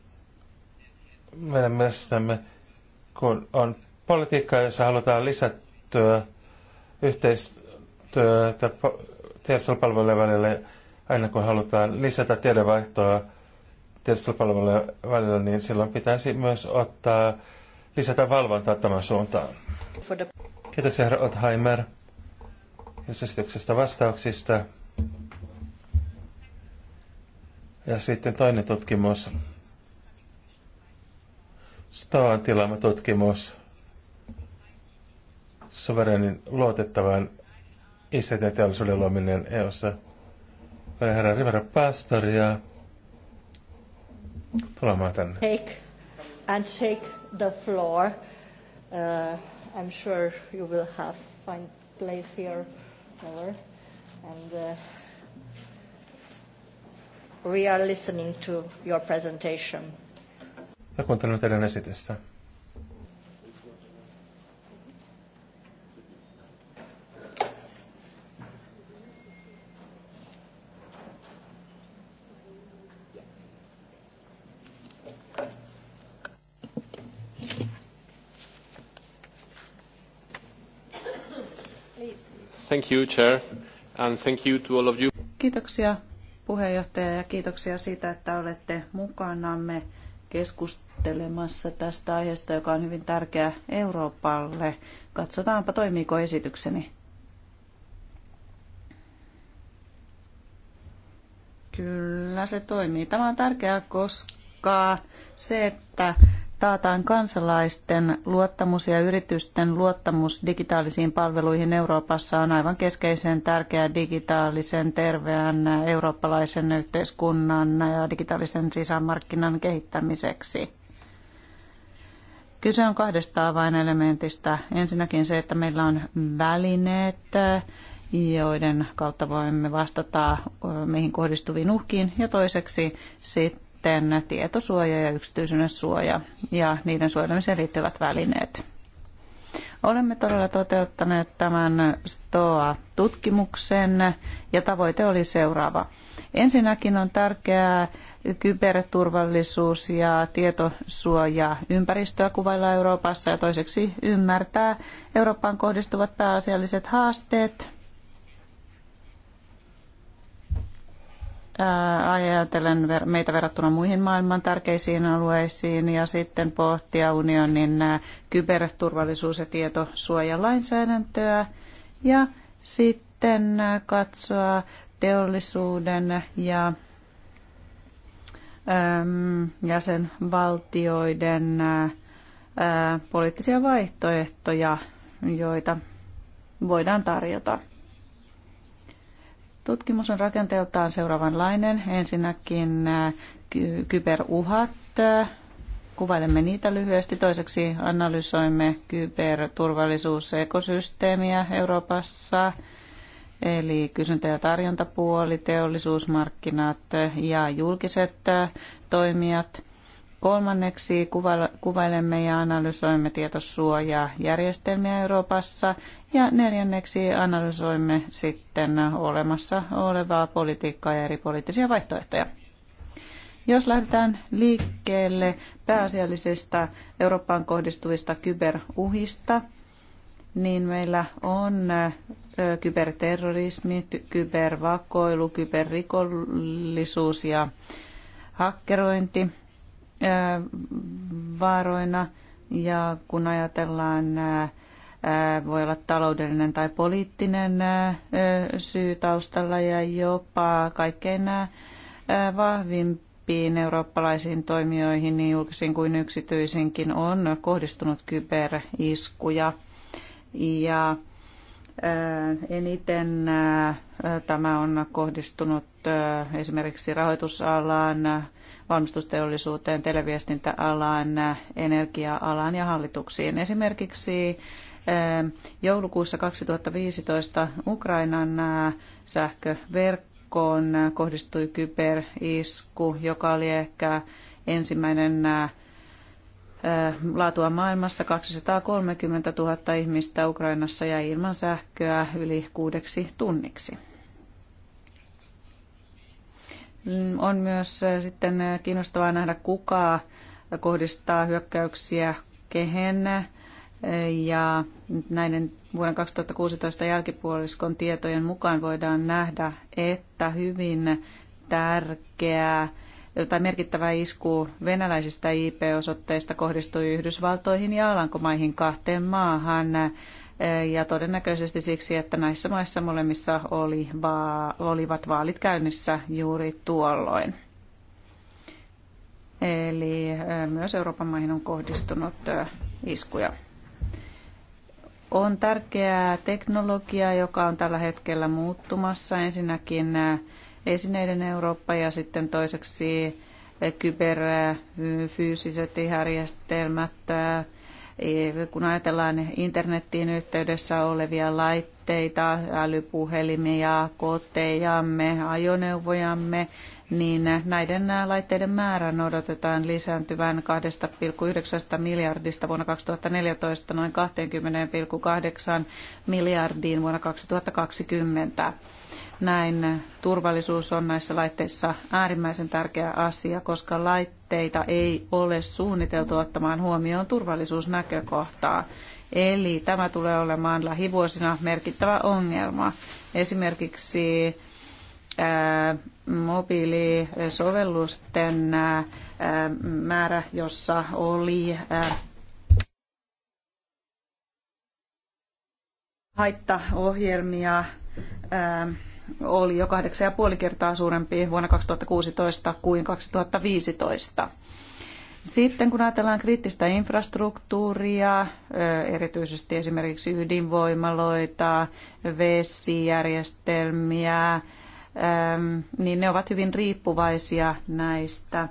meidän mielestämme, kun on politiikkaa, jossa halutaan lisättyä yhteistyötä tiedustelupalvelujen välillä aina kun halutaan lisätä tiedonvaihtoa tiedustelupalvelujen välillä, niin silloin pitäisi myös ottaa, lisätä valvontaa tämän suuntaan. Kiitoksia herra Otheimer esityksestä vastauksista. Ja sitten toinen tutkimus. Stoan tilaama tutkimus suverenin luotettavan ICT-teollisuuden luominen EUssa meidän herra Rivera pastoria tulemaan tänne. Take and shake the floor. Uh, I'm sure you will have find place here over. And uh, we are listening to your presentation. Ja kuuntelen teidän esitystä. Thank you, Chair, and thank you to all of you. Kiitoksia puheenjohtaja ja kiitoksia siitä, että olette mukanamme keskustelemassa tästä aiheesta, joka on hyvin tärkeä Euroopalle. Katsotaanpa, toimiiko esitykseni. Kyllä se toimii. Tämä on tärkeää, koska se, että taataan kansalaisten luottamus ja yritysten luottamus digitaalisiin palveluihin Euroopassa on aivan keskeisen tärkeä digitaalisen, terveän eurooppalaisen yhteiskunnan ja digitaalisen sisämarkkinan kehittämiseksi. Kyse on kahdesta avainelementistä. Ensinnäkin se, että meillä on välineet, joiden kautta voimme vastata meihin kohdistuviin uhkiin. Ja toiseksi sitten sitten tietosuoja ja yksityisyyden suoja ja niiden suojelemiseen liittyvät välineet. Olemme todella toteuttaneet tämän STOA-tutkimuksen ja tavoite oli seuraava. Ensinnäkin on tärkeää kyberturvallisuus ja tietosuoja ympäristöä kuvailla Euroopassa ja toiseksi ymmärtää Eurooppaan kohdistuvat pääasialliset haasteet ajatellen meitä verrattuna muihin maailman tärkeisiin alueisiin ja sitten pohtia unionin kyberturvallisuus- ja tietosuojalainsäädäntöä ja sitten katsoa teollisuuden ja jäsenvaltioiden poliittisia vaihtoehtoja, joita voidaan tarjota. Tutkimus on rakenteeltaan seuraavanlainen. Ensinnäkin äh, kyberuhat. Kuvailemme niitä lyhyesti. Toiseksi analysoimme kyberturvallisuusekosysteemiä Euroopassa, eli kysyntä- ja tarjontapuoli, teollisuusmarkkinat ja julkiset äh, toimijat – Kolmanneksi kuvailemme ja analysoimme tietosuojaa järjestelmiä Euroopassa. Ja neljänneksi analysoimme sitten olemassa olevaa politiikkaa ja eri poliittisia vaihtoehtoja. Jos lähdetään liikkeelle pääasiallisista Eurooppaan kohdistuvista kyberuhista, niin meillä on kyberterrorismi, kybervakoilu, kyberrikollisuus ja hakkerointi – vaaroina ja kun ajatellaan voi olla taloudellinen tai poliittinen syy taustalla ja jopa kaikkein vahvimpiin eurooppalaisiin toimijoihin, niin julkisiin kuin yksityisinkin, on kohdistunut kyberiskuja. Ja eniten tämä on kohdistunut esimerkiksi rahoitusalaan, valmistusteollisuuteen, televiestintäalaan, energia-alaan ja hallituksiin. Esimerkiksi ähm, joulukuussa 2015 Ukrainan äh, sähköverkkoon kohdistui kyberisku, joka oli ehkä ensimmäinen äh, äh, laatua maailmassa 230 000 ihmistä Ukrainassa jäi ilman sähköä yli kuudeksi tunniksi. On myös sitten kiinnostavaa nähdä, kuka kohdistaa hyökkäyksiä kehen. Ja näiden vuoden 2016 jälkipuoliskon tietojen mukaan voidaan nähdä, että hyvin tärkeä tai merkittävä isku venäläisistä IP-osoitteista kohdistui Yhdysvaltoihin ja Alankomaihin kahteen maahan ja todennäköisesti siksi, että näissä maissa molemmissa oli va- olivat vaalit käynnissä juuri tuolloin. Eli myös Euroopan maihin on kohdistunut iskuja. On tärkeää teknologia, joka on tällä hetkellä muuttumassa. Ensinnäkin esineiden Eurooppa ja sitten toiseksi kyberfyysiset järjestelmät, kun ajatellaan internettiin yhteydessä olevia laitteita, älypuhelimia, kotejamme, ajoneuvojamme, niin näiden laitteiden määrän odotetaan lisääntyvän 2,9 miljardista vuonna 2014 noin 20,8 miljardiin vuonna 2020. Näin turvallisuus on näissä laitteissa äärimmäisen tärkeä asia, koska laitteet laitteita ei ole suunniteltu ottamaan huomioon turvallisuusnäkökohtaa. Eli tämä tulee olemaan lähivuosina merkittävä ongelma. Esimerkiksi mobiilisovellusten määrä, jossa oli haittaohjelmia, ää, oli jo 8,5 kertaa suurempi vuonna 2016 kuin 2015. Sitten kun ajatellaan kriittistä infrastruktuuria, erityisesti esimerkiksi ydinvoimaloita, vesijärjestelmiä, niin ne ovat hyvin riippuvaisia näistä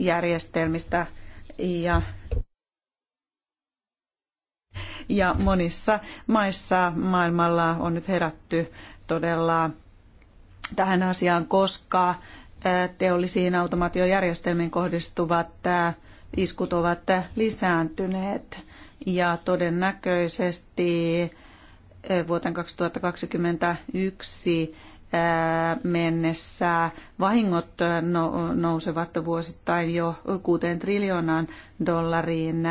järjestelmistä ja ja monissa maissa maailmalla on nyt herätty todella tähän asiaan, koska teollisiin automaatiojärjestelmiin kohdistuvat iskut ovat lisääntyneet ja todennäköisesti vuoteen 2021 mennessä vahingot no, nousevat vuosittain jo 6 triljoonaan dollariin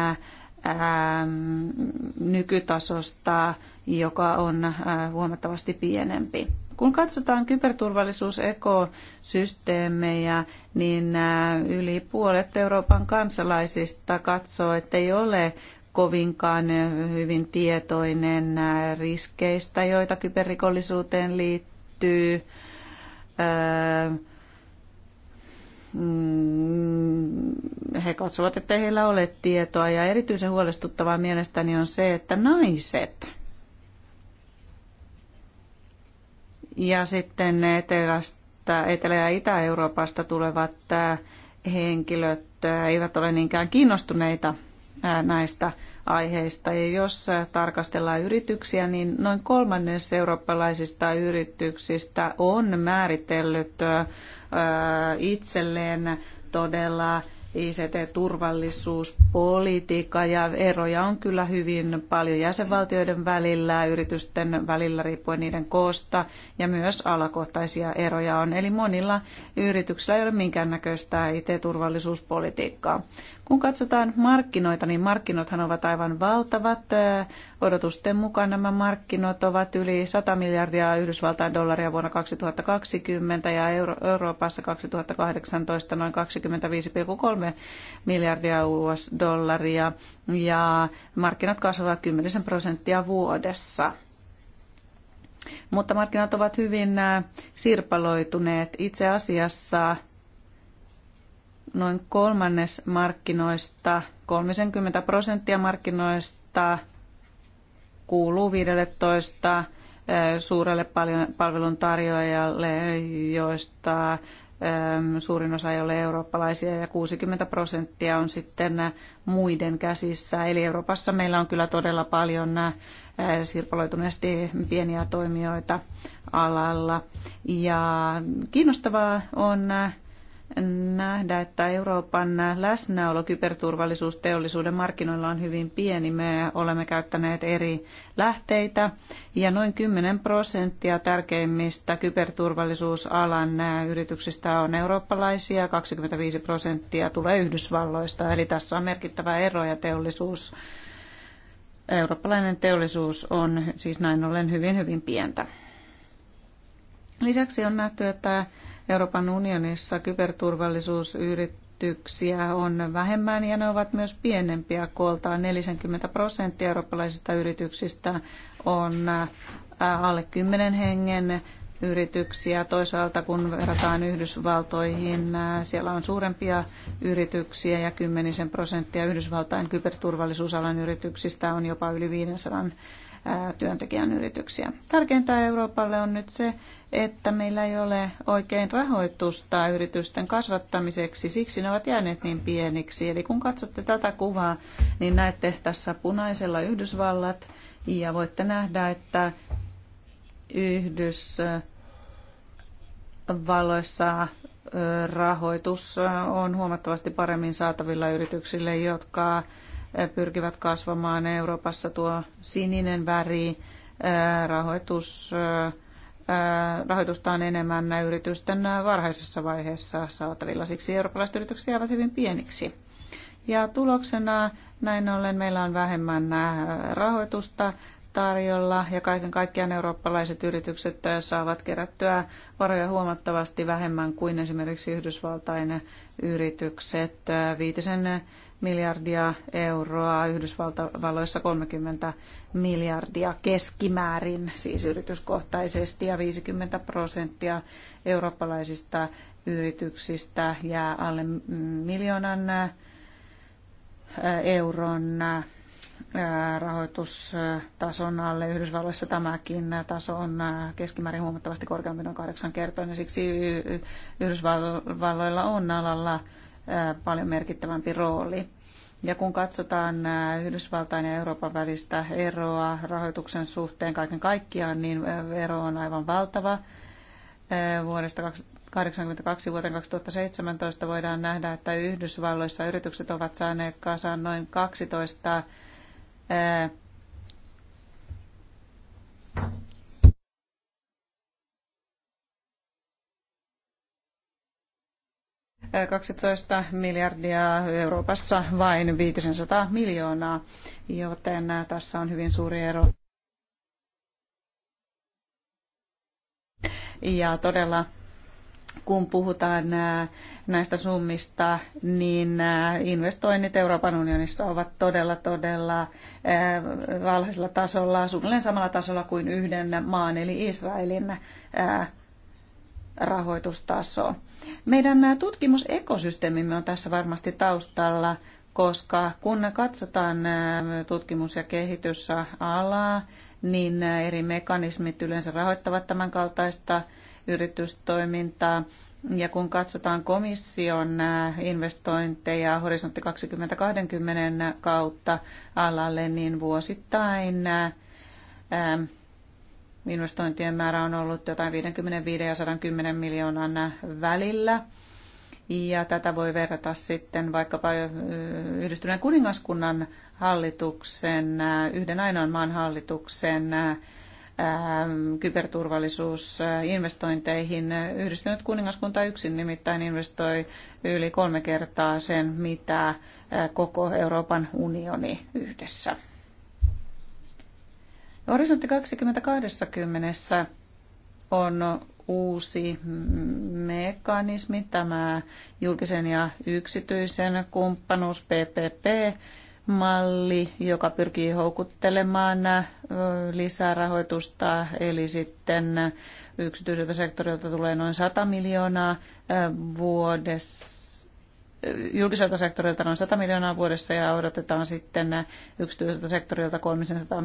nykytasosta joka on äh, huomattavasti pienempi. Kun katsotaan kyberturvallisuusekosysteemejä, niin äh, yli puolet Euroopan kansalaisista katsoo, että ei ole kovinkaan äh, hyvin tietoinen riskeistä, joita kyberrikollisuuteen liittyy. Mm, he katsovat, että heillä ole tietoa ja erityisen huolestuttavaa mielestäni on se, että naiset Ja sitten etelästä, Etelä- ja Itä-Euroopasta tulevat äh, henkilöt äh, eivät ole niinkään kiinnostuneita äh, näistä aiheista. Ja jos tarkastellaan yrityksiä, niin noin kolmannes eurooppalaisista yrityksistä on määritellyt itselleen todella ICT-turvallisuuspolitiikka ja eroja on kyllä hyvin paljon jäsenvaltioiden välillä, yritysten välillä riippuen niiden koosta ja myös alakohtaisia eroja on. Eli monilla yrityksillä ei ole minkäännäköistä IT-turvallisuuspolitiikkaa. Kun katsotaan markkinoita, niin markkinothan ovat aivan valtavat. Odotusten mukaan nämä markkinot ovat yli 100 miljardia Yhdysvaltain dollaria vuonna 2020 ja Euro- Euroopassa 2018 noin 25,3 miljardia US-dollaria ja markkinat kasvavat 10 prosenttia vuodessa. Mutta markkinat ovat hyvin äh, sirpaloituneet. Itse asiassa noin kolmannes markkinoista, 30 prosenttia markkinoista kuuluu 15 suurelle palveluntarjoajalle, joista suurin osa ei ole eurooppalaisia ja 60 prosenttia on sitten muiden käsissä. Eli Euroopassa meillä on kyllä todella paljon sirpaloituneesti pieniä toimijoita alalla. Ja kiinnostavaa on nähdä, että Euroopan läsnäolo kyberturvallisuusteollisuuden markkinoilla on hyvin pieni. Me olemme käyttäneet eri lähteitä ja noin 10 prosenttia tärkeimmistä kyberturvallisuusalan yrityksistä on eurooppalaisia, 25 prosenttia tulee Yhdysvalloista. Eli tässä on merkittävä ero ja teollisuus, eurooppalainen teollisuus on siis näin ollen hyvin hyvin pientä. Lisäksi on nähty, että Euroopan unionissa kyberturvallisuusyrityksiä on vähemmän ja ne ovat myös pienempiä kooltaan. 40 prosenttia eurooppalaisista yrityksistä on äh, alle 10 hengen yrityksiä. Toisaalta kun verrataan Yhdysvaltoihin, äh, siellä on suurempia yrityksiä ja kymmenisen prosenttia Yhdysvaltain kyberturvallisuusalan yrityksistä on jopa yli 500 työntekijän yrityksiä. Tärkeintä Euroopalle on nyt se, että meillä ei ole oikein rahoitusta yritysten kasvattamiseksi, siksi ne ovat jääneet niin pieniksi. Eli kun katsotte tätä kuvaa, niin näette tässä punaisella Yhdysvallat ja voitte nähdä, että Yhdysvalloissa rahoitus on huomattavasti paremmin saatavilla yrityksille, jotka pyrkivät kasvamaan. Euroopassa tuo sininen väri, rahoitus, rahoitusta on enemmän yritysten varhaisessa vaiheessa saatavilla. Siksi eurooppalaiset yritykset jäävät hyvin pieniksi. Ja tuloksena näin ollen meillä on vähemmän rahoitusta tarjolla ja kaiken kaikkiaan eurooppalaiset yritykset saavat kerättyä varoja huomattavasti vähemmän kuin esimerkiksi Yhdysvaltain yritykset. Viitisen miljardia euroa, Yhdysvalloissa 30 miljardia keskimäärin, siis yrityskohtaisesti, ja 50 prosenttia eurooppalaisista yrityksistä jää alle miljoonan äh, euron äh, rahoitustason alle. Yhdysvalloissa tämäkin taso on äh, keskimäärin huomattavasti korkeampi noin kahdeksan kertaa, siksi Yhdysvalloilla on alalla paljon merkittävämpi rooli. Ja kun katsotaan Yhdysvaltain ja Euroopan välistä eroa rahoituksen suhteen kaiken kaikkiaan, niin ero on aivan valtava. Vuodesta 1982 vuoteen 2017 voidaan nähdä, että Yhdysvalloissa yritykset ovat saaneet kasaan noin 12 12 miljardia Euroopassa vain 500 miljoonaa, joten tässä on hyvin suuri ero. Ja todella kun puhutaan näistä summista, niin investoinnit Euroopan unionissa ovat todella, todella alhaisella tasolla, suunnilleen samalla tasolla kuin yhden maan, eli Israelin rahoitustasoa. Meidän tutkimusekosysteemimme on tässä varmasti taustalla, koska kun katsotaan tutkimus- ja kehitysalaa, niin eri mekanismit yleensä rahoittavat tämän kaltaista yritystoimintaa. Ja kun katsotaan komission investointeja horisontti 2020 kautta alalle, niin vuosittain investointien määrä on ollut jotain 55 ja 110 miljoonan välillä. Ja tätä voi verrata sitten vaikkapa yhdistyneen kuningaskunnan hallituksen, yhden ainoan maan hallituksen kyberturvallisuusinvestointeihin. Yhdistynyt kuningaskunta yksin nimittäin investoi yli kolme kertaa sen, mitä koko Euroopan unioni yhdessä. Horisontti 2020 on uusi mekanismi, tämä julkisen ja yksityisen kumppanuus PPP, malli, joka pyrkii houkuttelemaan lisää rahoitusta, eli sitten yksityiseltä sektorilta tulee noin 100 miljoonaa vuodessa julkiselta sektorilta noin 100 miljoonaa vuodessa ja odotetaan sitten yksityiseltä sektorilta 300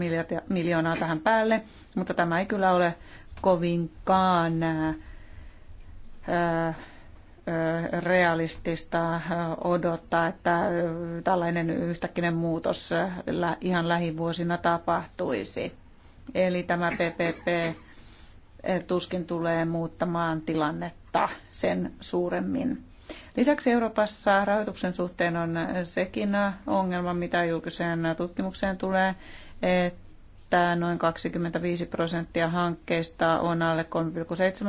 miljoonaa tähän päälle, mutta tämä ei kyllä ole kovinkaan realistista odottaa, että tällainen yhtäkkinen muutos ihan lähivuosina tapahtuisi. Eli tämä PPP tuskin tulee muuttamaan tilannetta sen suuremmin. Lisäksi Euroopassa rahoituksen suhteen on sekin ongelma, mitä julkiseen tutkimukseen tulee, että noin 25 prosenttia hankkeista on alle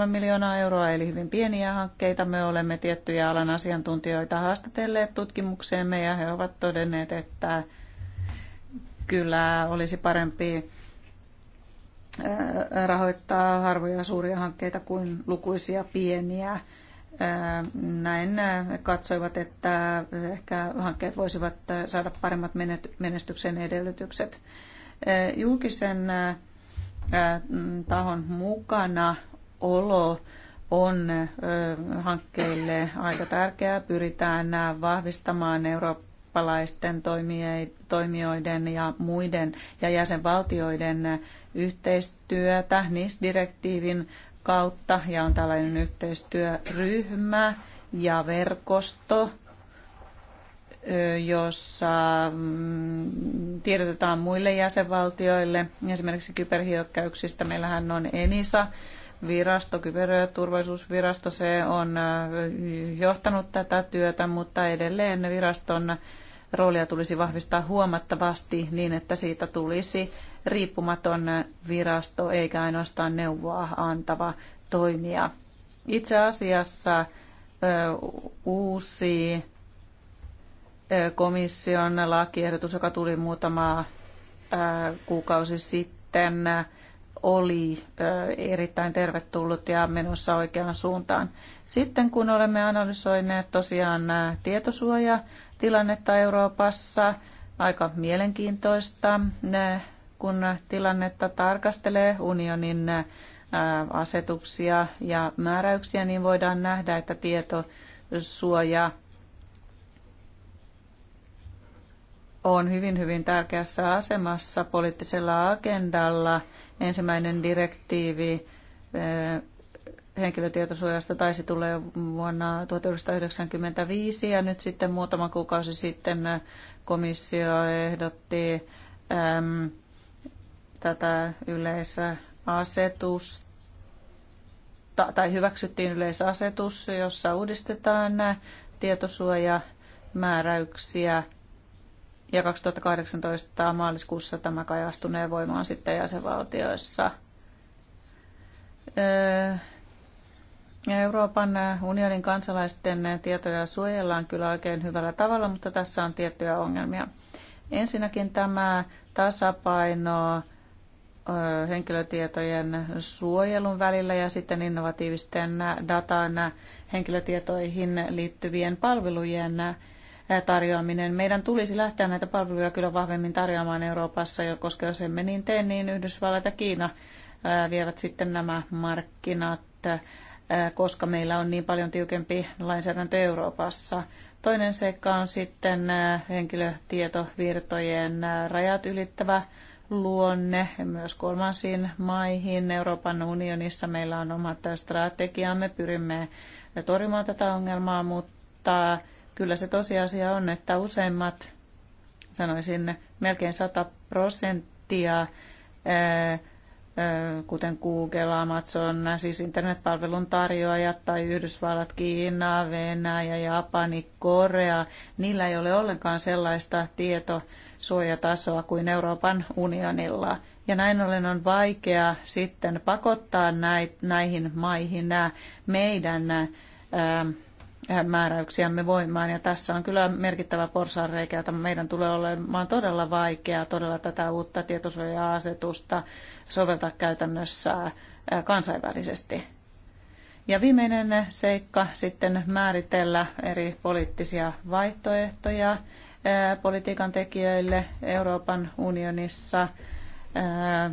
3,7 miljoonaa euroa, eli hyvin pieniä hankkeita. Me olemme tiettyjä alan asiantuntijoita haastatelleet tutkimukseemme ja he ovat todenneet, että kyllä olisi parempi rahoittaa harvoja suuria hankkeita kuin lukuisia pieniä näin katsoivat, että ehkä hankkeet voisivat saada paremmat menestyksen edellytykset. Julkisen tahon mukana olo on hankkeille aika tärkeää. Pyritään vahvistamaan eurooppalaisten toimijoiden ja muiden ja jäsenvaltioiden yhteistyötä NIS-direktiivin kautta ja on tällainen yhteistyöryhmä ja verkosto, jossa mm, tiedotetaan muille jäsenvaltioille esimerkiksi kyberhyökkäyksistä. Meillähän on ENISA, virasto, turvallisuusvirasto, se on johtanut tätä työtä, mutta edelleen viraston roolia tulisi vahvistaa huomattavasti niin, että siitä tulisi riippumaton virasto eikä ainoastaan neuvoa antava toimija. Itse asiassa uusi komission lakiehdotus, joka tuli muutama kuukausi sitten, oli erittäin tervetullut ja menossa oikeaan suuntaan. Sitten kun olemme analysoineet tosiaan tietosuojatilannetta Euroopassa, aika mielenkiintoista kun tilannetta tarkastelee unionin äh, asetuksia ja määräyksiä, niin voidaan nähdä, että tietosuoja on hyvin, hyvin tärkeässä asemassa poliittisella agendalla. Ensimmäinen direktiivi äh, henkilötietosuojasta taisi tulla jo vuonna 1995 ja nyt sitten muutama kuukausi sitten komissio ehdotti tätä yleisasetusta tai hyväksyttiin yleisasetus, jossa uudistetaan tietosuojamääräyksiä ja 2018 maaliskuussa tämä kai astunee voimaan sitten jäsenvaltioissa. Öö, Euroopan unionin kansalaisten tietoja suojellaan kyllä oikein hyvällä tavalla, mutta tässä on tiettyjä ongelmia. Ensinnäkin tämä tasapaino henkilötietojen suojelun välillä ja sitten innovatiivisten datan henkilötietoihin liittyvien palvelujen tarjoaminen. Meidän tulisi lähteä näitä palveluja kyllä vahvemmin tarjoamaan Euroopassa, koska jos emme niin tee, niin Yhdysvallat ja Kiina vievät sitten nämä markkinat, koska meillä on niin paljon tiukempi lainsäädäntö Euroopassa. Toinen seikka on sitten henkilötietovirtojen rajat ylittävä luonne myös kolmansiin maihin. Euroopan unionissa meillä on omat strategiamme, pyrimme torjumaan tätä ongelmaa, mutta kyllä se tosiasia on, että useimmat, sanoisin melkein 100 prosenttia, eh, kuten Google, Amazon, siis internetpalvelun tarjoajat tai Yhdysvallat, Kiina, Venäjä, Japani, Korea, niillä ei ole ollenkaan sellaista tietosuojatasoa kuin Euroopan unionilla. Ja näin ollen on vaikea sitten pakottaa näihin maihin meidän Eh, määräyksiämme voimaan. Ja tässä on kyllä merkittävä porsaanreikä, jota meidän tulee olemaan todella vaikeaa todella tätä uutta tietosuoja-asetusta soveltaa käytännössä eh, kansainvälisesti. Ja viimeinen seikka sitten määritellä eri poliittisia vaihtoehtoja eh, politiikan tekijöille Euroopan unionissa.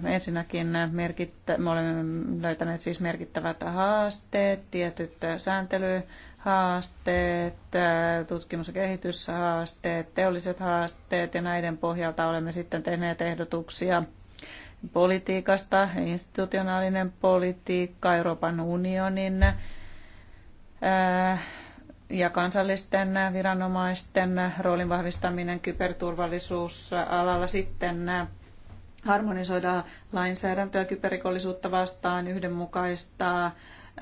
Ensinnäkin merkittä, me olemme löytäneet siis merkittävät haasteet, tietyt sääntely haasteet, tutkimus- ja kehityshaasteet, teolliset haasteet ja näiden pohjalta olemme sitten tehneet ehdotuksia politiikasta, institutionaalinen politiikka, Euroopan unionin ja kansallisten viranomaisten roolin vahvistaminen kyberturvallisuusalalla sitten harmonisoida lainsäädäntöä kyberrikollisuutta vastaan, yhdenmukaistaa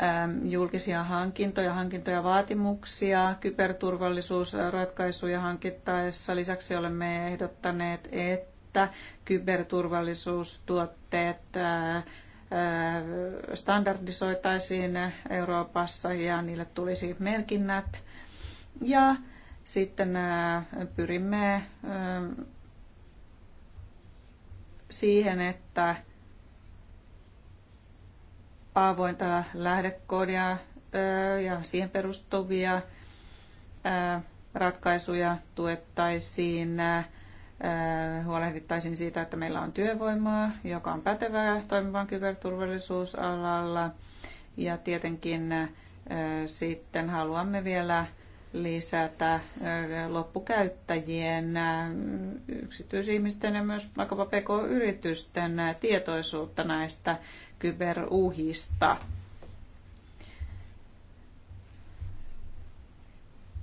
Ähm, julkisia hankintoja, hankintoja vaatimuksia, kyberturvallisuusratkaisuja hankittaessa. Lisäksi olemme ehdottaneet, että kyberturvallisuustuotteet äh, äh, standardisoitaisiin Euroopassa ja niille tulisi merkinnät. Ja sitten äh, pyrimme ähm, siihen, että avointa lähdekoodia ja siihen perustuvia ratkaisuja tuettaisiin, huolehdittaisiin siitä, että meillä on työvoimaa, joka on pätevää toimivan kyberturvallisuusalalla. Ja tietenkin sitten haluamme vielä lisätä äh, loppukäyttäjien, äh, yksityisihmisten ja myös vaikkapa PK-yritysten äh, tietoisuutta näistä kyberuhista.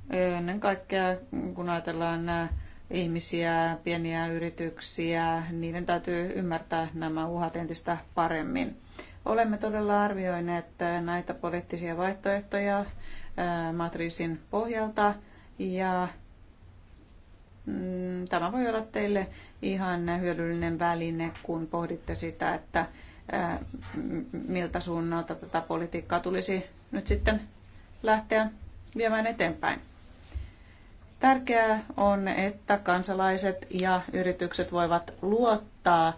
Ennen kaikkea, kun ajatellaan ihmisiä, pieniä yrityksiä, niiden täytyy ymmärtää nämä uhat entistä paremmin. Olemme todella arvioineet näitä poliittisia vaihtoehtoja matriisin pohjalta ja mm, Tämä voi olla teille ihan hyödyllinen väline, kun pohditte sitä, että miltä suunnalta tätä politiikkaa tulisi nyt sitten lähteä viemään eteenpäin. Tärkeää on, että kansalaiset ja yritykset voivat luottaa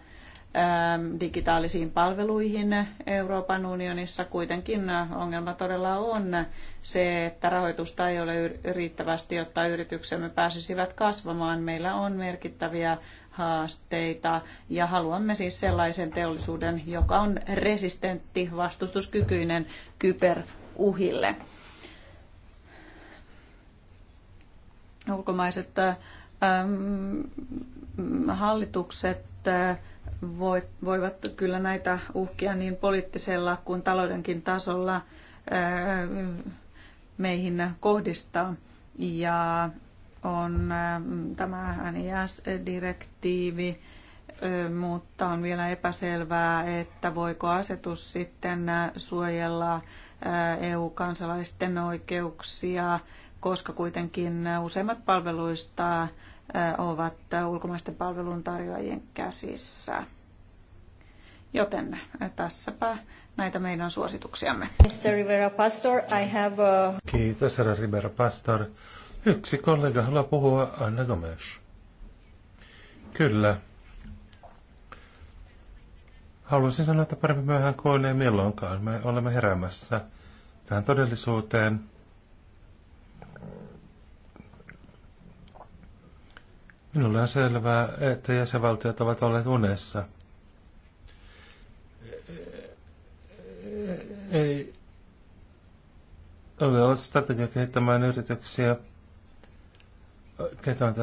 Ähm, digitaalisiin palveluihin Euroopan unionissa. Kuitenkin ongelma todella on se, että rahoitusta ei ole riittävästi, jotta yrityksemme pääsisivät kasvamaan. Meillä on merkittäviä haasteita ja haluamme siis sellaisen teollisuuden, joka on resistentti, vastustuskykyinen kyberuhille. Ulkomaiset ähm, hallitukset äh, voivat kyllä näitä uhkia niin poliittisella kuin taloudenkin tasolla meihin kohdistaa. Ja on tämä NIS-direktiivi, mutta on vielä epäselvää, että voiko asetus sitten suojella EU-kansalaisten oikeuksia, koska kuitenkin useimmat palveluista ovat ulkomaisten palveluntarjoajien käsissä. Joten tässäpä näitä meidän suosituksiamme. Mr. Rivera Pastor, I have a... Kiitos, herra Rivera Pastor. Yksi kollega haluaa puhua, Anna Gomes. Kyllä. Haluaisin sanoa, että parempi myöhään kuin ei milloinkaan. Me olemme heräämässä tähän todellisuuteen – Minulle on selvää, että jäsenvaltiot ovat olleet unessa. Ei ole ollut strategia kehittämään yrityksiä ketään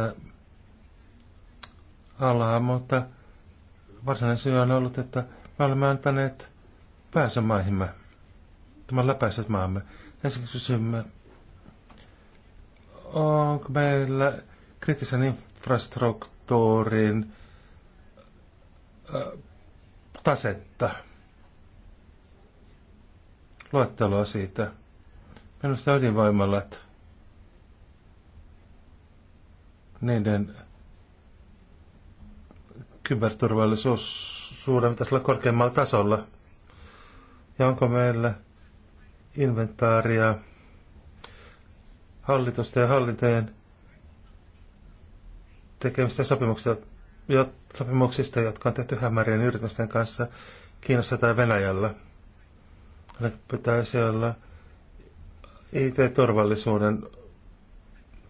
alaa, mutta varsinainen syy on ollut, että me olemme antaneet pääsyn maihimme, tämän läpäiset maamme. Ensin kysymme, onko meillä kriittisen infrastruktuurin tasetta, Luettelua siitä. Minusta ydinvoimalat, niiden kyberturvallisuus suuren olla korkeammalla tasolla. Ja onko meillä inventaaria hallitusta ja hallintojen tekemistä sopimuksista, sopimuksista, jotka on tehty hämärien yritysten kanssa Kiinassa tai Venäjällä. Ne pitäisi olla IT-turvallisuuden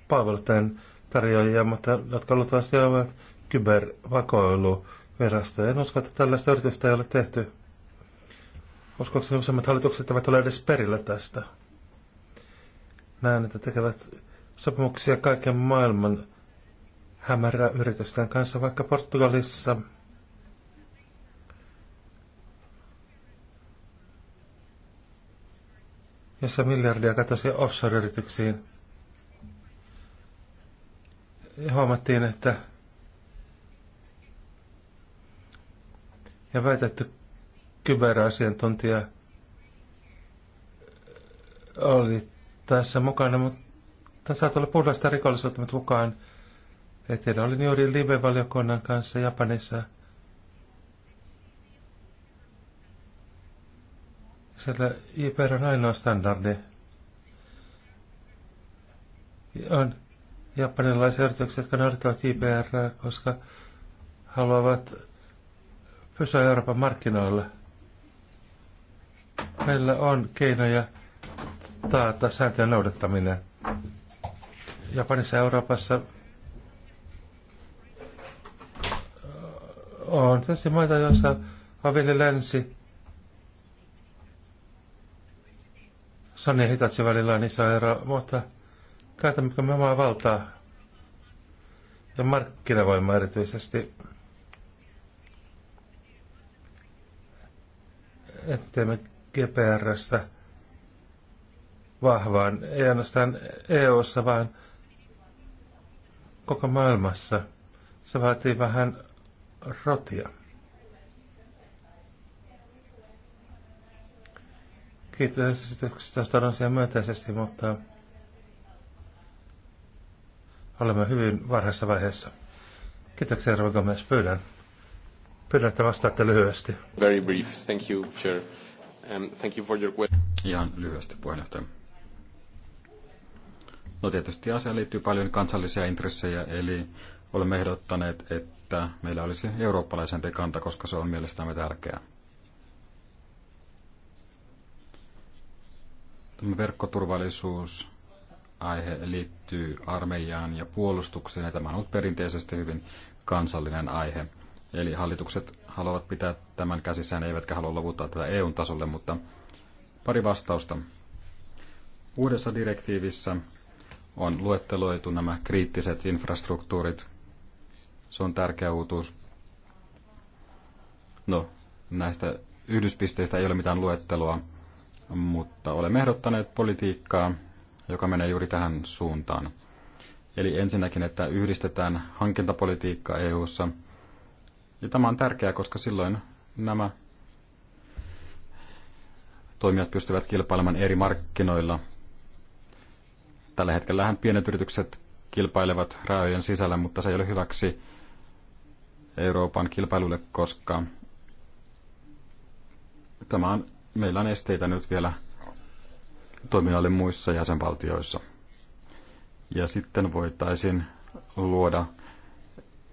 palveluiden tarjoajia, mutta jotka luultavasti ovat kybervakoiluvirastoja. En usko, että tällaista yritystä ei ole tehty. Uskoakseni useimmat hallitukset eivät ole edes perillä tästä. Näen, että tekevät sopimuksia kaiken maailman hämärää yritysten kanssa, vaikka Portugalissa jossa miljardia katosi offshore-yrityksiin. Huomattiin, että ja väitetty kyberasiantuntija oli tässä mukana, mutta saattoi olla puhdasta rikollisuutta, mutta kukaan Etelä olin juuri live-valiokunnan kanssa Japanissa. Siellä IPR on ainoa standardi. On japanilaisia yrityksiä, jotka noudattavat IPR, koska haluavat pysyä Euroopan markkinoilla. Meillä on keinoja taata sääntöjen noudattaminen. Japanissa ja Euroopassa on tässä maita, joissa on vielä länsi. Sanne Hitachi välillä on iso ero, mutta käytämmekö me omaa valtaa ja markkinavoimaa erityisesti, ettei me GPRstä vahvaan, ei ainoastaan EU-ssa, vaan koko maailmassa. Se vaatii vähän Rotia. Kiitos esityksestä asiaa myönteisesti, mutta olemme hyvin varhaisessa vaiheessa. Kiitoksia, Rova Gomez. Pyydän, pyydän, että vastaatte lyhyesti. Very brief. Thank you, Chair. Um, thank you for your question. Ihan lyhyesti, puheenjohtaja. No tietysti asia liittyy paljon kansallisia intressejä, eli olemme ehdottaneet, että että meillä olisi eurooppalaisempi kanta, koska se on mielestämme tärkeää. Tämä verkkoturvallisuus aihe liittyy armeijaan ja puolustukseen, ja tämä on ollut perinteisesti hyvin kansallinen aihe. Eli hallitukset haluavat pitää tämän käsissään, eivätkä halua luvuttaa tätä eu tasolle, mutta pari vastausta. Uudessa direktiivissä on luetteloitu nämä kriittiset infrastruktuurit, se on tärkeä uutuus. No, näistä yhdyspisteistä ei ole mitään luettelua, mutta olemme ehdottaneet politiikkaa, joka menee juuri tähän suuntaan. Eli ensinnäkin, että yhdistetään hankintapolitiikka EU:ssa. Ja tämä on tärkeää, koska silloin nämä toimijat pystyvät kilpailemaan eri markkinoilla. Tällä hetkellähän pienet yritykset kilpailevat rajojen sisällä, mutta se ei ole hyväksi Euroopan kilpailulle, koska tämä on, meillä on esteitä nyt vielä toiminnalle muissa jäsenvaltioissa. Ja sitten voitaisiin luoda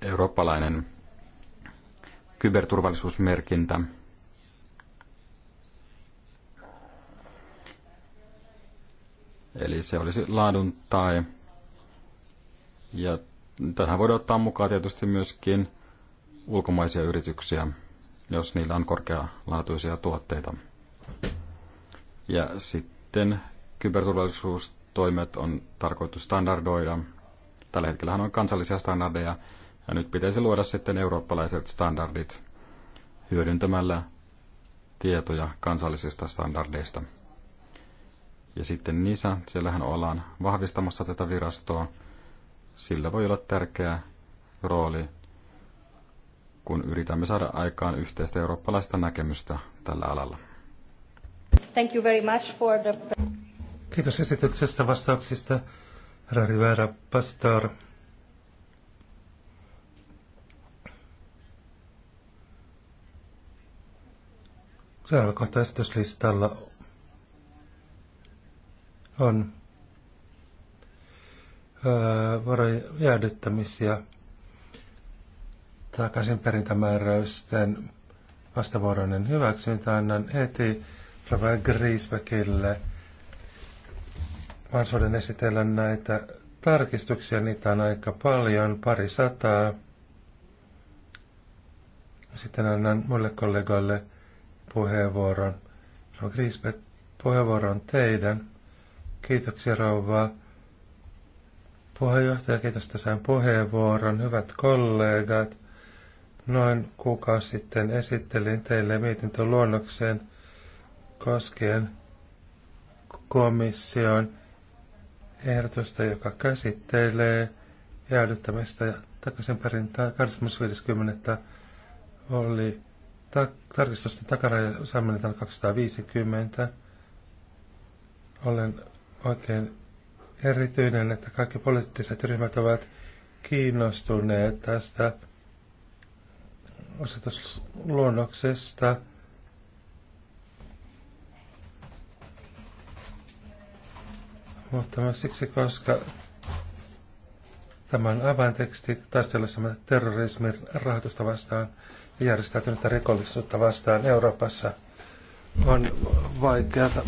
eurooppalainen kyberturvallisuusmerkintä. Eli se olisi laadun tai. Ja tähän voidaan ottaa mukaan tietysti myöskin ulkomaisia yrityksiä, jos niillä on korkealaatuisia tuotteita. Ja sitten kyberturvallisuustoimet on tarkoitus standardoida. Tällä hetkellä on kansallisia standardeja, ja nyt pitäisi luoda sitten eurooppalaiset standardit hyödyntämällä tietoja kansallisista standardeista. Ja sitten NISA, siellähän ollaan vahvistamassa tätä virastoa. Sillä voi olla tärkeä rooli kun yritämme saada aikaan yhteistä eurooppalaista näkemystä tällä alalla. Thank you very much for the... Kiitos esityksestä vastauksista, herra Rivera Pastor. Seuraava kohta esityslistalla on varojen jäädyttämisiä takaisinperintämääräysten vastavuoroinen hyväksyntä annan heti Rava Griesbeckille mahdollisuuden esitellä näitä tarkistuksia. Niitä on aika paljon, pari sataa. Sitten annan muille kollegoille puheenvuoron. Rova Griesbeck, puheenvuoro on teidän. Kiitoksia rouva puheenjohtaja, kiitos, että sain puheenvuoron. Hyvät kollegat, Noin kuukausi sitten esittelin teille mietintöluonnokseen koskien komission ehdotusta, joka käsittelee jäädyttämistä ja takaisinperin 25.10. oli ta- tarkistusten takaraja saamenetaan 250. Olen oikein erityinen, että kaikki poliittiset ryhmät ovat kiinnostuneet tästä asetusluonnoksesta. Mutta myös siksi, koska tämän avainteksti taistellessamme terrorismin rahoitusta vastaan ja järjestäytynyttä rikollisuutta vastaan Euroopassa on vaikeata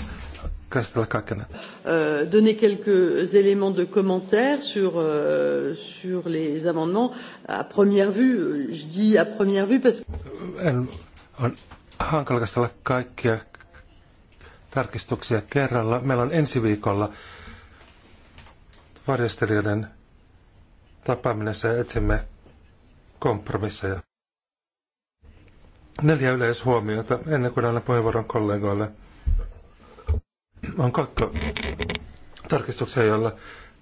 Euh, donner quelques éléments de commentaire sur, euh, sur les amendements. À première vue, euh, je dis à première vue parce que... En, on hankala käsitellä kaikkia tarkistuksia kerralla. Meillä on ensi viikolla varjostelijoiden tapaaminen ja etsimme kompromisseja. Neljä yleishuomiota ennen kuin annan puheenvuoron kollegoille on kakko tarkistuksia, jolla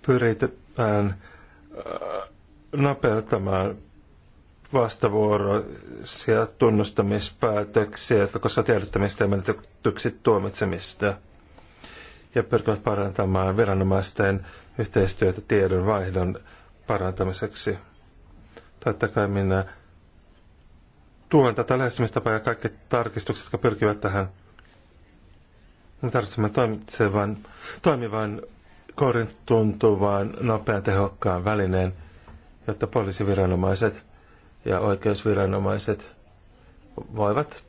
pyritään äh, nopeuttamaan vastavuoroisia tunnustamispäätöksiä, jotka koskevat tiedottamista ja menetyksi tuomitsemista ja pyrkivät parantamaan viranomaisten yhteistyötä tiedon vaihdon parantamiseksi. Totta kai minä tuen tätä lähestymistapaa ja kaikki tarkistukset, jotka pyrkivät tähän me tarvitsemme toimitsevan, toimivan, korin tuntuvan, nopean, tehokkaan välineen, jotta poliisiviranomaiset ja oikeusviranomaiset voivat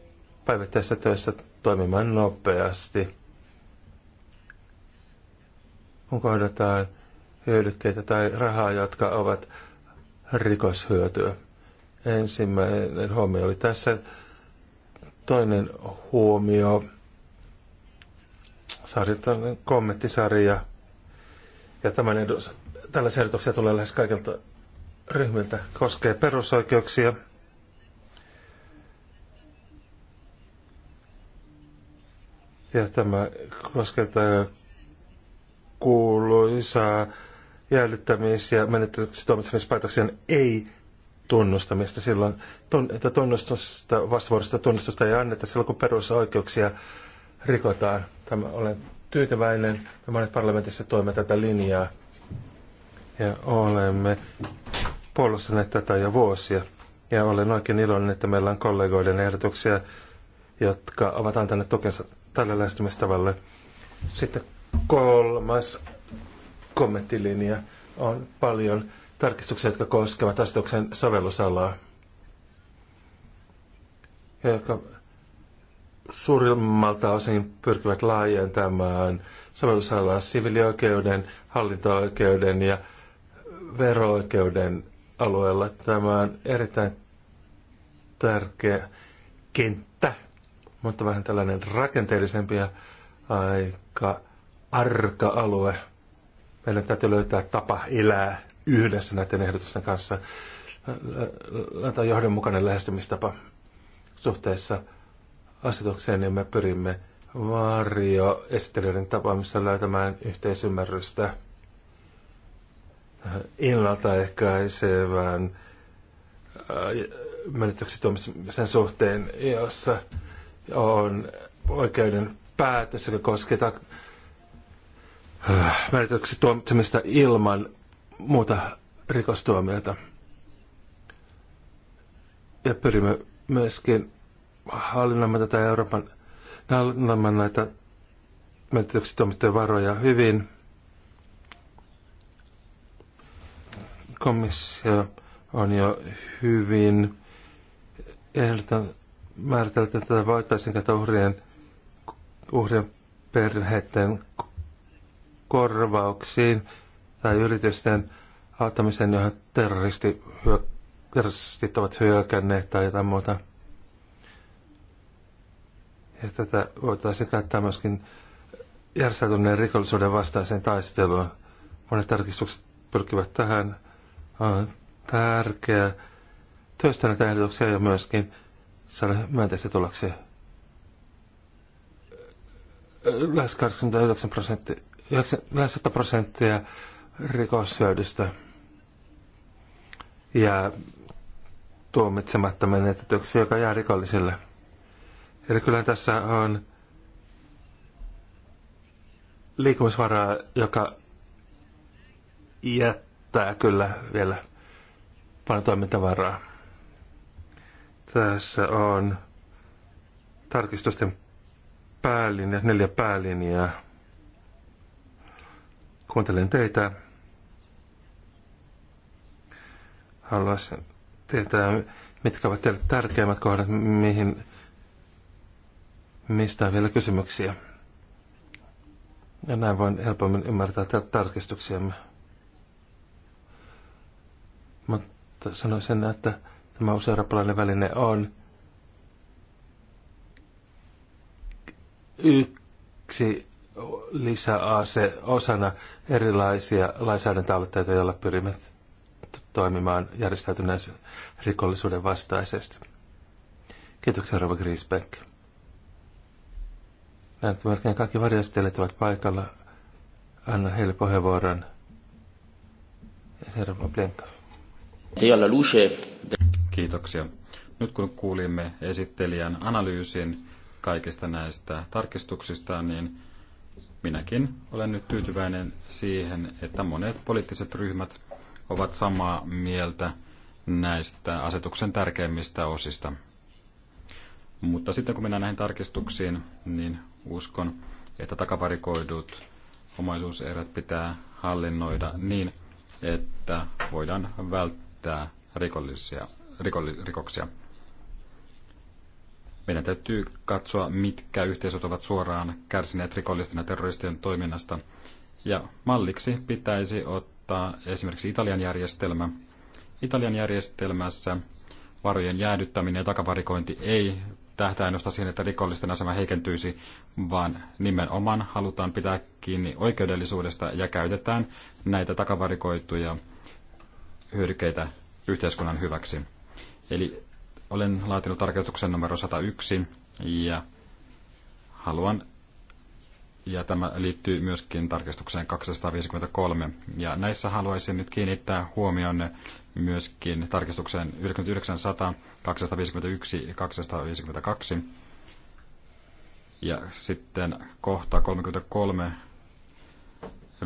päivittäisessä työssä toimimaan nopeasti. Kun kohdataan hyödykkeitä tai rahaa, jotka ovat rikoshyötyä. Ensimmäinen huomio oli tässä. Toinen huomio Saariton kommenttisarja. Ja tämän edus, tällaisia ehdotuksia tulee lähes kaikilta ryhmiltä. Koskee perusoikeuksia. Ja tämä koskee kuuluisaa jäädyttämis- ja menetetyksi tuomitsemispäätöksen ei tunnustamista silloin, että tunnustusta, vastavuorosta tunnustusta ei anneta silloin, kun perusoikeuksia rikotaan. Tämä, olen tyytyväinen, ja monet parlamentissa toimme tätä linjaa. Ja olemme puolustaneet tätä jo vuosia. Ja olen oikein iloinen, että meillä on kollegoiden ehdotuksia, jotka ovat antaneet tukensa tälle lähestymistavalle. Sitten kolmas kommenttilinja on paljon tarkistuksia, jotka koskevat asetuksen sovellusalaa, joka suurimmalta osin pyrkivät laajentamaan sovellusalaa sivilioikeuden, hallinto-oikeuden ja vero-oikeuden alueella. Tämä on erittäin tärkeä kenttä, mutta vähän tällainen rakenteellisempi ja aika arka alue. Meidän täytyy löytää tapa elää yhdessä näiden ehdotusten kanssa. Tämä johdonmukainen lähestymistapa suhteessa asetukseen, niin me pyrimme varjoesittelijöiden tapaamissa löytämään yhteisymmärrystä ennaltaehkäisevään äh, menetyksi tuomisen suhteen, jossa on oikeuden päätös, joka koskee äh, menetyksi tuomitsemista ilman muuta rikostuomiota. Ja pyrimme myöskin hallinnamme tätä Euroopan, hallinnamme näitä menetetyksi toimittuja varoja hyvin. Komissio on jo hyvin ehdotan määritellyt, että tätä voitaisiin kautta uhrien, uhrien perheiden korvauksiin tai yritysten auttamiseen, johon terroristi, hyö, terroristit ovat hyökänneet tai jotain muuta. Ja tätä voitaisiin käyttää myöskin järjestäytyneen rikollisuuden vastaiseen taisteluun. Monet tarkistukset pyrkivät tähän. On tärkeää työstää näitä ehdotuksia ja myöskin saada myönteistä tuloksia. Lähes 89 prosenttia, lähes 100 prosenttia rikoshyödystä ja tuomitsematta menetetyksi, joka jää rikollisille – Eli kyllä tässä on liikumisvaraa, joka jättää kyllä vielä paljon toimintavaraa. Tässä on tarkistusten päälinja, neljä päälinjaa. Kuuntelen teitä. Haluaisin tietää, mitkä ovat teille tärkeimmät kohdat, mihin mistä on vielä kysymyksiä. Ja näin voin helpommin ymmärtää tarkistuksiamme. Mutta sanoisin, että tämä useurapalainen väline on yksi lisäase osana erilaisia lainsäädäntöaloitteita, joilla pyrimme toimimaan järjestäytyneen rikollisuuden vastaisesti. Kiitoksia, Rova Griesbeck. Näen, että melkein kaikki varjastelijat ovat paikalla. Anna heille puheenvuoron. Herra Plenka. Kiitoksia. Nyt kun kuulimme esittelijän analyysin kaikista näistä tarkistuksista, niin minäkin olen nyt tyytyväinen siihen, että monet poliittiset ryhmät ovat samaa mieltä näistä asetuksen tärkeimmistä osista. Mutta sitten kun mennään näihin tarkistuksiin, niin uskon, että takavarikoidut omaisuuserät pitää hallinnoida niin, että voidaan välttää rikollisia, rikolli, rikoksia. Meidän täytyy katsoa, mitkä yhteisöt ovat suoraan kärsineet rikollisten ja terroristien toiminnasta. Ja malliksi pitäisi ottaa esimerkiksi Italian järjestelmä. Italian järjestelmässä varojen jäädyttäminen ja takavarikointi ei tähtää ainoastaan siihen, että rikollisten asema heikentyisi, vaan nimenomaan halutaan pitää kiinni oikeudellisuudesta ja käytetään näitä takavarikoituja hyödykkeitä yhteiskunnan hyväksi. Eli olen laatinut tarkoituksen numero 101 ja haluan ja tämä liittyy myöskin tarkistukseen 253. Ja näissä haluaisin nyt kiinnittää huomionne myöskin tarkistukseen 9900, 251 ja 252. Ja sitten kohta 33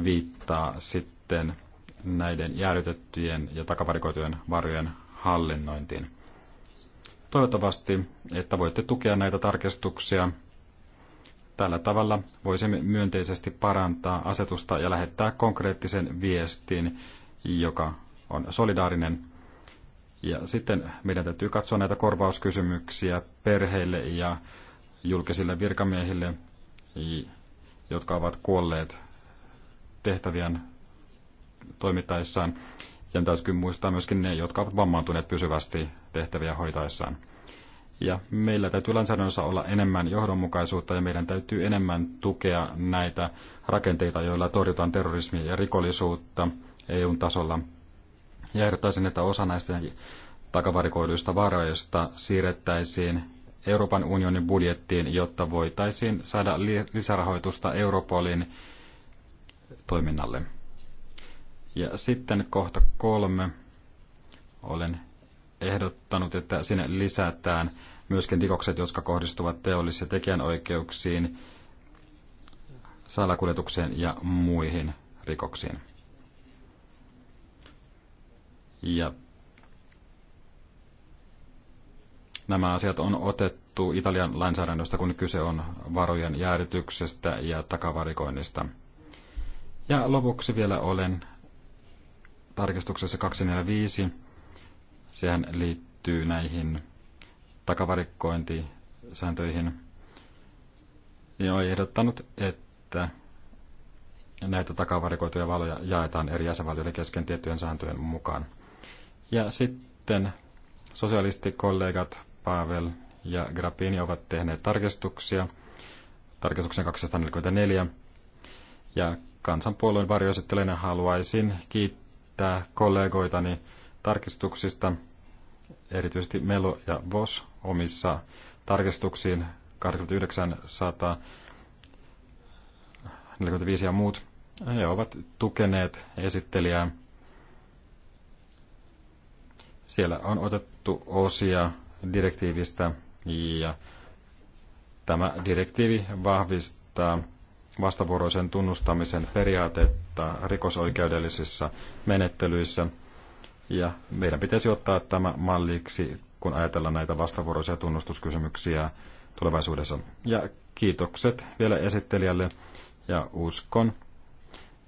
viittaa sitten näiden jäädytettyjen ja takavarikoitujen varojen hallinnointiin. Toivottavasti, että voitte tukea näitä tarkistuksia Tällä tavalla voisimme myönteisesti parantaa asetusta ja lähettää konkreettisen viestin, joka on solidaarinen. Ja sitten meidän täytyy katsoa näitä korvauskysymyksiä perheille ja julkisille virkamiehille, jotka ovat kuolleet tehtävien toimittaessaan. Ja täytyy muistaa myöskin ne, jotka ovat vammaantuneet pysyvästi tehtäviä hoitaessaan. Ja meillä täytyy lainsäädännössä olla enemmän johdonmukaisuutta ja meidän täytyy enemmän tukea näitä rakenteita, joilla torjutaan terrorismia ja rikollisuutta EUn tasolla. Ja ehdottaisin, että osa näistä takavarikoiduista varoista siirrettäisiin Euroopan unionin budjettiin, jotta voitaisiin saada lisärahoitusta Europolin toiminnalle. Ja sitten kohta kolme. Olen ehdottanut, että sinne lisätään myöskin rikokset, jotka kohdistuvat teollis- ja tekijänoikeuksiin, salakuljetukseen ja muihin rikoksiin. Ja nämä asiat on otettu Italian lainsäädännöstä, kun kyse on varojen jäädytyksestä ja takavarikoinnista. Ja lopuksi vielä olen tarkistuksessa 245. Sehän liittyy näihin takavarikkointisääntöihin, niin on ehdottanut, että näitä takavarikoituja valoja jaetaan eri jäsenvaltioiden kesken tiettyjen sääntöjen mukaan. Ja sitten sosialistikollegat Pavel ja Grappini ovat tehneet tarkistuksia, tarkistuksen 244, ja kansanpuolueen varjoesittelijänä haluaisin kiittää kollegoitani tarkistuksista, erityisesti Melo ja Vos omissa tarkistuksiin 89, ja muut. He ovat tukeneet esittelijää. Siellä on otettu osia direktiivistä ja tämä direktiivi vahvistaa vastavuoroisen tunnustamisen periaatetta rikosoikeudellisissa menettelyissä. Ja meidän pitäisi ottaa tämä malliksi kun ajatellaan näitä vastavuoroisia tunnustuskysymyksiä tulevaisuudessa. Ja kiitokset vielä esittelijälle ja uskon,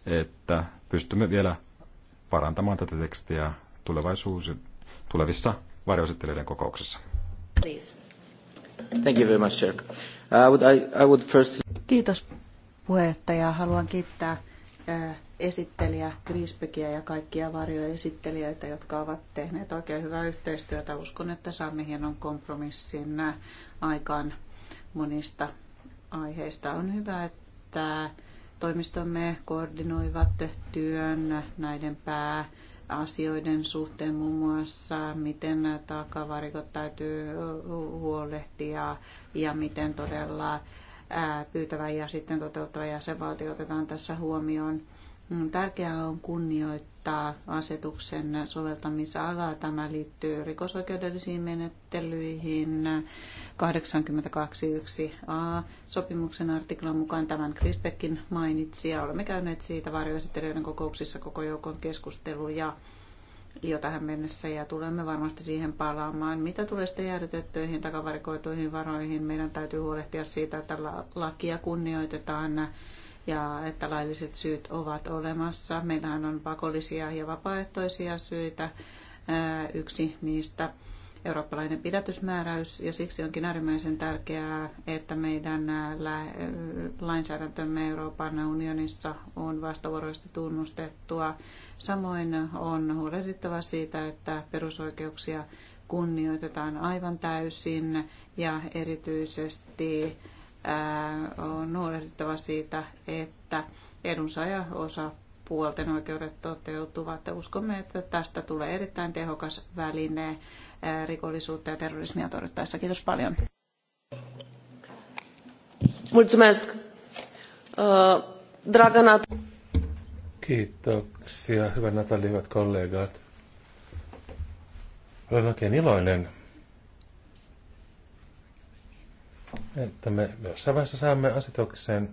että pystymme vielä parantamaan tätä tekstiä tulevaisuus, tulevissa varjoesittelijöiden kokouksissa. Please. Thank you very much, Chair. Uh, I would, I, I would first... Kiitos puheenjohtaja. Haluan kiittää uh, esittelijä Grisbekiä ja kaikkia varjoesittelijöitä, jotka ovat tehneet oikein hyvää yhteistyötä. Uskon, että saamme hienon kompromissin aikaan monista aiheista. On hyvä, että toimistomme koordinoivat työn näiden pääasioiden suhteen muun muassa, miten takavarikot täytyy huolehtia ja miten todella pyytävä ja sitten toteuttava jäsenvaltio otetaan tässä huomioon. Mm, tärkeää on kunnioittaa asetuksen soveltamisalaa. Tämä liittyy rikosoikeudellisiin menettelyihin 82.1a sopimuksen artiklan mukaan tämän Grisbeckin mainitsi ja olemme käyneet siitä varjoesittelijöiden kokouksissa koko joukon keskusteluja jo tähän mennessä ja tulemme varmasti siihen palaamaan. Mitä tulee sitten jäädytettyihin takavarikoituihin varoihin, meidän täytyy huolehtia siitä, että lakia kunnioitetaan ja että lailliset syyt ovat olemassa. Meillähän on pakollisia ja vapaaehtoisia syitä. Yksi niistä eurooppalainen pidätysmääräys ja siksi onkin äärimmäisen tärkeää, että meidän lainsäädäntömme Euroopan unionissa on vastavuoroisesti tunnustettua. Samoin on huolehdittava siitä, että perusoikeuksia kunnioitetaan aivan täysin ja erityisesti on huolehdittava siitä, että edunsaaja osa puolten oikeudet toteutuvat. Uskomme, että tästä tulee erittäin tehokas väline rikollisuutta ja terrorismia torjuttaessa. Kiitos paljon. Mulțumesc. Dragă Kiitoksia, hyvä Natali, hyvät kollegat. Olen oikein iloinen että me jossain vaiheessa saamme asetukseen,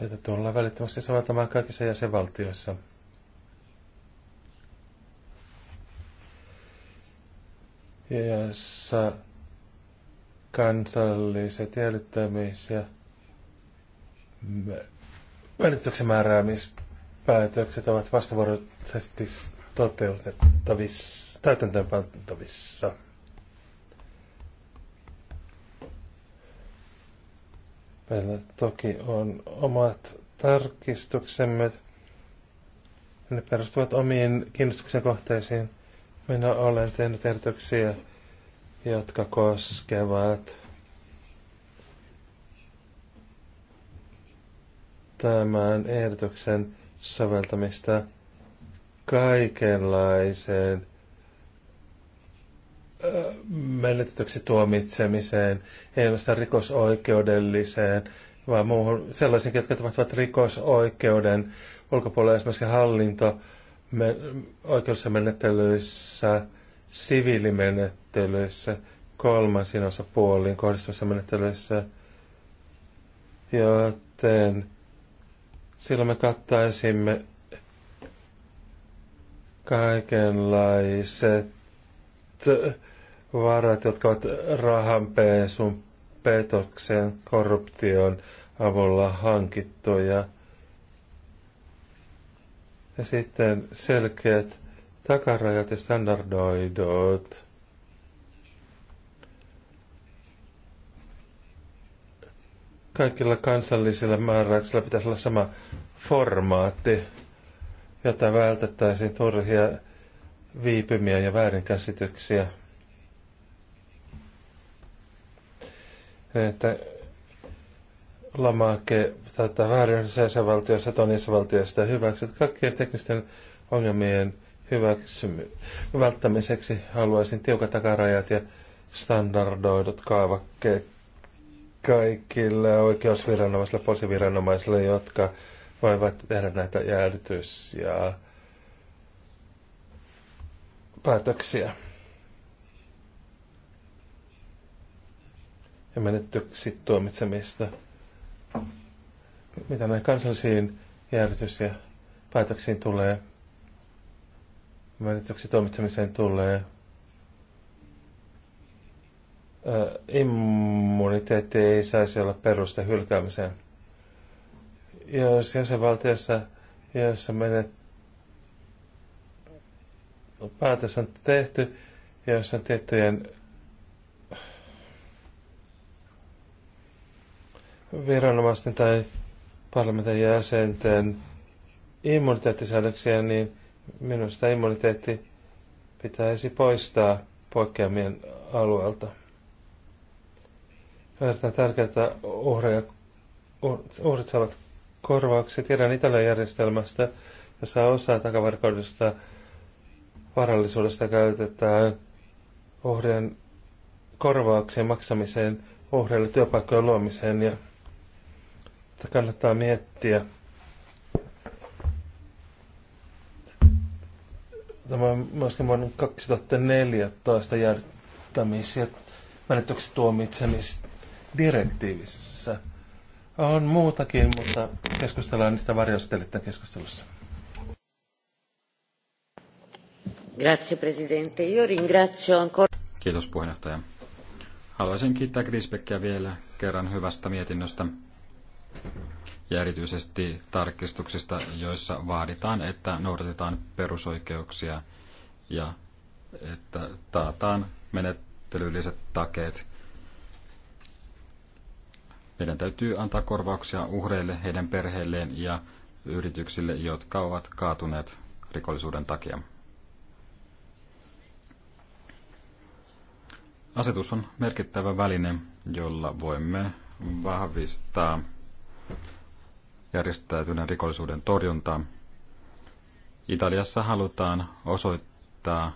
että tullaan välittömästi soveltamaan kaikissa jäsenvaltioissa. jossa kansalliset jäljittämis- ja välityksen määräämispäätökset ovat vastavuoroisesti toteutettavissa, täytäntöönpantavissa. Meillä toki on omat tarkistuksemme. Ne perustuvat omiin kiinnostuksen kohteisiin. Minä olen tehnyt erityksiä, jotka koskevat tämän ehdotuksen soveltamista kaikenlaiseen menetetyksi tuomitsemiseen, ei ainoastaan rikosoikeudelliseen, vaan muuhun sellaisiin, jotka tapahtuvat rikosoikeuden ulkopuolella, esimerkiksi hallinto me, oikeudessa menettelyissä, siviilimenettelyissä, kolmansin osapuoliin kohdistuvissa menettelyissä, joten silloin me kattaisimme kaikenlaiset varat, jotka ovat rahanpesun, petoksen, korruption avulla hankittuja. Ja sitten selkeät takarajat ja standardoidot. Kaikilla kansallisilla määräyksillä pitäisi olla sama formaatti, jota vältettäisiin turhia viipymiä ja väärinkäsityksiä. että lomake täyttää väärin sisävaltiossa, tonissa valtiossa hyväksyt kaikkien teknisten ongelmien hyväksymy- välttämiseksi haluaisin tiukat takarajat ja standardoidut kaavakkeet kaikille oikeusviranomaisille, posiviranomaisille, jotka voivat tehdä näitä jäädytys- ja päätöksiä. ja menettyksi tuomitsemista. Mitä näihin kansallisiin järjestys- ja päätöksiin tulee, menetyksi tuomitsemiseen tulee, ää, immuniteetti ei saisi olla peruste hylkäämiseen. Jos jäsenvaltiossa, jossa menet, päätös on tehty, ja jos on tiettyjen viranomaisten tai parlamentin jäsenten immuniteettisäädöksiä, niin minusta immuniteetti pitäisi poistaa poikkeamien alueelta. Erittäin tärkeää, että uhreja, uhrit saavat korvauksia. Tiedän Italian järjestelmästä, jossa osaa takavarkoidusta varallisuudesta käytetään uhrien korvauksien maksamiseen, uhreille työpaikkojen luomiseen ja Tätä kannattaa miettiä. Tämä on myöskin vuonna 2014 järjestämis- ja menetyksi tuomitsemisdirektiivissä. On muutakin, mutta keskustellaan niistä varjostelijoiden keskustelussa. Grazie Presidente. Io ringrazio ancora... Kiitos puheenjohtaja. Haluaisin kiittää Grisbeckia vielä kerran hyvästä mietinnöstä ja erityisesti tarkistuksista, joissa vaaditaan, että noudatetaan perusoikeuksia ja että taataan menettelylliset takeet. Meidän täytyy antaa korvauksia uhreille, heidän perheilleen ja yrityksille, jotka ovat kaatuneet rikollisuuden takia. Asetus on merkittävä väline, jolla voimme vahvistaa järjestäytyneen rikollisuuden torjunta. Italiassa halutaan osoittaa,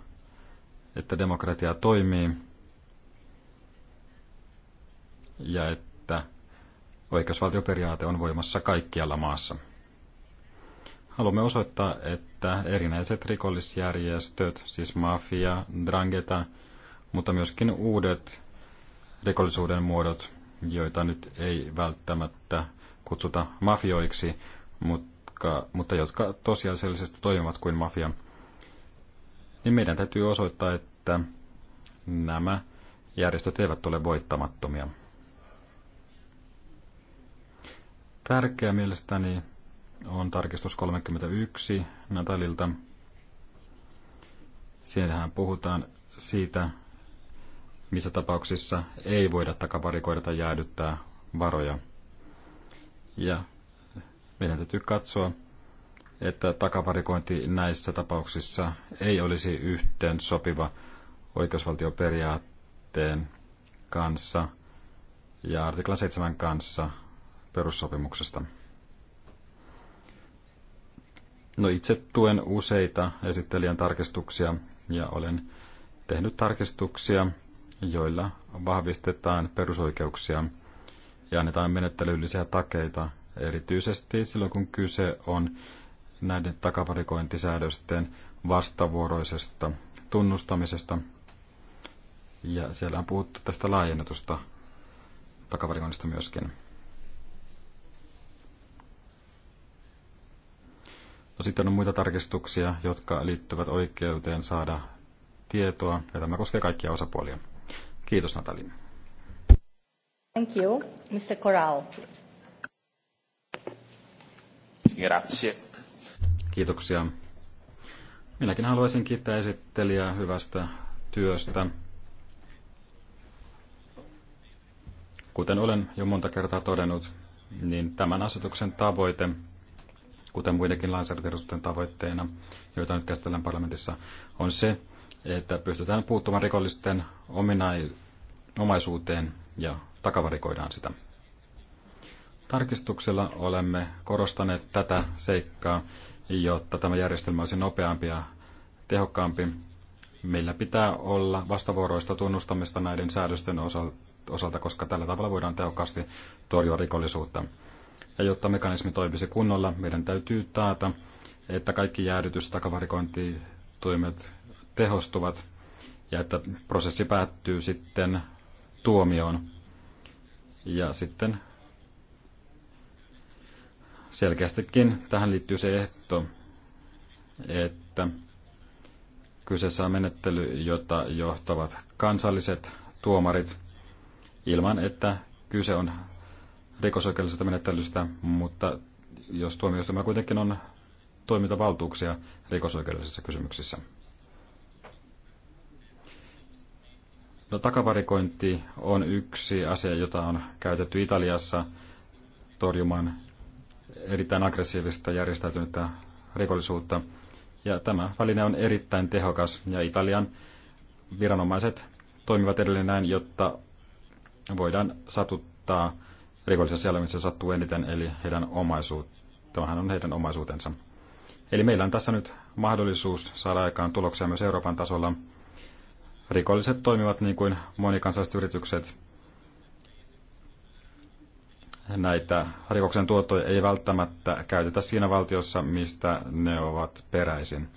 että demokratia toimii ja että oikeusvaltioperiaate on voimassa kaikkialla maassa. Haluamme osoittaa, että erinäiset rikollisjärjestöt, siis mafia, drangeta, mutta myöskin uudet rikollisuuden muodot, joita nyt ei välttämättä kutsuta mafioiksi, mutta, mutta jotka tosiasiallisesti toimivat kuin mafia, niin meidän täytyy osoittaa, että nämä järjestöt eivät ole voittamattomia. Tärkeä mielestäni on tarkistus 31 Natalilta. Siinähän puhutaan siitä, missä tapauksissa ei voida takavarikoida tai jäädyttää varoja – ja meidän täytyy katsoa, että takavarikointi näissä tapauksissa ei olisi yhteen sopiva oikeusvaltioperiaatteen kanssa ja artikla 7 kanssa perussopimuksesta. No itse tuen useita esittelijän tarkistuksia ja olen tehnyt tarkistuksia, joilla vahvistetaan perusoikeuksia – ja annetaan menettelyllisiä takeita, erityisesti silloin kun kyse on näiden takavarikointisäädösten vastavuoroisesta tunnustamisesta. Ja siellä on puhuttu tästä laajennetusta takavarikoinnista myöskin. No, sitten on muita tarkistuksia, jotka liittyvät oikeuteen saada tietoa, ja tämä koskee kaikkia osapuolia. Kiitos Natalina. Thank you. Mr. Corral, please. Grazie. Kiitoksia. Minäkin haluaisin kiittää esittelijää hyvästä työstä. Kuten olen jo monta kertaa todennut, niin tämän asetuksen tavoite, kuten muidenkin lainsäädäntöjen tavoitteena, joita nyt käsitellään parlamentissa, on se, että pystytään puuttumaan rikollisten ominaisuuteen ja takavarikoidaan sitä. Tarkistuksella olemme korostaneet tätä seikkaa, jotta tämä järjestelmä olisi nopeampi ja tehokkaampi. Meillä pitää olla vastavuoroista tunnustamista näiden säädösten osalta, koska tällä tavalla voidaan tehokkaasti torjua rikollisuutta. Ja jotta mekanismi toimisi kunnolla, meidän täytyy taata, että kaikki jäädytys- ja takavarikointitoimet tehostuvat ja että prosessi päättyy sitten tuomioon ja sitten selkeästikin tähän liittyy se ehto, että kyseessä on menettely, jota johtavat kansalliset tuomarit ilman, että kyse on rikosoikeudellisesta menettelystä, mutta jos tuomioistuimella kuitenkin on toimintavaltuuksia rikosoikeudellisissa kysymyksissä. No, takavarikointi on yksi asia, jota on käytetty Italiassa torjumaan erittäin aggressiivista järjestäytynyttä rikollisuutta. Ja tämä väline on erittäin tehokas ja Italian viranomaiset toimivat edelleen näin, jotta voidaan satuttaa rikollisia siellä, missä sattuu eniten, eli heidän omaisuuttahan on heidän omaisuutensa. Eli meillä on tässä nyt mahdollisuus saada aikaan tuloksia myös Euroopan tasolla rikolliset toimivat niin kuin monikansalliset yritykset. Näitä rikoksen tuottoja ei välttämättä käytetä siinä valtiossa, mistä ne ovat peräisin.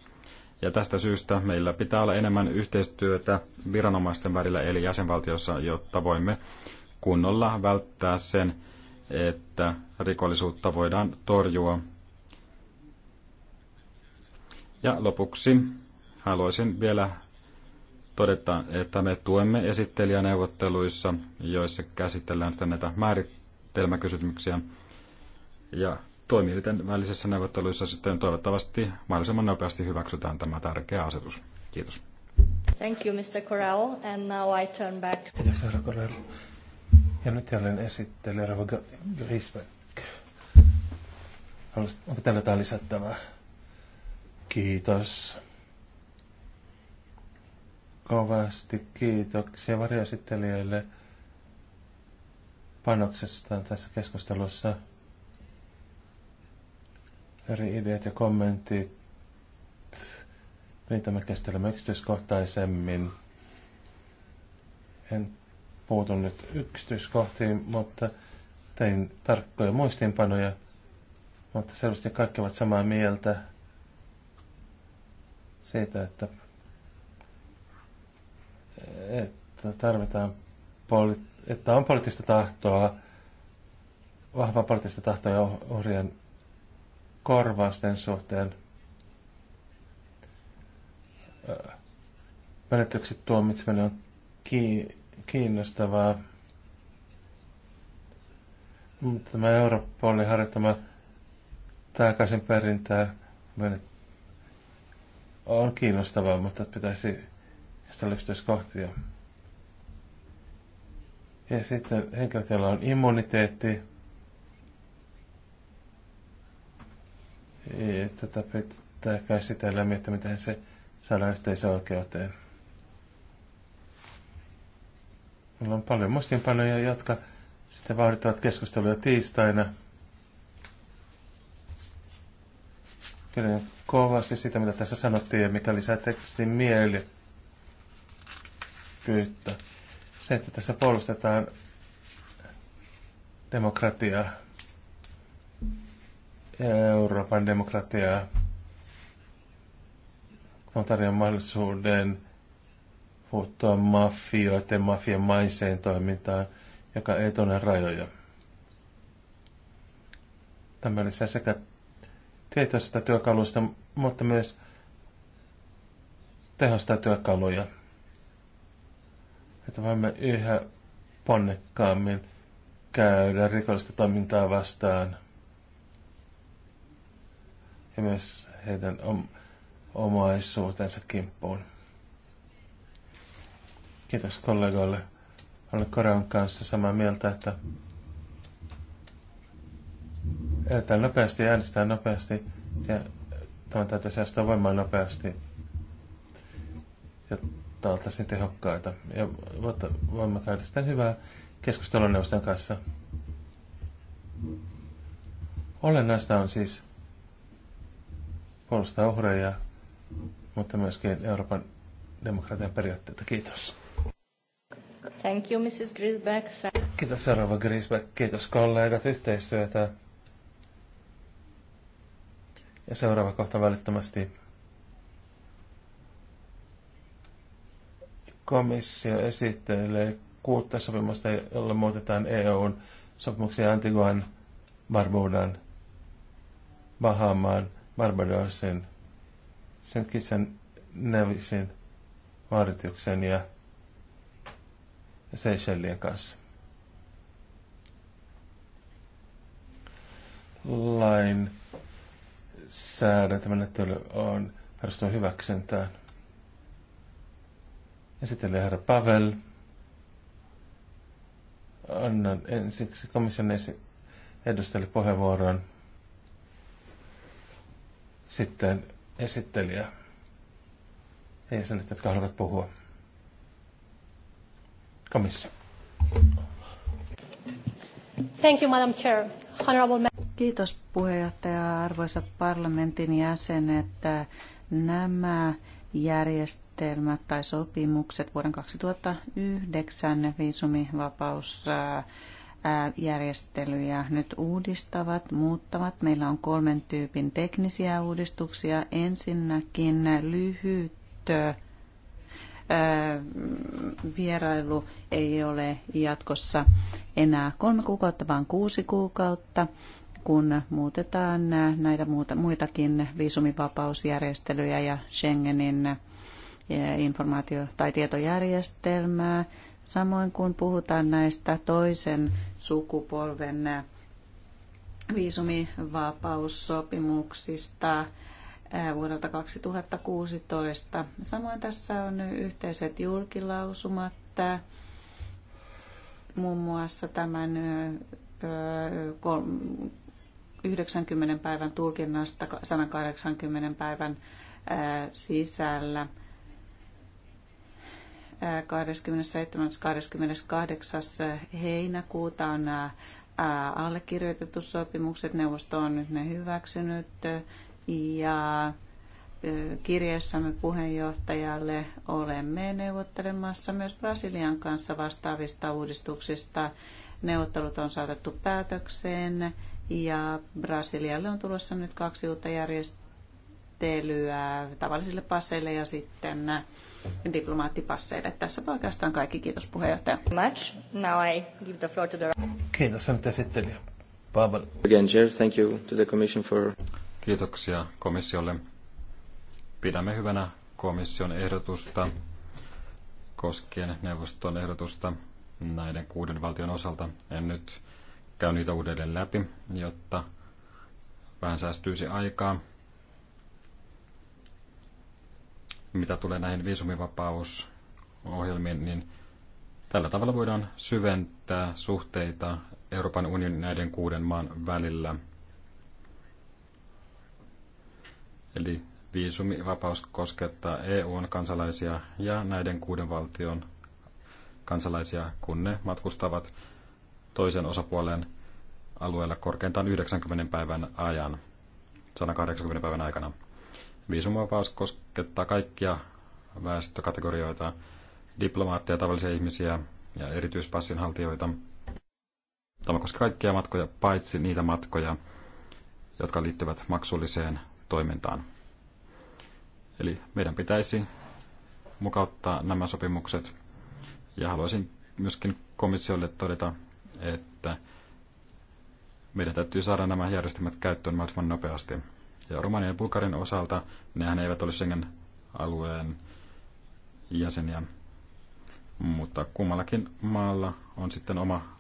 Ja tästä syystä meillä pitää olla enemmän yhteistyötä viranomaisten välillä eli jäsenvaltiossa, jotta voimme kunnolla välttää sen, että rikollisuutta voidaan torjua. Ja lopuksi haluaisin vielä Todetaan, että me tuemme esittelijäneuvotteluissa, joissa käsitellään sitä näitä määritelmäkysymyksiä. Ja toimijoiden välisissä neuvotteluissa sitten toivottavasti mahdollisimman nopeasti hyväksytään tämä tärkeä asetus. Kiitos. Thank you, Mr. Corral. And now I turn back to... Kiitos, herra Ja nyt jälleen esittelee Rava Grisbeck. Onko teillä jotain lisättävää? Kiitos kovasti kiitoksia varjoesittelijöille panoksestaan tässä keskustelussa. Eri ideat ja kommentit, niitä me käsittelemme yksityiskohtaisemmin. En puutu nyt yksityiskohtiin, mutta tein tarkkoja muistiinpanoja, mutta selvästi kaikki ovat samaa mieltä siitä, että että tarvitaan poli- että on poliittista tahtoa, vahvaa poliittista tahtoa ja uhrien korvausten suhteen. Menetykset tuomitseminen on ki- kiinnostavaa. Mutta tämä Europolin harjoittama takaisin perintää on kiinnostavaa, mutta pitäisi josta oli yksityiskohtia. Ja sitten henkilöt, joilla on immuniteetti, ja tätä pitää käsitellä ja miettiä, miten se saadaan oikeuteen. Meillä on paljon mustinpanoja, jotka sitten vaadittavat keskustelua tiistaina. Kyllä kovasti sitä, mitä tässä sanottiin ja mikä lisää tekstin mieli kyvykkyyttä. Se, että tässä puolustetaan demokratiaa, Euroopan demokratiaa, on tarjoaa mahdollisuuden puuttua mafioiden, mafian maiseen toimintaan, joka ei tunne rajoja. Tämä lisää sekä tietoista työkaluista, mutta myös tehostaa työkaluja että voimme yhä ponnekkaammin käydä rikollista toimintaa vastaan ja myös heidän om- omaisuutensa kimppuun. Kiitos kollegoille. Olen Korean kanssa samaa mieltä, että eletään nopeasti, äänestetään nopeasti ja tämä täytyy säästää voimaa nopeasti. Ja jotta oltaisiin tehokkaita. Ja voimme käydä sitten hyvää keskustelua neuvoston kanssa. Olennaista on siis puolustaa uhreja, mutta myöskin Euroopan demokratian periaatteita. Kiitos. Thank you, Mrs. Grisbeck. Kiitos, seuraava Grisbeck. Kiitos kollegat yhteistyötä. Ja seuraava kohta välittömästi komissio esittelee kuutta sopimusta, jolla muutetaan EUn sopimuksia Antiguan, Barbudan, Bahamaan, Barbadosin, St. Kitsen, Nevisin, Mauritiuksen ja Seychellien kanssa. Lain säädäntömenettely on perustunut hyväksyntään. Esittelee herra Pavel. Annan ensiksi komission edustajalle puheenvuoron. Sitten esittelijä. Ei että jotka haluavat puhua. Komissio. Thank you, Madam Chair. Honorable... Kiitos puheenjohtaja, arvoisa parlamentin jäsenet. Nämä järjestelmät määritelmät tai sopimukset vuoden 2009 viisumivapaus järjestelyjä nyt uudistavat, muuttavat. Meillä on kolmen tyypin teknisiä uudistuksia. Ensinnäkin lyhyt vierailu ei ole jatkossa enää kolme kuukautta, vaan kuusi kuukautta kun muutetaan näitä muita, muitakin viisumivapausjärjestelyjä ja Schengenin informaatio- tai tietojärjestelmää, samoin kun puhutaan näistä toisen sukupolven viisumivapaussopimuksista vuodelta 2016. Samoin tässä on yhteiset julkilausumat, muun muassa tämän 90 päivän tulkinnasta 180 päivän sisällä – 27.–28. heinäkuuta on allekirjoitettu sopimukset. Neuvosto on nyt ne hyväksynyt ja kirjeessämme puheenjohtajalle olemme neuvottelemassa myös Brasilian kanssa vastaavista uudistuksista. Neuvottelut on saatettu päätökseen ja Brasilialle on tulossa nyt kaksi uutta järjestelyä tavallisille passeille ja sitten diplomaattipasseille. Tässä oikeastaan kaikki. Kiitos puheenjohtaja. Much. Now I give the floor to the... Kiitos, nyt esittelijä. Pavel. Again, Chair, thank you to the Commission for... Kiitoksia komissiolle. Pidämme hyvänä komission ehdotusta koskien neuvoston ehdotusta näiden kuuden valtion osalta. En nyt käy niitä uudelleen läpi, jotta vähän säästyisi aikaa. mitä tulee näihin viisumivapausohjelmiin, niin tällä tavalla voidaan syventää suhteita Euroopan unionin näiden kuuden maan välillä. Eli viisumivapaus koskettaa EUn kansalaisia ja näiden kuuden valtion kansalaisia, kun ne matkustavat toisen osapuolen alueella korkeintaan 90 päivän ajan, 180 päivän aikana. Viisumavapaus koskettaa kaikkia väestökategorioita, diplomaatteja, tavallisia ihmisiä ja erityispassin haltijoita. Tämä koskee kaikkia matkoja, paitsi niitä matkoja, jotka liittyvät maksulliseen toimintaan. Eli meidän pitäisi mukauttaa nämä sopimukset. Ja haluaisin myöskin komissiolle todeta, että meidän täytyy saada nämä järjestelmät käyttöön mahdollisimman nopeasti. Ja Romanian ja Bulgarin osalta nehän eivät ole Schengen-alueen jäseniä, mutta kummallakin maalla on sitten oma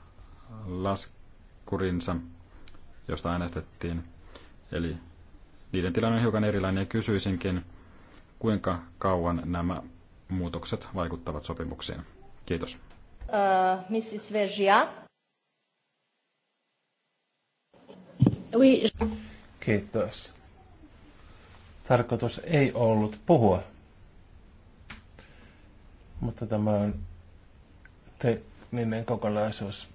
laskurinsa, josta äänestettiin. Eli niiden tilanne on hiukan erilainen ja kysyisinkin, kuinka kauan nämä muutokset vaikuttavat sopimuksiin. Kiitos. Uh, Mrs. Vergia. Oui. Kiitos tarkoitus ei ollut puhua. Mutta tämä on tekninen kokonaisuus,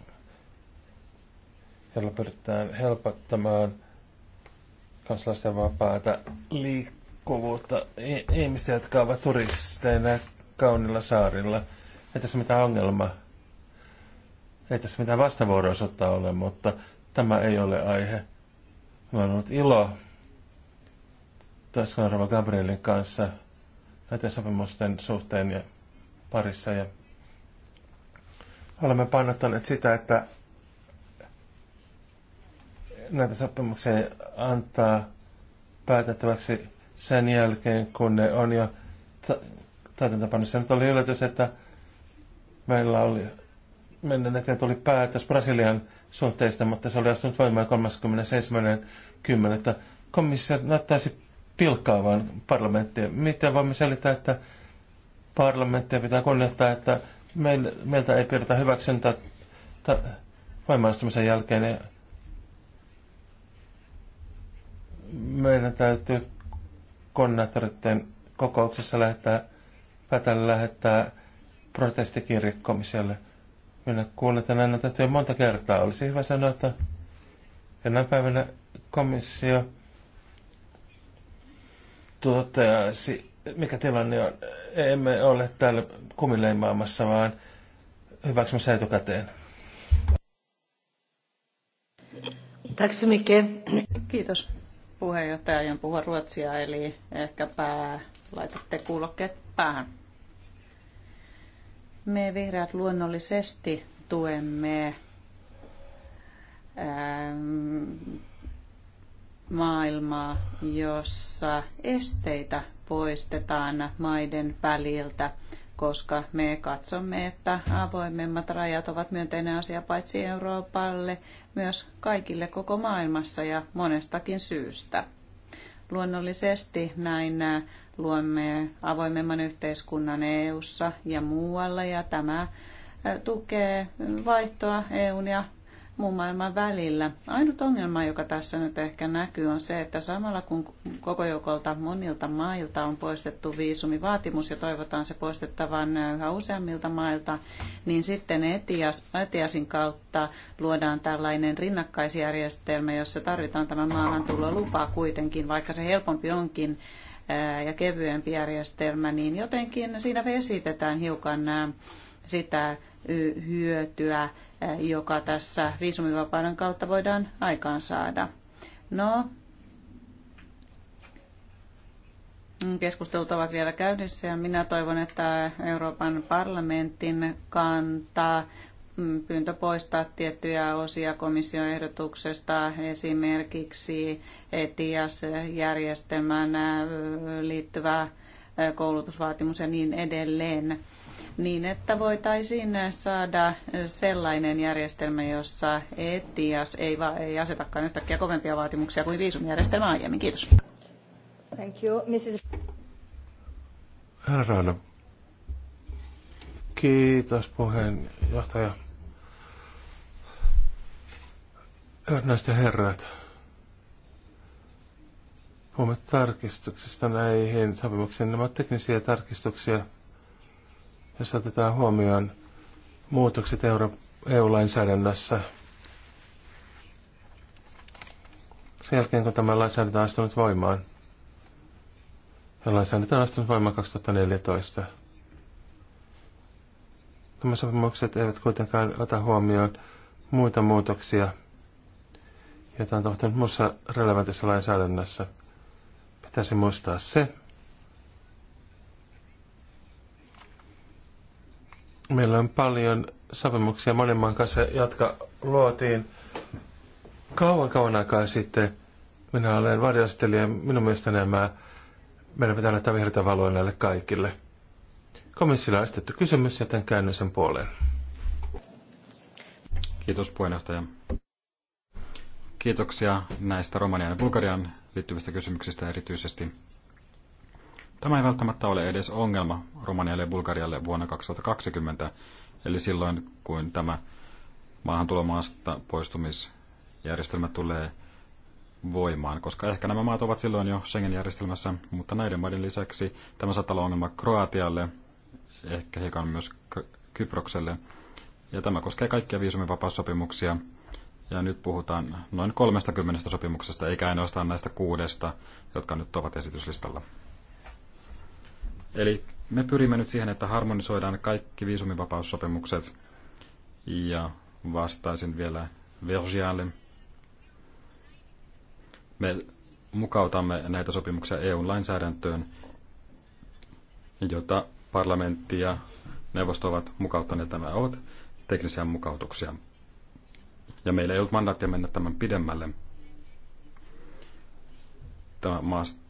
jolla pyritään helpottamaan kansalaisten vapaata liikkuvuutta ihmistä, jotka ovat turisteina kaunilla saarilla. Ei tässä mitään ongelmaa. Ei tässä mitään vastavuoroisuutta ole, mutta tämä ei ole aihe. Mä on ollut ilo Taskarova Gabrielin kanssa näiden sopimusten suhteen ja parissa. Ja olemme painottaneet sitä, että näitä sopimuksia antaa päätettäväksi sen jälkeen, kun ne on jo ta- täytäntöpanossa. Nyt oli yllätys, että meillä oli menneen eteen tuli päätös Brasilian suhteista, mutta se oli astunut voimaan 37.10. Komissio näyttäisi pilkkaavan parlamenttia. Miten voimme selittää, että parlamenttia pitää kunnioittaa, että meil, meiltä ei pidetä hyväksyntää voimaistumisen jälkeen. Ja meidän täytyy koordinaattoreiden kokouksessa lähettää, päätellä lähettää protestikirje komissiolle. Minä kuulen, että näin on tehty monta kertaa. Olisi hyvä sanoa, että tänä päivänä komissio toteaisi, mikä tilanne on. Emme ole täällä kumileimaamassa, vaan hyväksymässä etukäteen. Kiitos puheenjohtaja. Aion puhua ruotsia, eli pää, laitatte kuulokkeet päähän. Me vihreät luonnollisesti tuemme ähm, maailmaa, jossa esteitä poistetaan maiden väliltä, koska me katsomme, että avoimemmat rajat ovat myönteinen asia paitsi Euroopalle, myös kaikille koko maailmassa ja monestakin syystä. Luonnollisesti näin luomme avoimemman yhteiskunnan EU:ssa ja muualla ja tämä tukee vaihtoa EUn ja muun maailman välillä. Ainut ongelma, joka tässä nyt ehkä näkyy, on se, että samalla kun koko joukolta monilta mailta on poistettu viisumivaatimus ja toivotaan se poistettavan yhä useammilta mailta, niin sitten ETIASin kautta luodaan tällainen rinnakkaisjärjestelmä, jossa tarvitaan tämä maahantulolupa kuitenkin, vaikka se helpompi onkin ja kevyempi järjestelmä, niin jotenkin siinä vesitetään hiukan sitä hyötyä, joka tässä viisumivapauden kautta voidaan aikaan saada. No, keskustelut ovat vielä käynnissä ja minä toivon, että Euroopan parlamentin kantaa mm, pyyntö poistaa tiettyjä osia komission ehdotuksesta, esimerkiksi ETIAS-järjestelmään liittyvä koulutusvaatimus ja niin edelleen niin, että voitaisiin saada sellainen järjestelmä, jossa ETIAS ei, va- ei asetakaan yhtäkkiä kovempia vaatimuksia kuin viisumijärjestelmä aiemmin. Kiitos. Thank you. Mrs. Herra Raana. Kiitos puheenjohtaja. Hyvät naiset ja herrat. Puhumme tarkistuksista näihin sopimuksiin. Nämä ovat teknisiä tarkistuksia jos otetaan huomioon muutokset Euro- EU-lainsäädännössä. Sen jälkeen, kun tämä lainsäädäntö on astunut voimaan, ja lainsäädäntö on astunut voimaan 2014. Nämä sopimukset eivät kuitenkaan ota huomioon muita muutoksia, joita on tapahtunut muussa relevantissa lainsäädännössä. Pitäisi muistaa se, Meillä on paljon sopimuksia monen maan kanssa, jotka luotiin kauan kauan aikaa sitten. Minä olen varjostelija. Minun mielestä nämä, meidän pitää näyttää vihreitä valoa näille kaikille. Komissiolla on esitetty kysymys, joten käännyn sen puoleen. Kiitos puheenjohtaja. Kiitoksia näistä Romanian ja Bulgarian liittyvistä kysymyksistä erityisesti. Tämä ei välttämättä ole edes ongelma Romanialle ja Bulgarialle vuonna 2020, eli silloin kun tämä maahantulomaasta poistumisjärjestelmä tulee voimaan, koska ehkä nämä maat ovat silloin jo Schengen-järjestelmässä, mutta näiden maiden lisäksi tämä saattaa olla ongelma Kroatialle, ehkä hiukan myös Kyprokselle, ja tämä koskee kaikkia viisumivapaussopimuksia, ja nyt puhutaan noin 30 sopimuksesta, eikä ainoastaan näistä kuudesta, jotka nyt ovat esityslistalla. Eli me pyrimme nyt siihen, että harmonisoidaan kaikki viisumivapaussopimukset. Ja vastaisin vielä Vergialle. Me mukautamme näitä sopimuksia eu lainsäädäntöön, jota parlamentti ja neuvosto ovat mukauttaneet. Nämä ovat teknisiä mukautuksia. Ja meillä ei ollut mandaattia mennä tämän pidemmälle. Tämä maasta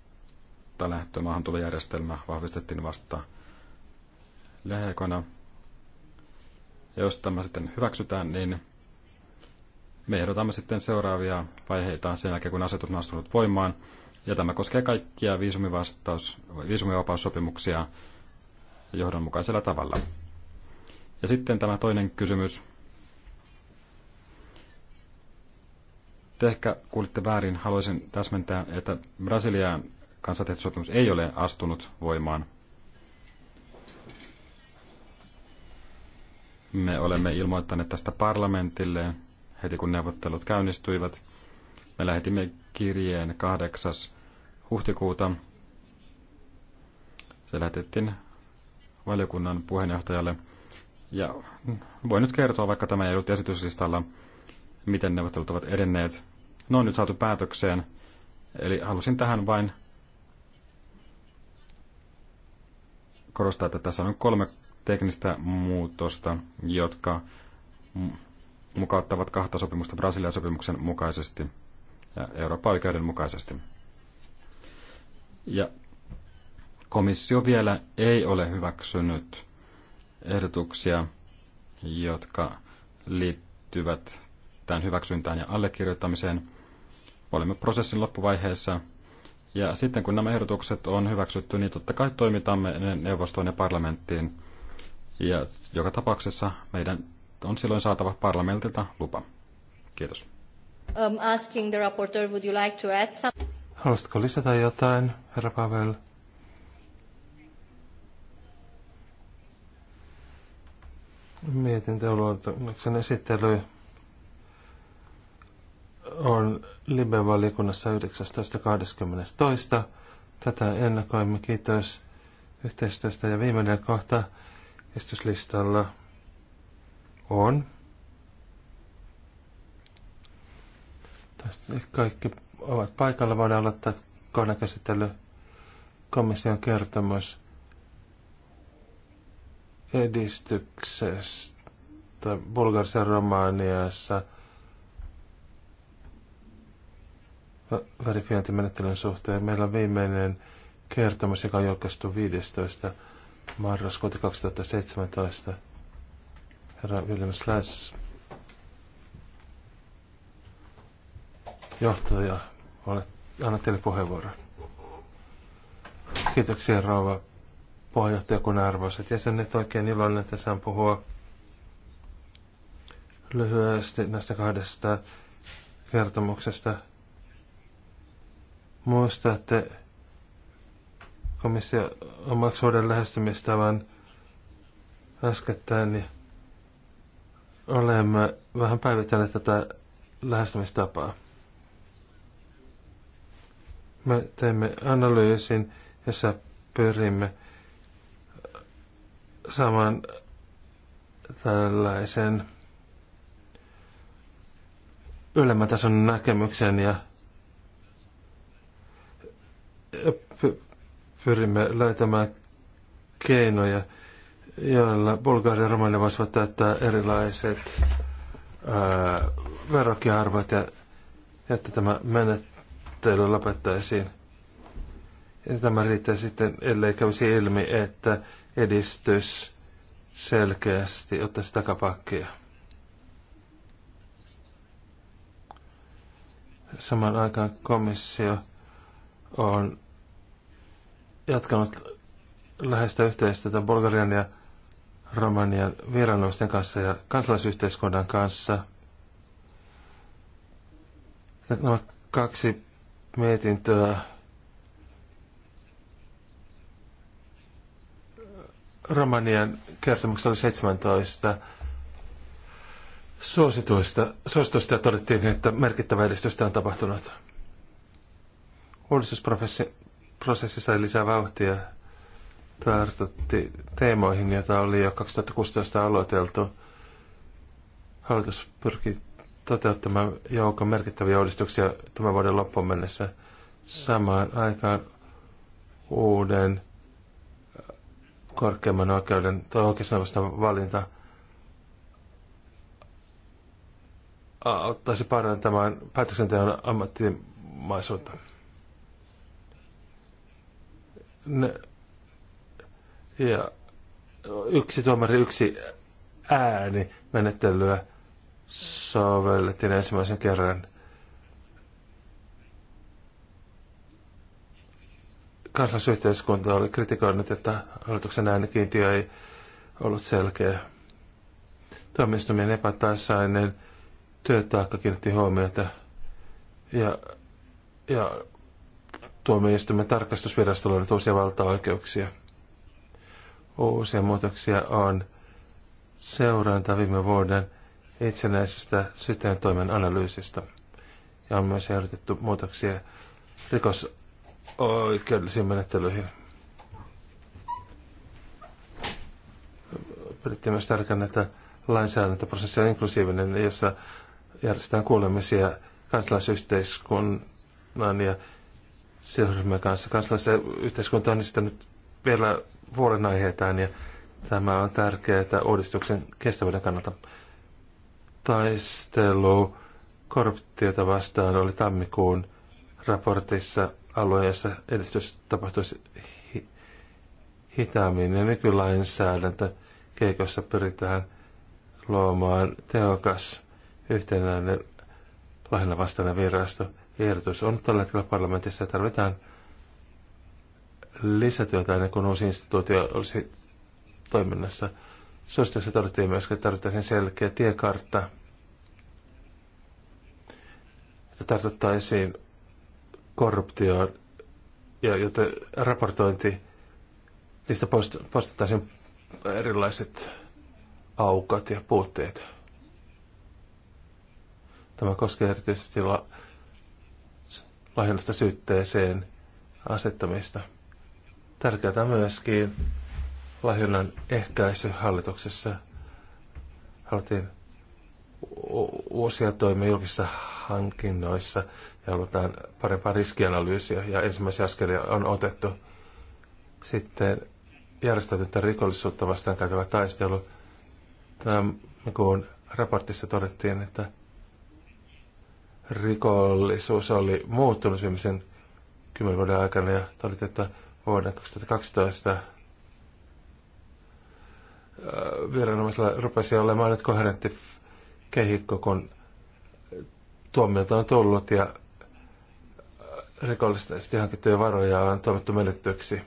kautta lähtö maahantulojärjestelmä vahvistettiin vasta lähekona. Ja jos tämä sitten hyväksytään, niin me ehdotamme sitten seuraavia vaiheita sen jälkeen, kun asetus on astunut voimaan. Ja tämä koskee kaikkia viisumivastaus, viisumivapaussopimuksia johdonmukaisella tavalla. Ja sitten tämä toinen kysymys. Te ehkä kuulitte väärin, haluaisin täsmentää, että Brasiliaan kansainvälinen ei ole astunut voimaan. Me olemme ilmoittaneet tästä parlamentille heti kun neuvottelut käynnistyivät. Me lähetimme kirjeen 8. huhtikuuta. Se lähetettiin valiokunnan puheenjohtajalle. Ja voin nyt kertoa, vaikka tämä ei ollut esityslistalla, miten neuvottelut ovat edenneet. Ne on nyt saatu päätökseen. Eli halusin tähän vain korostaa, että tässä on kolme teknistä muutosta, jotka mukauttavat kahta sopimusta Brasilian sopimuksen mukaisesti ja Euroopan oikeuden mukaisesti. Ja komissio vielä ei ole hyväksynyt ehdotuksia, jotka liittyvät tämän hyväksyntään ja allekirjoittamiseen. Olemme prosessin loppuvaiheessa ja sitten kun nämä ehdotukset on hyväksytty, niin totta kai toimitamme neuvostoon ja parlamenttiin. Ja joka tapauksessa meidän on silloin saatava parlamentilta lupa. Kiitos. Um, asking the rapporteur, would you like to add some? Haluaisitko lisätä jotain, herra Pavel? Mietintö luonnoksen esittelyä on Libe-valiokunnassa 19.22. Tätä ennakoimme. Kiitos yhteistyöstä. Ja viimeinen kohta estyslistalla on. Tästä kaikki ovat paikalla. Voidaan aloittaa kohdan komission kertomus edistyksestä bulgarsen Romaniassa – verifiointimenettelyn suhteen. Meillä on viimeinen kertomus, joka on julkaistu 15. marraskuuta 2017. Herra William Slash, johtaja, olet, anna teille puheenvuoron. Kiitoksia rouva puheenjohtaja, kun arvoisat jäsenet. Oikein iloinen, että saan puhua lyhyesti näistä kahdesta kertomuksesta – muistatte komissio omaksi uuden lähestymistavan äskettäin, niin olemme vähän päivittäneet tätä lähestymistapaa. Me teemme analyysin, jossa pyrimme saamaan tällaisen ylemmän tason näkemyksen ja pyrimme löytämään keinoja, joilla ja Romania voisivat täyttää erilaiset verokiarvot ja että tämä menettely lopettaisiin. Ja tämä riittää sitten, ellei kävisi ilmi, että edistys selkeästi ottaisi takapakkia. Samaan aikaan komissio on jatkanut läheistä yhteistyötä Bulgarian ja Romanian viranomaisten kanssa ja kansalaisyhteiskunnan kanssa. Nämä kaksi mietintöä Romanian kertomuksessa oli 17 suosituista, suosituista todettiin, että merkittävä edistystä on tapahtunut. Uudistusprosessi prosessi sai lisää vauhtia. Tartutti teemoihin, joita oli jo 2016 aloiteltu. Hallitus pyrki toteuttamaan joukon merkittäviä uudistuksia tämän vuoden loppuun mennessä. Samaan aikaan uuden korkeimman oikeuden tai oikeusneuvoston valinta auttaisi parantamaan päätöksenteon ammattimaisuutta. Ne, ja yksi tuomari, yksi ääni menettelyä sovellettiin ensimmäisen kerran. Kansalaisyhteiskunta oli kritikoinut, että hallituksen äänikiintiö ei ollut selkeä. Tuomioistuimien epätasainen työtaakka kiinnitti huomiota ja, ja tuomioistuimen tarkastusvirastolla on uusia valtaoikeuksia. Uusia muutoksia on seuranta viime vuoden itsenäisestä syyttäjän toimen analyysistä. Ja on myös ehdotettu muutoksia rikosoikeudellisiin menettelyihin. Pidettiin myös tärkeänä, että lainsäädäntöprosessi on inklusiivinen, jossa järjestetään kuulemisia kansalaisyhteiskunnan ja seuramme kanssa. Kansalaisen yhteiskunta on esittänyt vielä aiheitaan ja tämä on tärkeää uudistuksen kestävyyden kannalta. Taistelu korruptiota vastaan oli tammikuun raportissa alueessa edistys tapahtuisi hi- hitaammin ja nykylainsäädäntö keikossa pyritään luomaan tehokas yhtenäinen lahjana vastainen virasto – ehdotus on tällä hetkellä parlamentissa ja tarvitaan lisätyötä ennen kuin uusi instituutio olisi toiminnassa. Suosituksessa todettiin myös, että tarvittaisiin selkeä tiekartta, että tartuttaisiin korruptioon ja jotta raportointi, niistä poistettaisiin erilaiset aukot ja puutteet. Tämä koskee erityisesti la- lahjallista syytteeseen asettamista. Tärkeää myöskin lahjonnan ehkäisy hallituksessa. Haluttiin uusia toimia julkisissa hankinnoissa ja halutaan parempaa riskianalyysiä ja ensimmäisiä askelia on otettu. Sitten järjestäytyntä rikollisuutta vastaan käytävä taistelu. Niin kuin raportissa todettiin, että rikollisuus oli muuttunut viimeisen kymmenen vuoden aikana ja todettiin, että vuonna 2012 äh, viranomaisilla rupesi olemaan nyt koherentti kehikko, kun tuomiota on tullut ja äh, rikollisesti hankittuja varoja on tuomittu menetetyksi.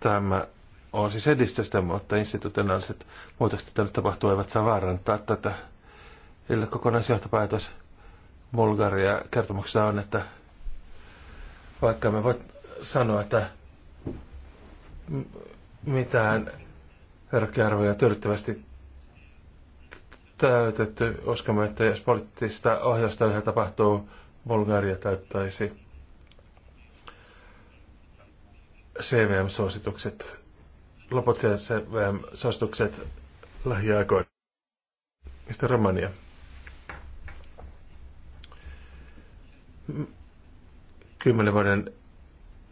Tämä on siis edistystä, mutta institutionaaliset muutokset, joita nyt tapahtuu, eivät saa vaarantaa tätä. Eli kokonaisjohtopäätös Bulgaria kertomuksessa on, että vaikka me voit sanoa, että mitään verkkiarvoja tyydyttävästi täytetty, uskomme, että jos poliittista ohjausta yhä tapahtuu, Bulgaria täyttäisi CVM-suositukset, loput CVM-suositukset lähiaikoina. Mistä Romania? kymmenen vuoden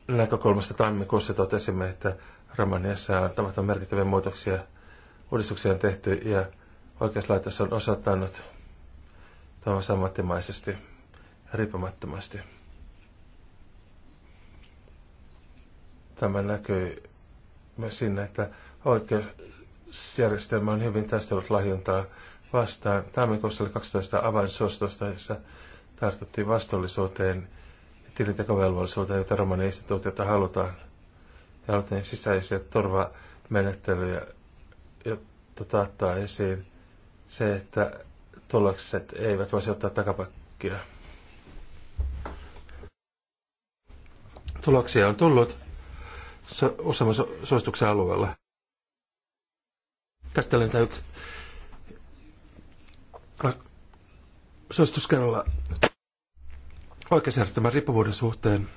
näkökulmasta tammikuussa totesimme, että Romaniassa on tapahtunut merkittäviä muutoksia, uudistuksia on tehty ja oikeuslaitos on osoittanut toimivansa ammattimaisesti ja riippumattomasti. Tämä näkyy myös siinä, että oikeusjärjestelmä on hyvin taistellut lahjontaa vastaan. Tammikuussa oli 12 avainsuositusta, jossa tartuttiin vastuullisuuteen ja tilintekovelvollisuuteen, jota romani instituutiota halutaan. Ja haluttiin sisäisiä turvamenettelyjä, jotta taattaa esiin se, että tulokset eivät voisi ottaa takapakkia. Tuloksia on tullut useamman suosituksen alueella. Tästä oli yksi suositus oikeusjärjestelmän riippuvuuden suhteen.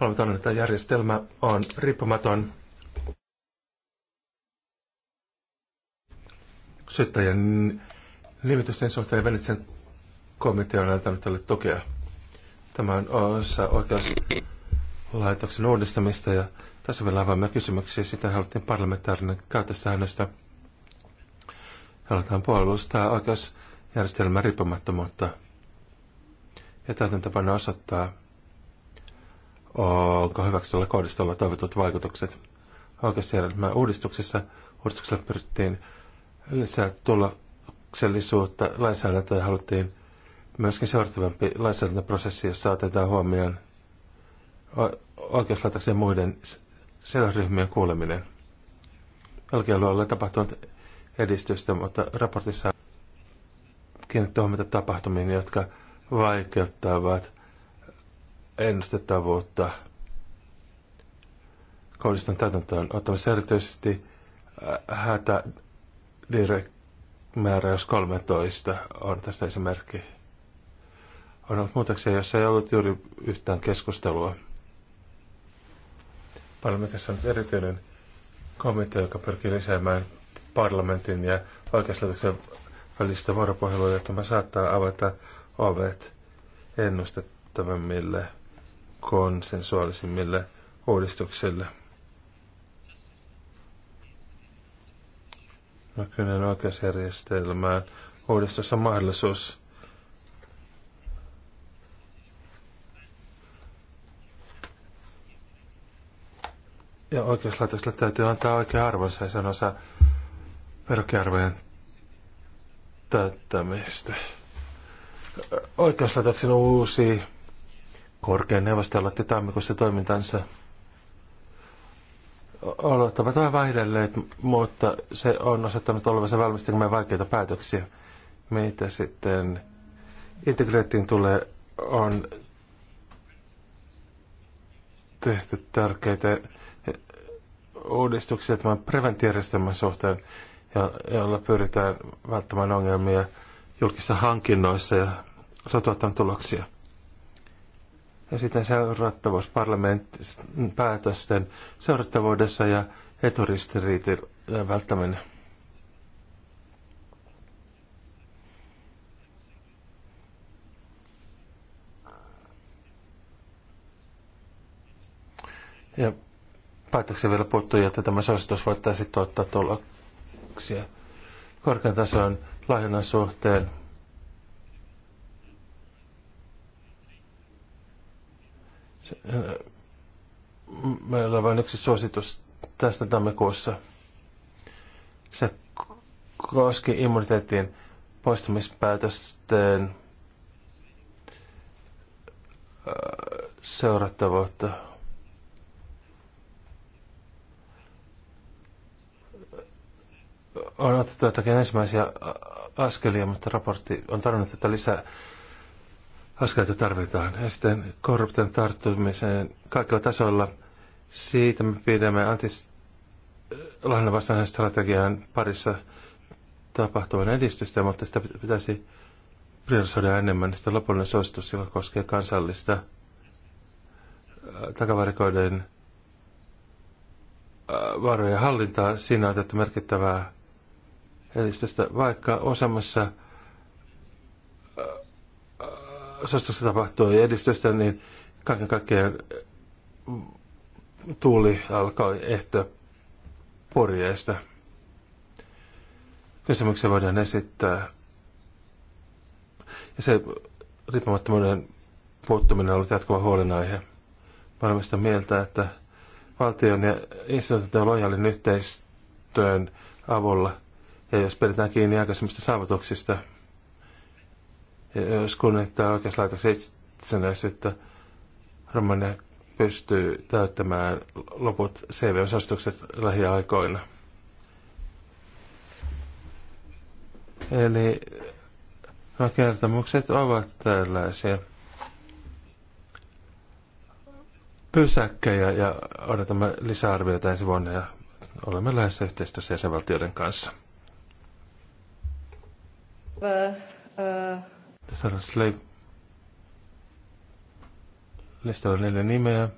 Olemme tänne, että järjestelmä on riippumaton syyttäjän nimitys sen suhteen Venitsen komitea on antanut tälle tukea. Tämä on osa oikeuslaitoksen uudistamista ja tässä vielä avaamme kysymyksiä. Sitä haluttiin parlamentaarinen käytössäännöstä. Halutaan puolustaa oikeusjärjestelmän riippumattomuutta ja tapana osoittaa, onko hyväksyllä kohdistolla toivotut vaikutukset. Oikeusjärjestelmän uudistuksessa uudistuksella pyrittiin lisää tuloksellisuutta lainsäädäntöä ja haluttiin myöskin seurattavampi lainsäädäntöprosessi, jossa otetaan huomioon oikeuslaitoksen muiden sidosryhmien kuuleminen. Jälkialueella on tapahtunut edistystä, mutta raportissa kiinnitetty huomiota tapahtumiin, jotka vaikeuttavat ennustettavuutta kohdistan täytäntöön ottamassa erityisesti äh, hätä määräys 13 on tästä esimerkki. On ollut muutoksia, joissa ei ollut juuri yhtään keskustelua. Parlamentissa on erityinen komitea, joka pyrkii lisäämään parlamentin ja oikeuslaitoksen välistä vuoropuhelua, ja tämä saattaa avata ovet ennustettavimmille konsensuaalisimmille uudistuksille. Nykyinen oikeusjärjestelmään uudistus on mahdollisuus ja oikeuslaitoksella täytyy antaa oikea arvonsa ja sen osa verokiarvojen täyttämistä. Oikeuslaitoksen uusi korkean neuvosto aloitti tammikuussa toimintansa. Olot ovat vähän vaihdelleet, mutta se on osoittanut olevansa valmistelemaan vaikeita päätöksiä. Mitä sitten integreettiin tulee, on tehty tärkeitä uudistuksia tämän preventijärjestelmän suhteen, jolla pyritään välttämään ongelmia – julkisissa hankinnoissa ja se on tuottanut tuloksia. Ja sitten seurattavuus parlamentin päätösten seurattavuudessa ja eturistiriitin välttäminen. Ja päätöksen vielä puuttuu, että tämä suositus voittaisi tuottaa tuloksia. Korkean tason lahjonnan suhteen. Eh, meillä on vain yksi suositus tästä tammikuussa. Se koski immuniteettiin poistumispäätösten eh, seurattavuutta. On otettu jotakin ensimmäisiä eh, askelia, mutta raportti on tarvinnut, että lisää askelta tarvitaan. Ja sitten korruption tarttumiseen kaikilla tasoilla. Siitä me pidämme antis lahjana strategian parissa tapahtuvan edistystä, mutta sitä pitäisi priorisoida enemmän. Sitten lopullinen suositus, joka koskee kansallista äh, takavarikoiden äh, varojen hallintaa. Siinä on otettu merkittävää eli tästä vaikka osamassa äh, osastossa tapahtui edistystä, niin kaiken kaikkiaan äh, tuuli alkoi ehtyä porjeesta. Kysymyksiä voidaan esittää. Ja se riippumattomuuden puuttuminen on ollut jatkuva huolenaihe. Mä sitä mieltä, että valtion ja instituutioiden lojaalin yhteistyön avulla – ja jos pidetään kiinni aikaisemmista saavutuksista, ja jos kunnioittaa oikeuslaitoksen itsenäisyyttä, Romania pystyy täyttämään loput CV-osastukset lähiaikoina. Eli nämä kertomukset ovat tällaisia pysäkkejä ja odotamme lisäarvioita ensi vuonna ja olemme lähes yhteistyössä jäsenvaltioiden kanssa. Sarah Slave. Listalla on neljä nimeä.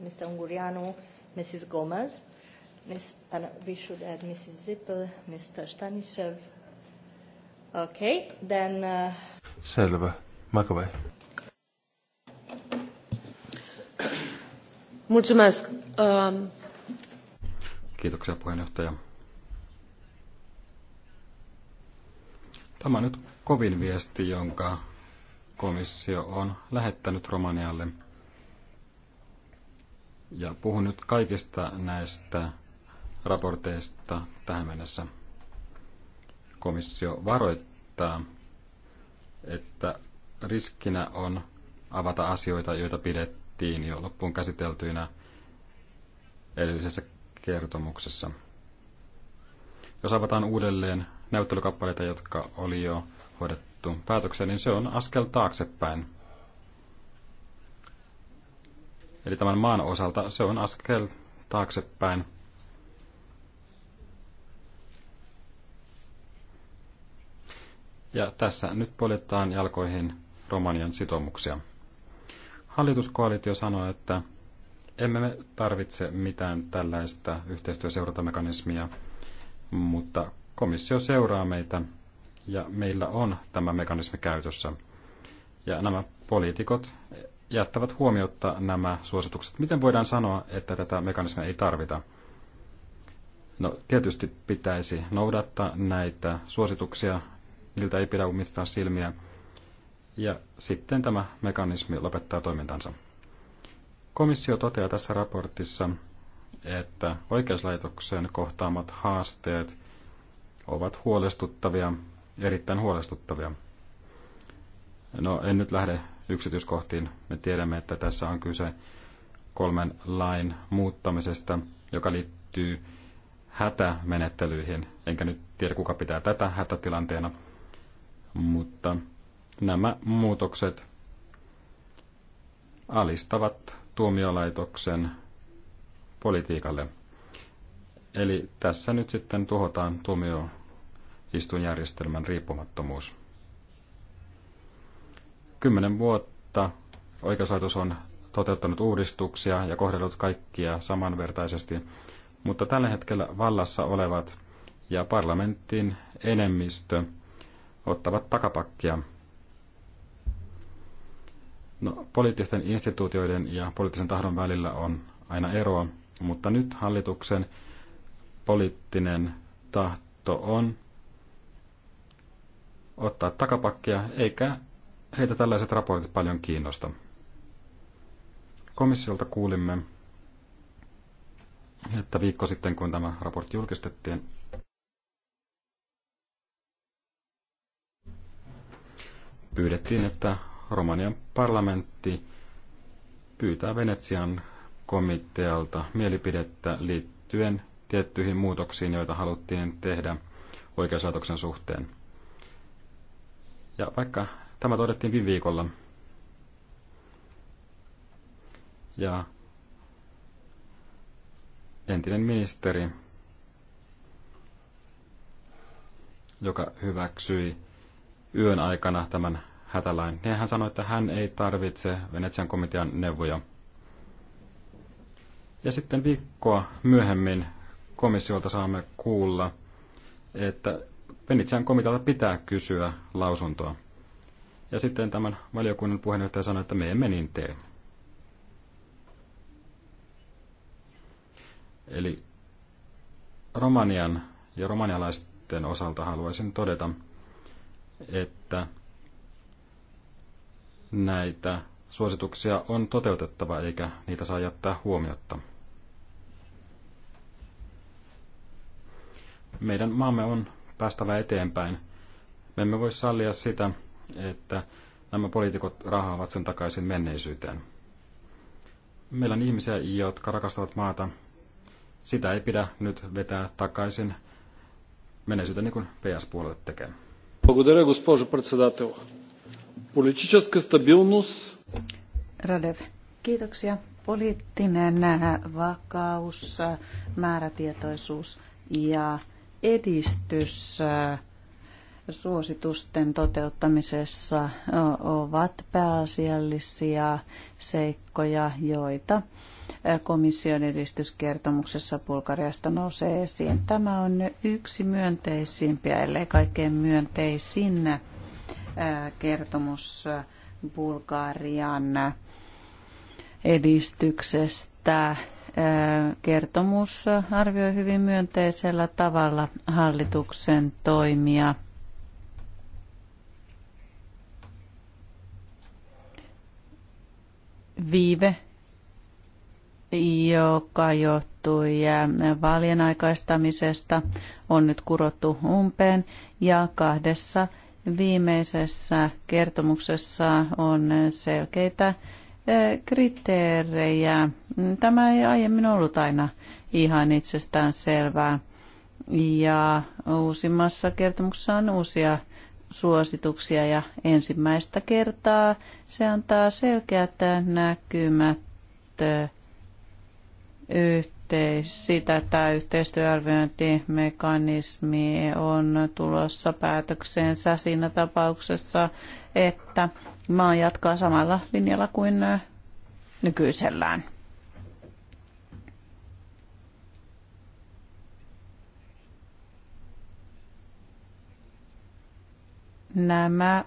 Mr. Unguriano, Mrs. Gomez, and we should add Mrs. Zippel, Mr. Stanishev. Okay, then... Uh... Selvä. Makovei. Mulțumesc. Um, Kiitoksia puheenjohtaja. Tämä on nyt kovin viesti, jonka komissio on lähettänyt Romanialle. Ja puhun nyt kaikista näistä raporteista tähän mennessä. Komissio varoittaa, että riskinä on avata asioita, joita pidettiin jo loppuun käsiteltyinä edellisessä kertomuksessa. Jos avataan uudelleen neuvottelukappaleita, jotka oli jo hoidettu päätökseen, niin se on askel taaksepäin. Eli tämän maan osalta se on askel taaksepäin. Ja tässä nyt poljetaan jalkoihin Romanian sitoumuksia. Hallituskoalitio sanoi, että emme me tarvitse mitään tällaista yhteistyöseurantamekanismia, mutta komissio seuraa meitä ja meillä on tämä mekanismi käytössä. Ja nämä poliitikot jättävät huomiota nämä suositukset. Miten voidaan sanoa, että tätä mekanismia ei tarvita? No tietysti pitäisi noudattaa näitä suosituksia, niiltä ei pidä ummistaa silmiä. Ja sitten tämä mekanismi lopettaa toimintansa. Komissio toteaa tässä raportissa, että oikeuslaitoksen kohtaamat haasteet ovat huolestuttavia, erittäin huolestuttavia. No en nyt lähde yksityiskohtiin. Me tiedämme, että tässä on kyse kolmen lain muuttamisesta, joka liittyy hätämenettelyihin. Enkä nyt tiedä, kuka pitää tätä hätätilanteena, mutta nämä muutokset alistavat tuomiolaitoksen politiikalle – Eli tässä nyt sitten tuhotaan tuomioistuinjärjestelmän riippumattomuus. Kymmenen vuotta oikeuslaitos on toteuttanut uudistuksia ja kohdellut kaikkia samanvertaisesti, mutta tällä hetkellä vallassa olevat ja parlamentin enemmistö ottavat takapakkia. No, poliittisten instituutioiden ja poliittisen tahdon välillä on aina eroa, mutta nyt hallituksen poliittinen tahto on ottaa takapakkia, eikä heitä tällaiset raportit paljon kiinnosta. Komissiolta kuulimme, että viikko sitten, kun tämä raportti julkistettiin, pyydettiin, että Romanian parlamentti pyytää Venetsian komitealta mielipidettä liittyen tiettyihin muutoksiin, joita haluttiin tehdä oikeuslaitoksen suhteen. Ja vaikka tämä todettiin viime viikolla, ja entinen ministeri, joka hyväksyi yön aikana tämän hätälain, niin hän sanoi, että hän ei tarvitse Venetsian komitean neuvoja. Ja sitten viikkoa myöhemmin komissiolta saamme kuulla, että Venetsian komitealta pitää kysyä lausuntoa. Ja sitten tämän valiokunnan puheenjohtaja sanoi, että me emme niin tee. Eli Romanian ja romanialaisten osalta haluaisin todeta, että näitä suosituksia on toteutettava eikä niitä saa jättää huomiotta. meidän maamme on päästävä eteenpäin. Me emme voi sallia sitä, että nämä poliitikot rahaavat sen takaisin menneisyyteen. Meillä on ihmisiä, jotka rakastavat maata. Sitä ei pidä nyt vetää takaisin menneisyyteen, niin kuin PS-puolue tekee. Благодаря, госпожо председател. Политическа стабилност. Radev, kiitoksia. Poliittinen vakaus, määrätietoisuus ja edistys suositusten toteuttamisessa ovat pääasiallisia seikkoja, joita komission edistyskertomuksessa Bulgariasta nousee esiin. Tämä on yksi myönteisimpiä, ellei kaikkein myönteisin kertomus Bulgarian edistyksestä Kertomus arvioi hyvin myönteisellä tavalla hallituksen toimia. Viive, joka johtui vaalien aikaistamisesta, on nyt kurottu umpeen ja kahdessa viimeisessä kertomuksessa on selkeitä kriteerejä. Tämä ei aiemmin ollut aina ihan itsestään selvää. Ja uusimmassa kertomuksessa on uusia suosituksia ja ensimmäistä kertaa se antaa selkeät näkymät yhteis, sitä, että yhteistyöarviointimekanismi on tulossa päätökseensä siinä tapauksessa, että maa jatkaa samalla linjalla kuin nykyisellään. Nämä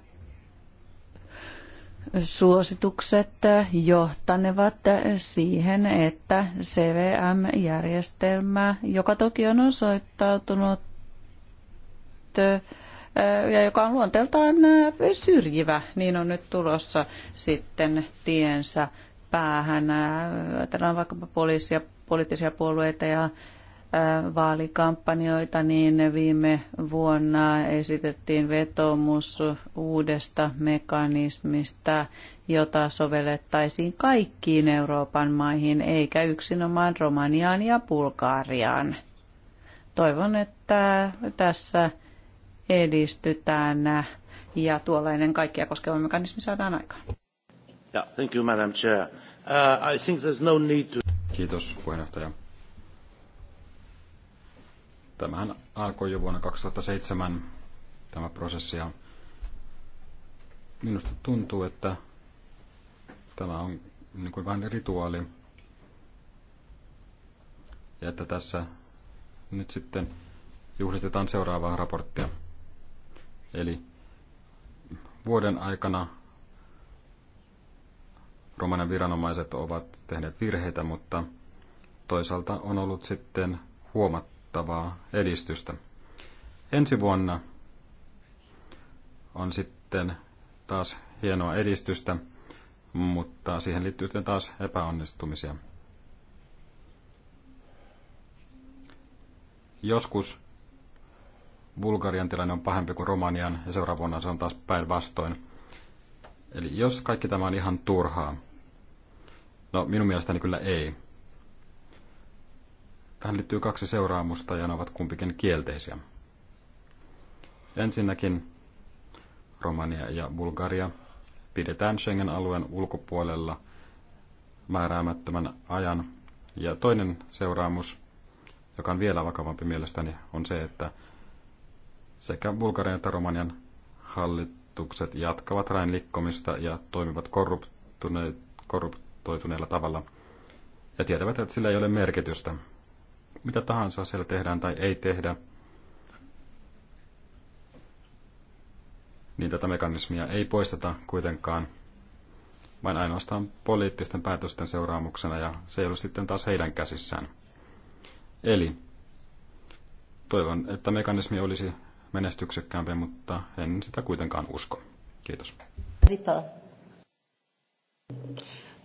suositukset johtanevat siihen, että CVM-järjestelmä, joka toki on osoittautunut ja joka on luonteeltaan syrjivä, niin on nyt tulossa sitten tiensä päähän. Ajatellaan vaikkapa poliisia, poliittisia puolueita ja vaalikampanjoita, niin viime vuonna esitettiin vetoomus uudesta mekanismista, jota sovellettaisiin kaikkiin Euroopan maihin, eikä yksinomaan Romaniaan ja Bulgaariaan. Toivon, että tässä edistytään ja tuollainen kaikkia koskeva mekanismi saadaan aikaan. Yeah, thank you, Madam Chair. Uh, I think there's no need to... Kiitos, puheenjohtaja. Tämähän alkoi jo vuonna 2007, tämä prosessi, ja minusta tuntuu, että tämä on niin kuin vain rituaali, ja että tässä nyt sitten juhlistetaan seuraavaa raporttia. Eli vuoden aikana Romanian viranomaiset ovat tehneet virheitä, mutta toisaalta on ollut sitten huomattavaa edistystä. Ensi vuonna on sitten taas hienoa edistystä, mutta siihen liittyy sitten taas epäonnistumisia. Joskus Bulgarian tilanne on pahempi kuin Romanian ja seuraavana vuonna se on taas päinvastoin. Eli jos kaikki tämä on ihan turhaa, no minun mielestäni kyllä ei. Tähän liittyy kaksi seuraamusta ja ne ovat kumpikin kielteisiä. Ensinnäkin Romania ja Bulgaria pidetään Schengen-alueen ulkopuolella määräämättömän ajan. Ja toinen seuraamus, joka on vielä vakavampi mielestäni, on se, että sekä Bulgarian että Romanian hallitukset jatkavat rain likkomista ja toimivat korruptoituneella tavalla ja tietävät, että sillä ei ole merkitystä. Mitä tahansa siellä tehdään tai ei tehdä, niin tätä mekanismia ei poisteta kuitenkaan, vain ainoastaan poliittisten päätösten seuraamuksena, ja se ei ole sitten taas heidän käsissään. Eli toivon, että mekanismi olisi menestyksekkäämpi, mutta en sitä kuitenkaan usko. Kiitos.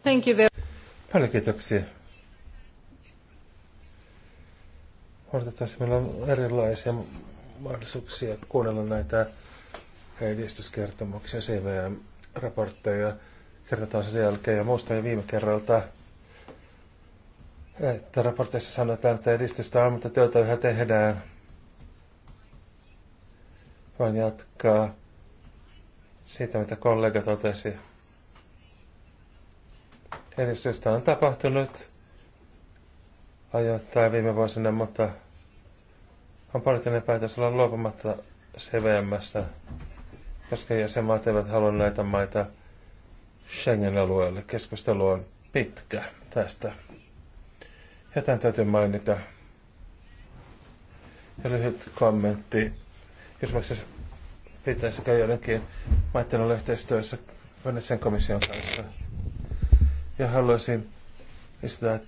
Thank you very... Paljon kiitoksia. Odotetaan, meillä on erilaisia mahdollisuuksia kuunnella näitä edistyskertomuksia, CVM-raportteja. Kertotaan sen jälkeen ja muistan jo viime kerralta, että raportissa sanotaan, että edistystä ammattityötä yhä tehdään – Voin jatkaa siitä, mitä kollega totesi. Edistystä on tapahtunut ajoittain viime vuosina, mutta on poliittinen päätös olla luopumatta CVMstä, koska jäsenmaat eivät halua näitä maita Schengen-alueelle. Keskustelu on pitkä tästä. Jotain täytyy mainita. Ja lyhyt kommentti kysymyksessä pitäisi joidenkin maiden olla yhteistyössä Venetsian komission kanssa. Ja haluaisin tietoisuutta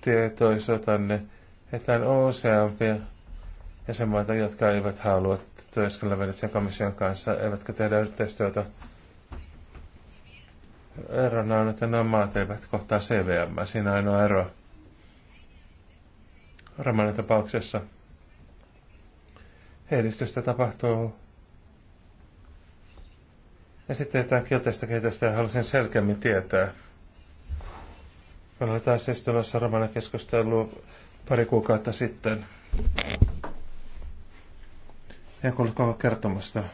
tietoisuutanne, että on useampia jäsenmaita, jotka eivät halua työskennellä Venetsian komission kanssa, eivätkä tehdä yhteistyötä. Erona on, että nämä maat eivät kohtaa CVM. Siinä on ainoa ero. Ramanin tapauksessa – edistystä tapahtuu. Ja sitten jotain kielteistä kehitystä halusin selkeämmin tietää. Me olemme taas siis romana keskustelua pari kuukautta sitten. En kuullut koko kertomusta.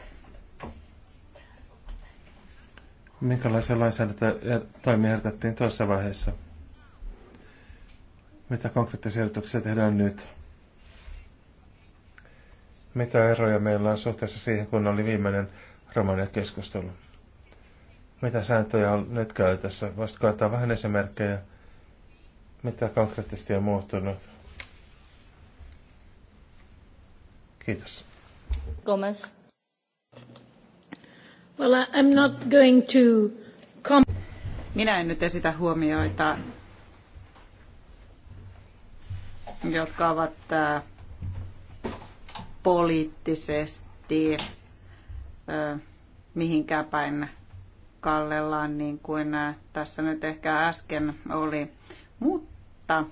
Minkälaisia toimia herätettiin tuossa vaiheessa? Mitä konkreettisia ehdotuksia tehdään nyt? Mitä eroja meillä on suhteessa siihen, kun oli viimeinen romania keskustelu? Mitä sääntöjä on nyt käytössä? Voisitko antaa vähän esimerkkejä? Mitä konkreettisesti on muuttunut? Kiitos. Gomez. Well, I'm not going to come. Minä en nyt esitä huomioita, jotka ovat äh, poliittisesti mihinkään päin kallellaan, niin kuin tässä nyt ehkä äsken oli. Mutta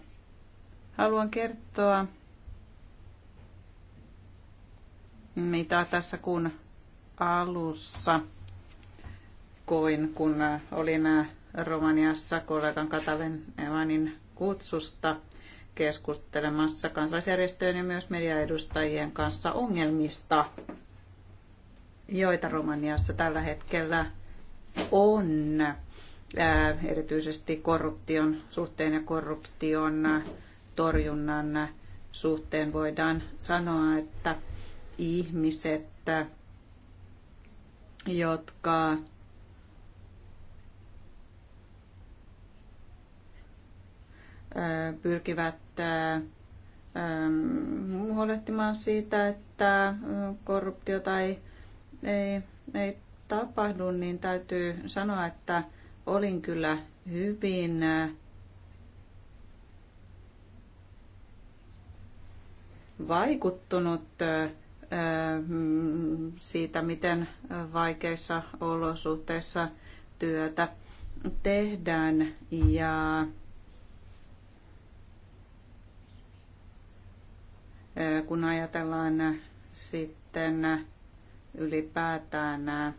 haluan kertoa, mitä tässä kun alussa koin, kun olin Romaniassa kollegan Kataven Evanin kutsusta – keskustelemassa kansalaisjärjestöjen ja myös mediaedustajien kanssa ongelmista, joita Romaniassa tällä hetkellä on, äh, erityisesti korruption suhteen ja korruption torjunnan suhteen voidaan sanoa, että ihmiset, jotka pyrkivät huolehtimaan siitä, että korruptiota ei, ei, ei tapahdu, niin täytyy sanoa, että olin kyllä hyvin vaikuttunut siitä, miten vaikeissa olosuhteissa työtä tehdään ja kun ajatellaan sitten ylipäätään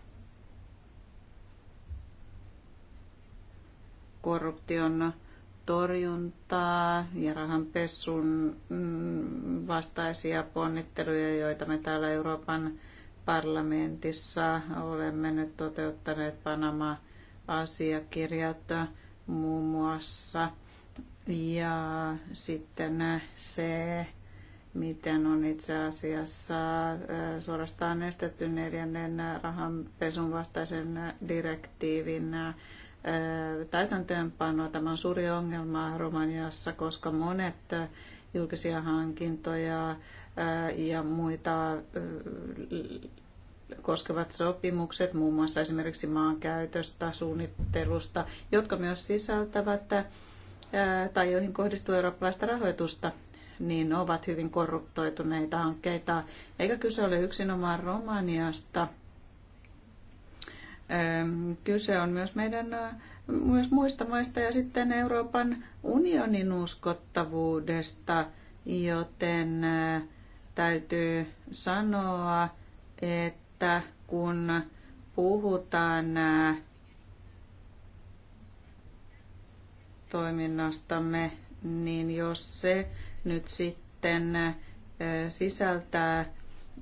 korruption torjuntaa ja rahanpessun mm, vastaisia ponnitteluja, joita me täällä Euroopan parlamentissa olemme nyt toteuttaneet Panama-asiakirjat muun muassa. Ja sitten se miten on itse asiassa suorastaan estetty neljännen rahanpesun vastaisen direktiivin täytäntöönpanoa. Tämä on suuri ongelma Romaniassa, koska monet julkisia hankintoja ja muita koskevat sopimukset, muun muassa esimerkiksi maankäytöstä, suunnittelusta, jotka myös sisältävät tai joihin kohdistuu eurooppalaista rahoitusta, niin ovat hyvin korruptoituneita hankkeita. Eikä kyse ole yksinomaan Romaniasta. Kyse on myös meidän myös muista maista ja sitten Euroopan unionin uskottavuudesta, joten täytyy sanoa, että kun puhutaan toiminnastamme, niin jos se nyt sitten sisältää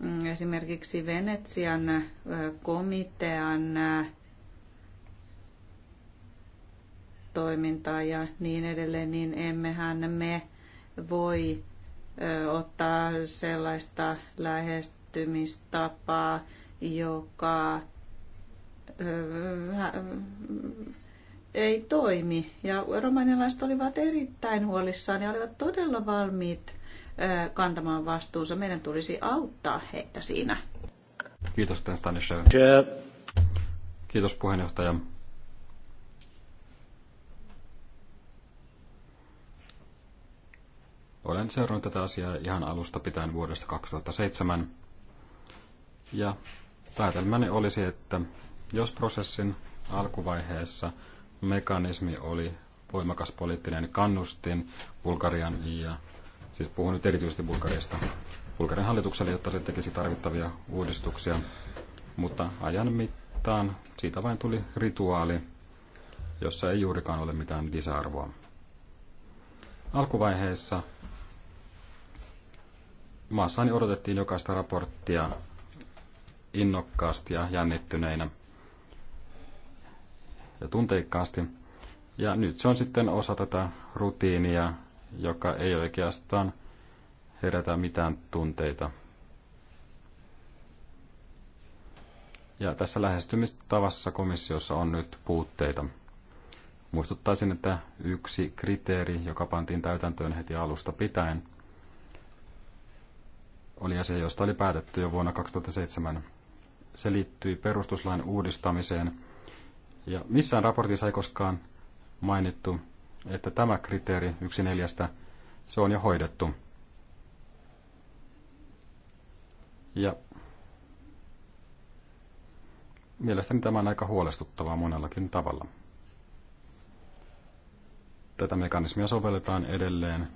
mm, esimerkiksi Venetsian komitean toimintaa ja niin edelleen, niin emmehän me voi ottaa sellaista lähestymistapaa, joka ei toimi. Ja romanialaiset olivat erittäin huolissaan ja olivat todella valmiit kantamaan vastuunsa. Meidän tulisi auttaa heitä siinä. Kiitos, Stanislav. Kiitos, puheenjohtaja. Olen seurannut tätä asiaa ihan alusta pitäen vuodesta 2007. Ja päätelmäni olisi, että jos prosessin alkuvaiheessa – mekanismi oli voimakas poliittinen kannustin Bulgarian ja siis puhun nyt erityisesti Bulgarista. Bulgarian hallitukselle, jotta se tekisi tarvittavia uudistuksia, mutta ajan mittaan siitä vain tuli rituaali, jossa ei juurikaan ole mitään lisäarvoa. Alkuvaiheessa maassani odotettiin jokaista raporttia innokkaasti ja jännittyneinä – ja tunteikkaasti. Ja nyt se on sitten osa tätä rutiinia, joka ei oikeastaan herätä mitään tunteita. Ja tässä lähestymistavassa komissiossa on nyt puutteita. Muistuttaisin, että yksi kriteeri, joka pantiin täytäntöön heti alusta pitäen, oli asia, josta oli päätetty jo vuonna 2007. Se liittyi perustuslain uudistamiseen – ja missään raportissa ei koskaan mainittu, että tämä kriteeri yksi neljästä, se on jo hoidettu. Ja mielestäni tämä on aika huolestuttavaa monellakin tavalla. Tätä mekanismia sovelletaan edelleen,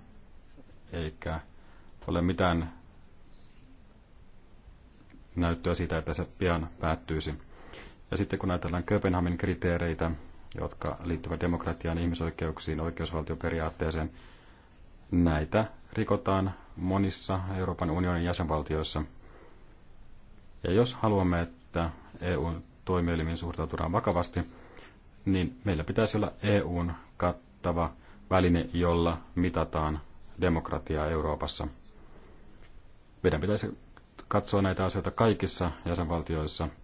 eikä ole mitään näyttöä siitä, että se pian päättyisi. Ja sitten kun ajatellaan köpenhamin kriteereitä, jotka liittyvät demokratiaan, ihmisoikeuksiin, oikeusvaltioperiaatteeseen, näitä rikotaan monissa Euroopan unionin jäsenvaltioissa. Ja jos haluamme, että EUn toimielimiin suhtautuu vakavasti, niin meillä pitäisi olla EUn kattava väline, jolla mitataan demokratiaa Euroopassa. Meidän pitäisi katsoa näitä asioita kaikissa jäsenvaltioissa –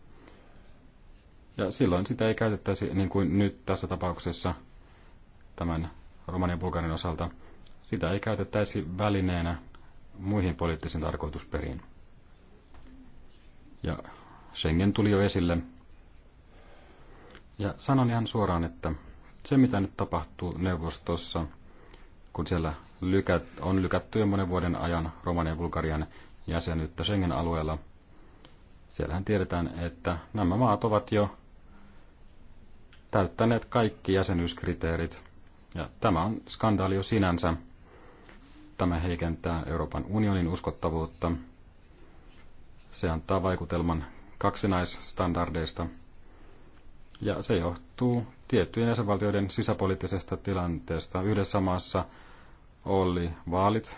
ja silloin sitä ei käytettäisi niin kuin nyt tässä tapauksessa tämän Romanian ja Bulgarin osalta. Sitä ei käytettäisi välineenä muihin poliittisiin tarkoitusperiin. Ja Schengen tuli jo esille. Ja sanon ihan suoraan, että se mitä nyt tapahtuu neuvostossa, kun siellä lykät, on lykätty jo monen vuoden ajan Romanian ja Bulgarian jäsenyyttä Schengen-alueella, siellähän tiedetään, että nämä maat ovat jo täyttäneet kaikki jäsenyyskriteerit. Ja tämä on skandaali jo sinänsä. Tämä heikentää Euroopan unionin uskottavuutta. Se antaa vaikutelman kaksinaisstandardeista. Ja se johtuu tiettyjen jäsenvaltioiden sisäpoliittisesta tilanteesta. Yhdessä maassa oli vaalit,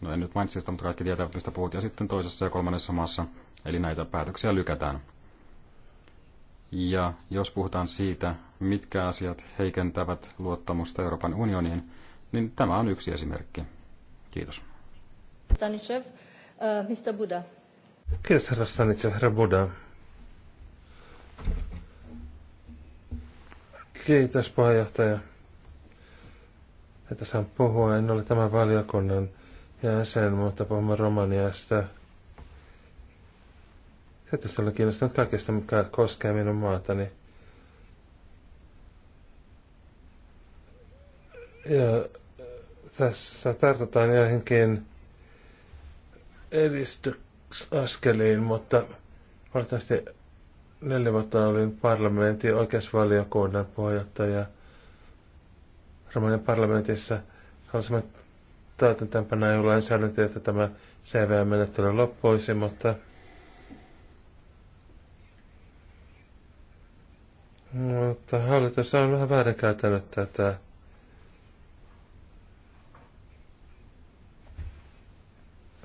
no en nyt mainitsi sitä, mutta kaikki tietävät mistä puhut, ja sitten toisessa ja kolmannessa maassa, eli näitä päätöksiä lykätään. Ja jos puhutaan siitä, mitkä asiat heikentävät luottamusta Euroopan unioniin, niin tämä on yksi esimerkki. Kiitos. Stanishev, uh, eh, Mr. Buddha. Kiitos, herra Stanishev, herra Buddha. Kiitos, puheenjohtaja, että saan puhua. En ole tämän valiokunnan jäsen, mutta puhumme Romaniasta. Tietysti olen kiinnostunut kaikesta, mikä koskee minun maatani. Ja tässä tartutaan joihinkin edistysaskeliin, mutta valitettavasti neljä vuotta olin parlamentin oikeusvaliokunnan puheenjohtaja Romanian parlamentissa. Haluaisimme täytäntäänpänä ei lainsäädäntöä, että tämä CV-menettely loppuisi, mutta mutta hallitus on vähän väärinkäytänyt tätä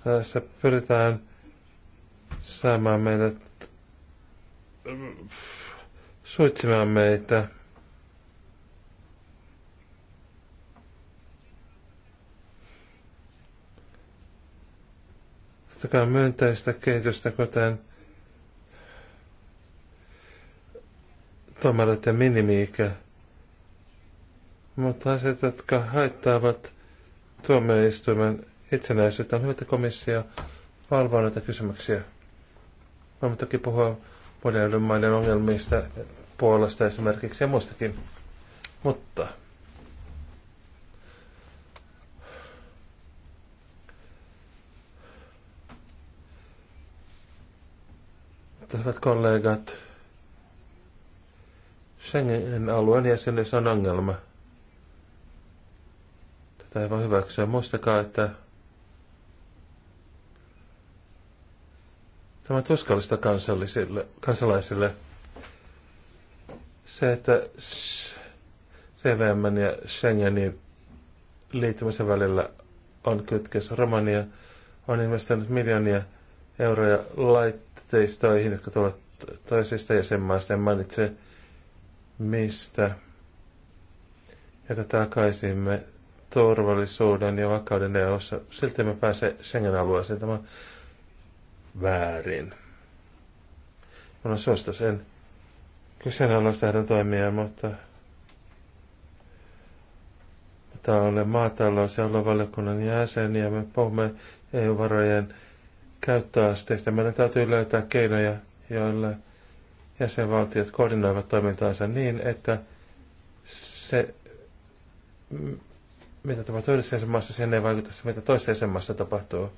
Tässä pyritään saamaan meidät ähm, suitsimaan meitä. Totta kai myönteistä kehitystä, kuten tuomareiden ja minimiikä. Mutta asiat, jotka haittaavat tuomioistuimen itsenäisyyttä. On hyvä, että komissio valvoo näitä kysymyksiä. Voimme toki puhua muiden maiden ongelmista puolesta esimerkiksi ja muistakin. Mutta hyvät kollegat, Schengen-alueen jäsenyys on ongelma. Tätä ei voi hyväksyä. Muistakaa, että Tämä tuskallista kansallisille, kansalaisille. Se, että CVM ja Schengenin liittymisen välillä on kytkes. Romania on investoinut miljoonia euroja laitteistoihin, jotka tulevat toisista jäsenmaista. En mainitse mistä. Että takaisimme turvallisuuden ja vakauden EU-ssa. Silti me pääse Schengen-alueeseen. Tämä väärin. Mä olen suosta sen kyseenalaista heidän toimia, mutta, mutta olen maatalous- ja aluevaliokunnan jäsen ja me puhumme EU-varojen käyttöasteista. Meidän täytyy löytää keinoja, joilla jäsenvaltiot koordinoivat toimintaansa niin, että se, mitä tapahtuu yhdessä jäsenmaassa, siihen ei vaikuta se, mitä toisessa jäsenmaassa tapahtuu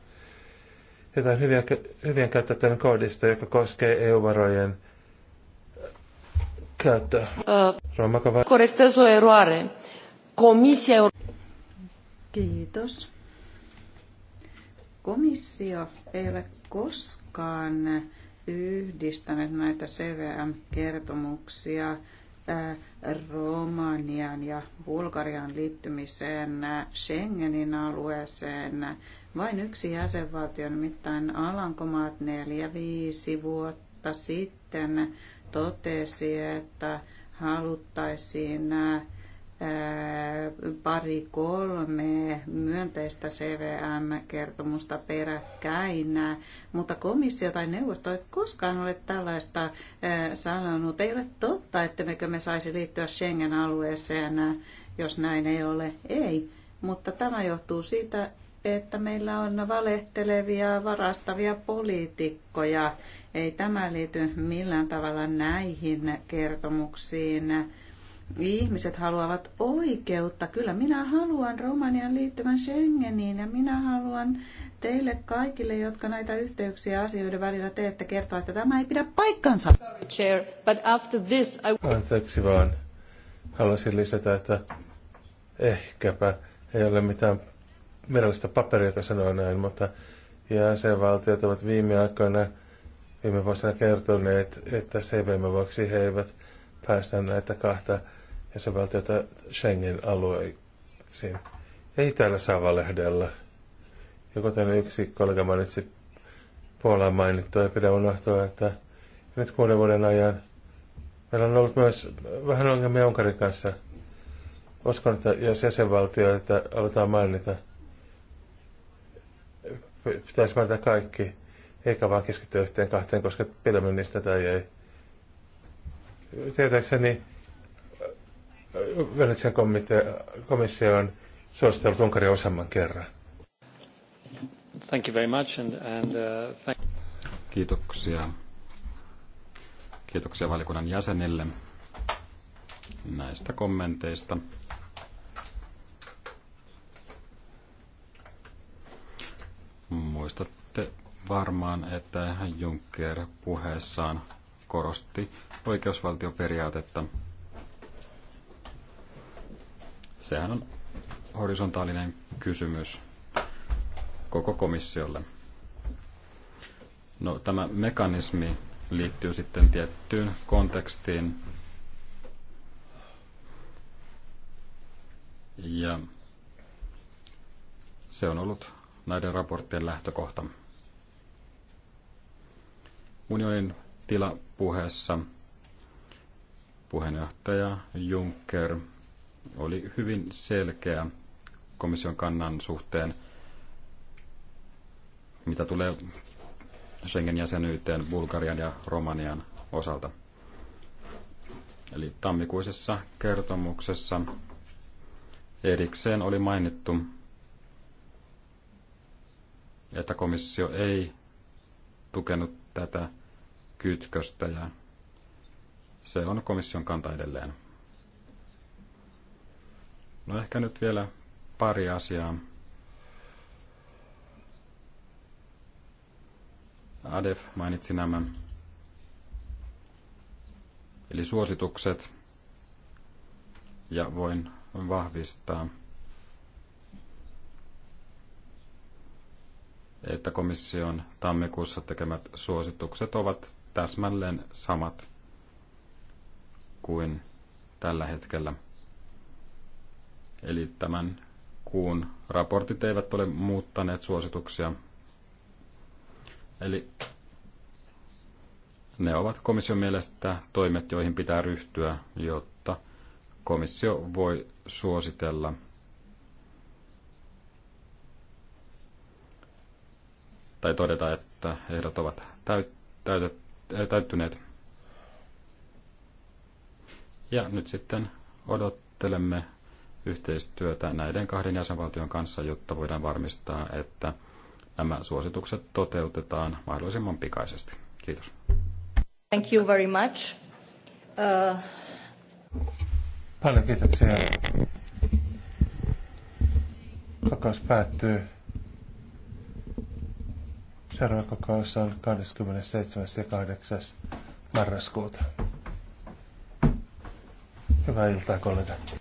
jotain hyviä, hyvien käyttäjän koodista, joka koskee EU-varojen käyttöä. Uh, Correctă eroare. Komissio. Kiitos. Komissio ei ole koskaan yhdistänyt näitä CVM-kertomuksia Romanian ja Bulgarian liittymiseen Schengenin alueeseen vain yksi jäsenvaltio, nimittäin Alankomaat neljä viisi vuotta sitten totesi, että haluttaisiin pari kolme myönteistä CVM-kertomusta peräkkäin, mutta komissio tai neuvosto ei koskaan ole tällaista sanonut. Ei ole totta, että me saisi liittyä Schengen-alueeseen, jos näin ei ole. Ei, mutta tämä johtuu siitä, että meillä on valehtelevia, varastavia poliitikkoja. Ei tämä liity millään tavalla näihin kertomuksiin. Ihmiset haluavat oikeutta. Kyllä minä haluan Romanian liittyvän Schengeniin ja minä haluan teille kaikille, jotka näitä yhteyksiä asioiden välillä teette, kertoa, että tämä ei pidä paikkansa. Chair, but after this I... Anteeksi vaan. Haluaisin lisätä, että ehkäpä ei ole mitään virallista paperia, joka sanoo näin, mutta jäsenvaltiot ovat viime aikoina, viime vuosina kertoneet, että CVM vuoksi he eivät päästä näitä kahta jäsenvaltiota Schengen-alueisiin. Ei täällä saa valehdella. Joku tänne yksi kollega mainitsi Puolaan mainittua, ja pidä unohtua, että nyt kuuden vuoden ajan meillä on ollut myös vähän ongelmia Unkarin kanssa. Uskon, että jos jäsenvaltioita aletaan mainita – pitäisi määrätä kaikki, eikä vaan keskittyä yhteen kahteen, koska pidämme niistä tai ei. Tietääkseni Venetsian komissio on suositellut Unkaria useamman kerran. Thank you very much and, and, uh, thank... Kiitoksia. Kiitoksia valiokunnan jäsenille näistä kommenteista. Muistatte varmaan, että Juncker puheessaan korosti oikeusvaltioperiaatetta. Sehän on horisontaalinen kysymys koko komissiolle. No, tämä mekanismi liittyy sitten tiettyyn kontekstiin. Ja se on ollut näiden raporttien lähtökohta. Unionin tilapuheessa puheenjohtaja Juncker oli hyvin selkeä komission kannan suhteen, mitä tulee Schengen-jäsenyyteen Bulgarian ja Romanian osalta. Eli tammikuisessa kertomuksessa erikseen oli mainittu, että komissio ei tukenut tätä kytköstä ja se on komission kanta edelleen. No ehkä nyt vielä pari asiaa. Adef mainitsi nämä. Eli suositukset. Ja voin vahvistaa että komission tammikuussa tekemät suositukset ovat täsmälleen samat kuin tällä hetkellä. Eli tämän kuun raportit eivät ole muuttaneet suosituksia. Eli ne ovat komission mielestä toimet, joihin pitää ryhtyä, jotta komissio voi suositella – tai todeta, että ehdot ovat täyt, täytet, eh, täyttyneet. Ja nyt sitten odottelemme yhteistyötä näiden kahden jäsenvaltion kanssa, jotta voidaan varmistaa, että nämä suositukset toteutetaan mahdollisimman pikaisesti. Kiitos. Thank you very much. Uh... Paljon kiitoksia. Kokous päättyy. Seuraava kokous on 27. ja 8. marraskuuta. Hyvää iltaa kollegat.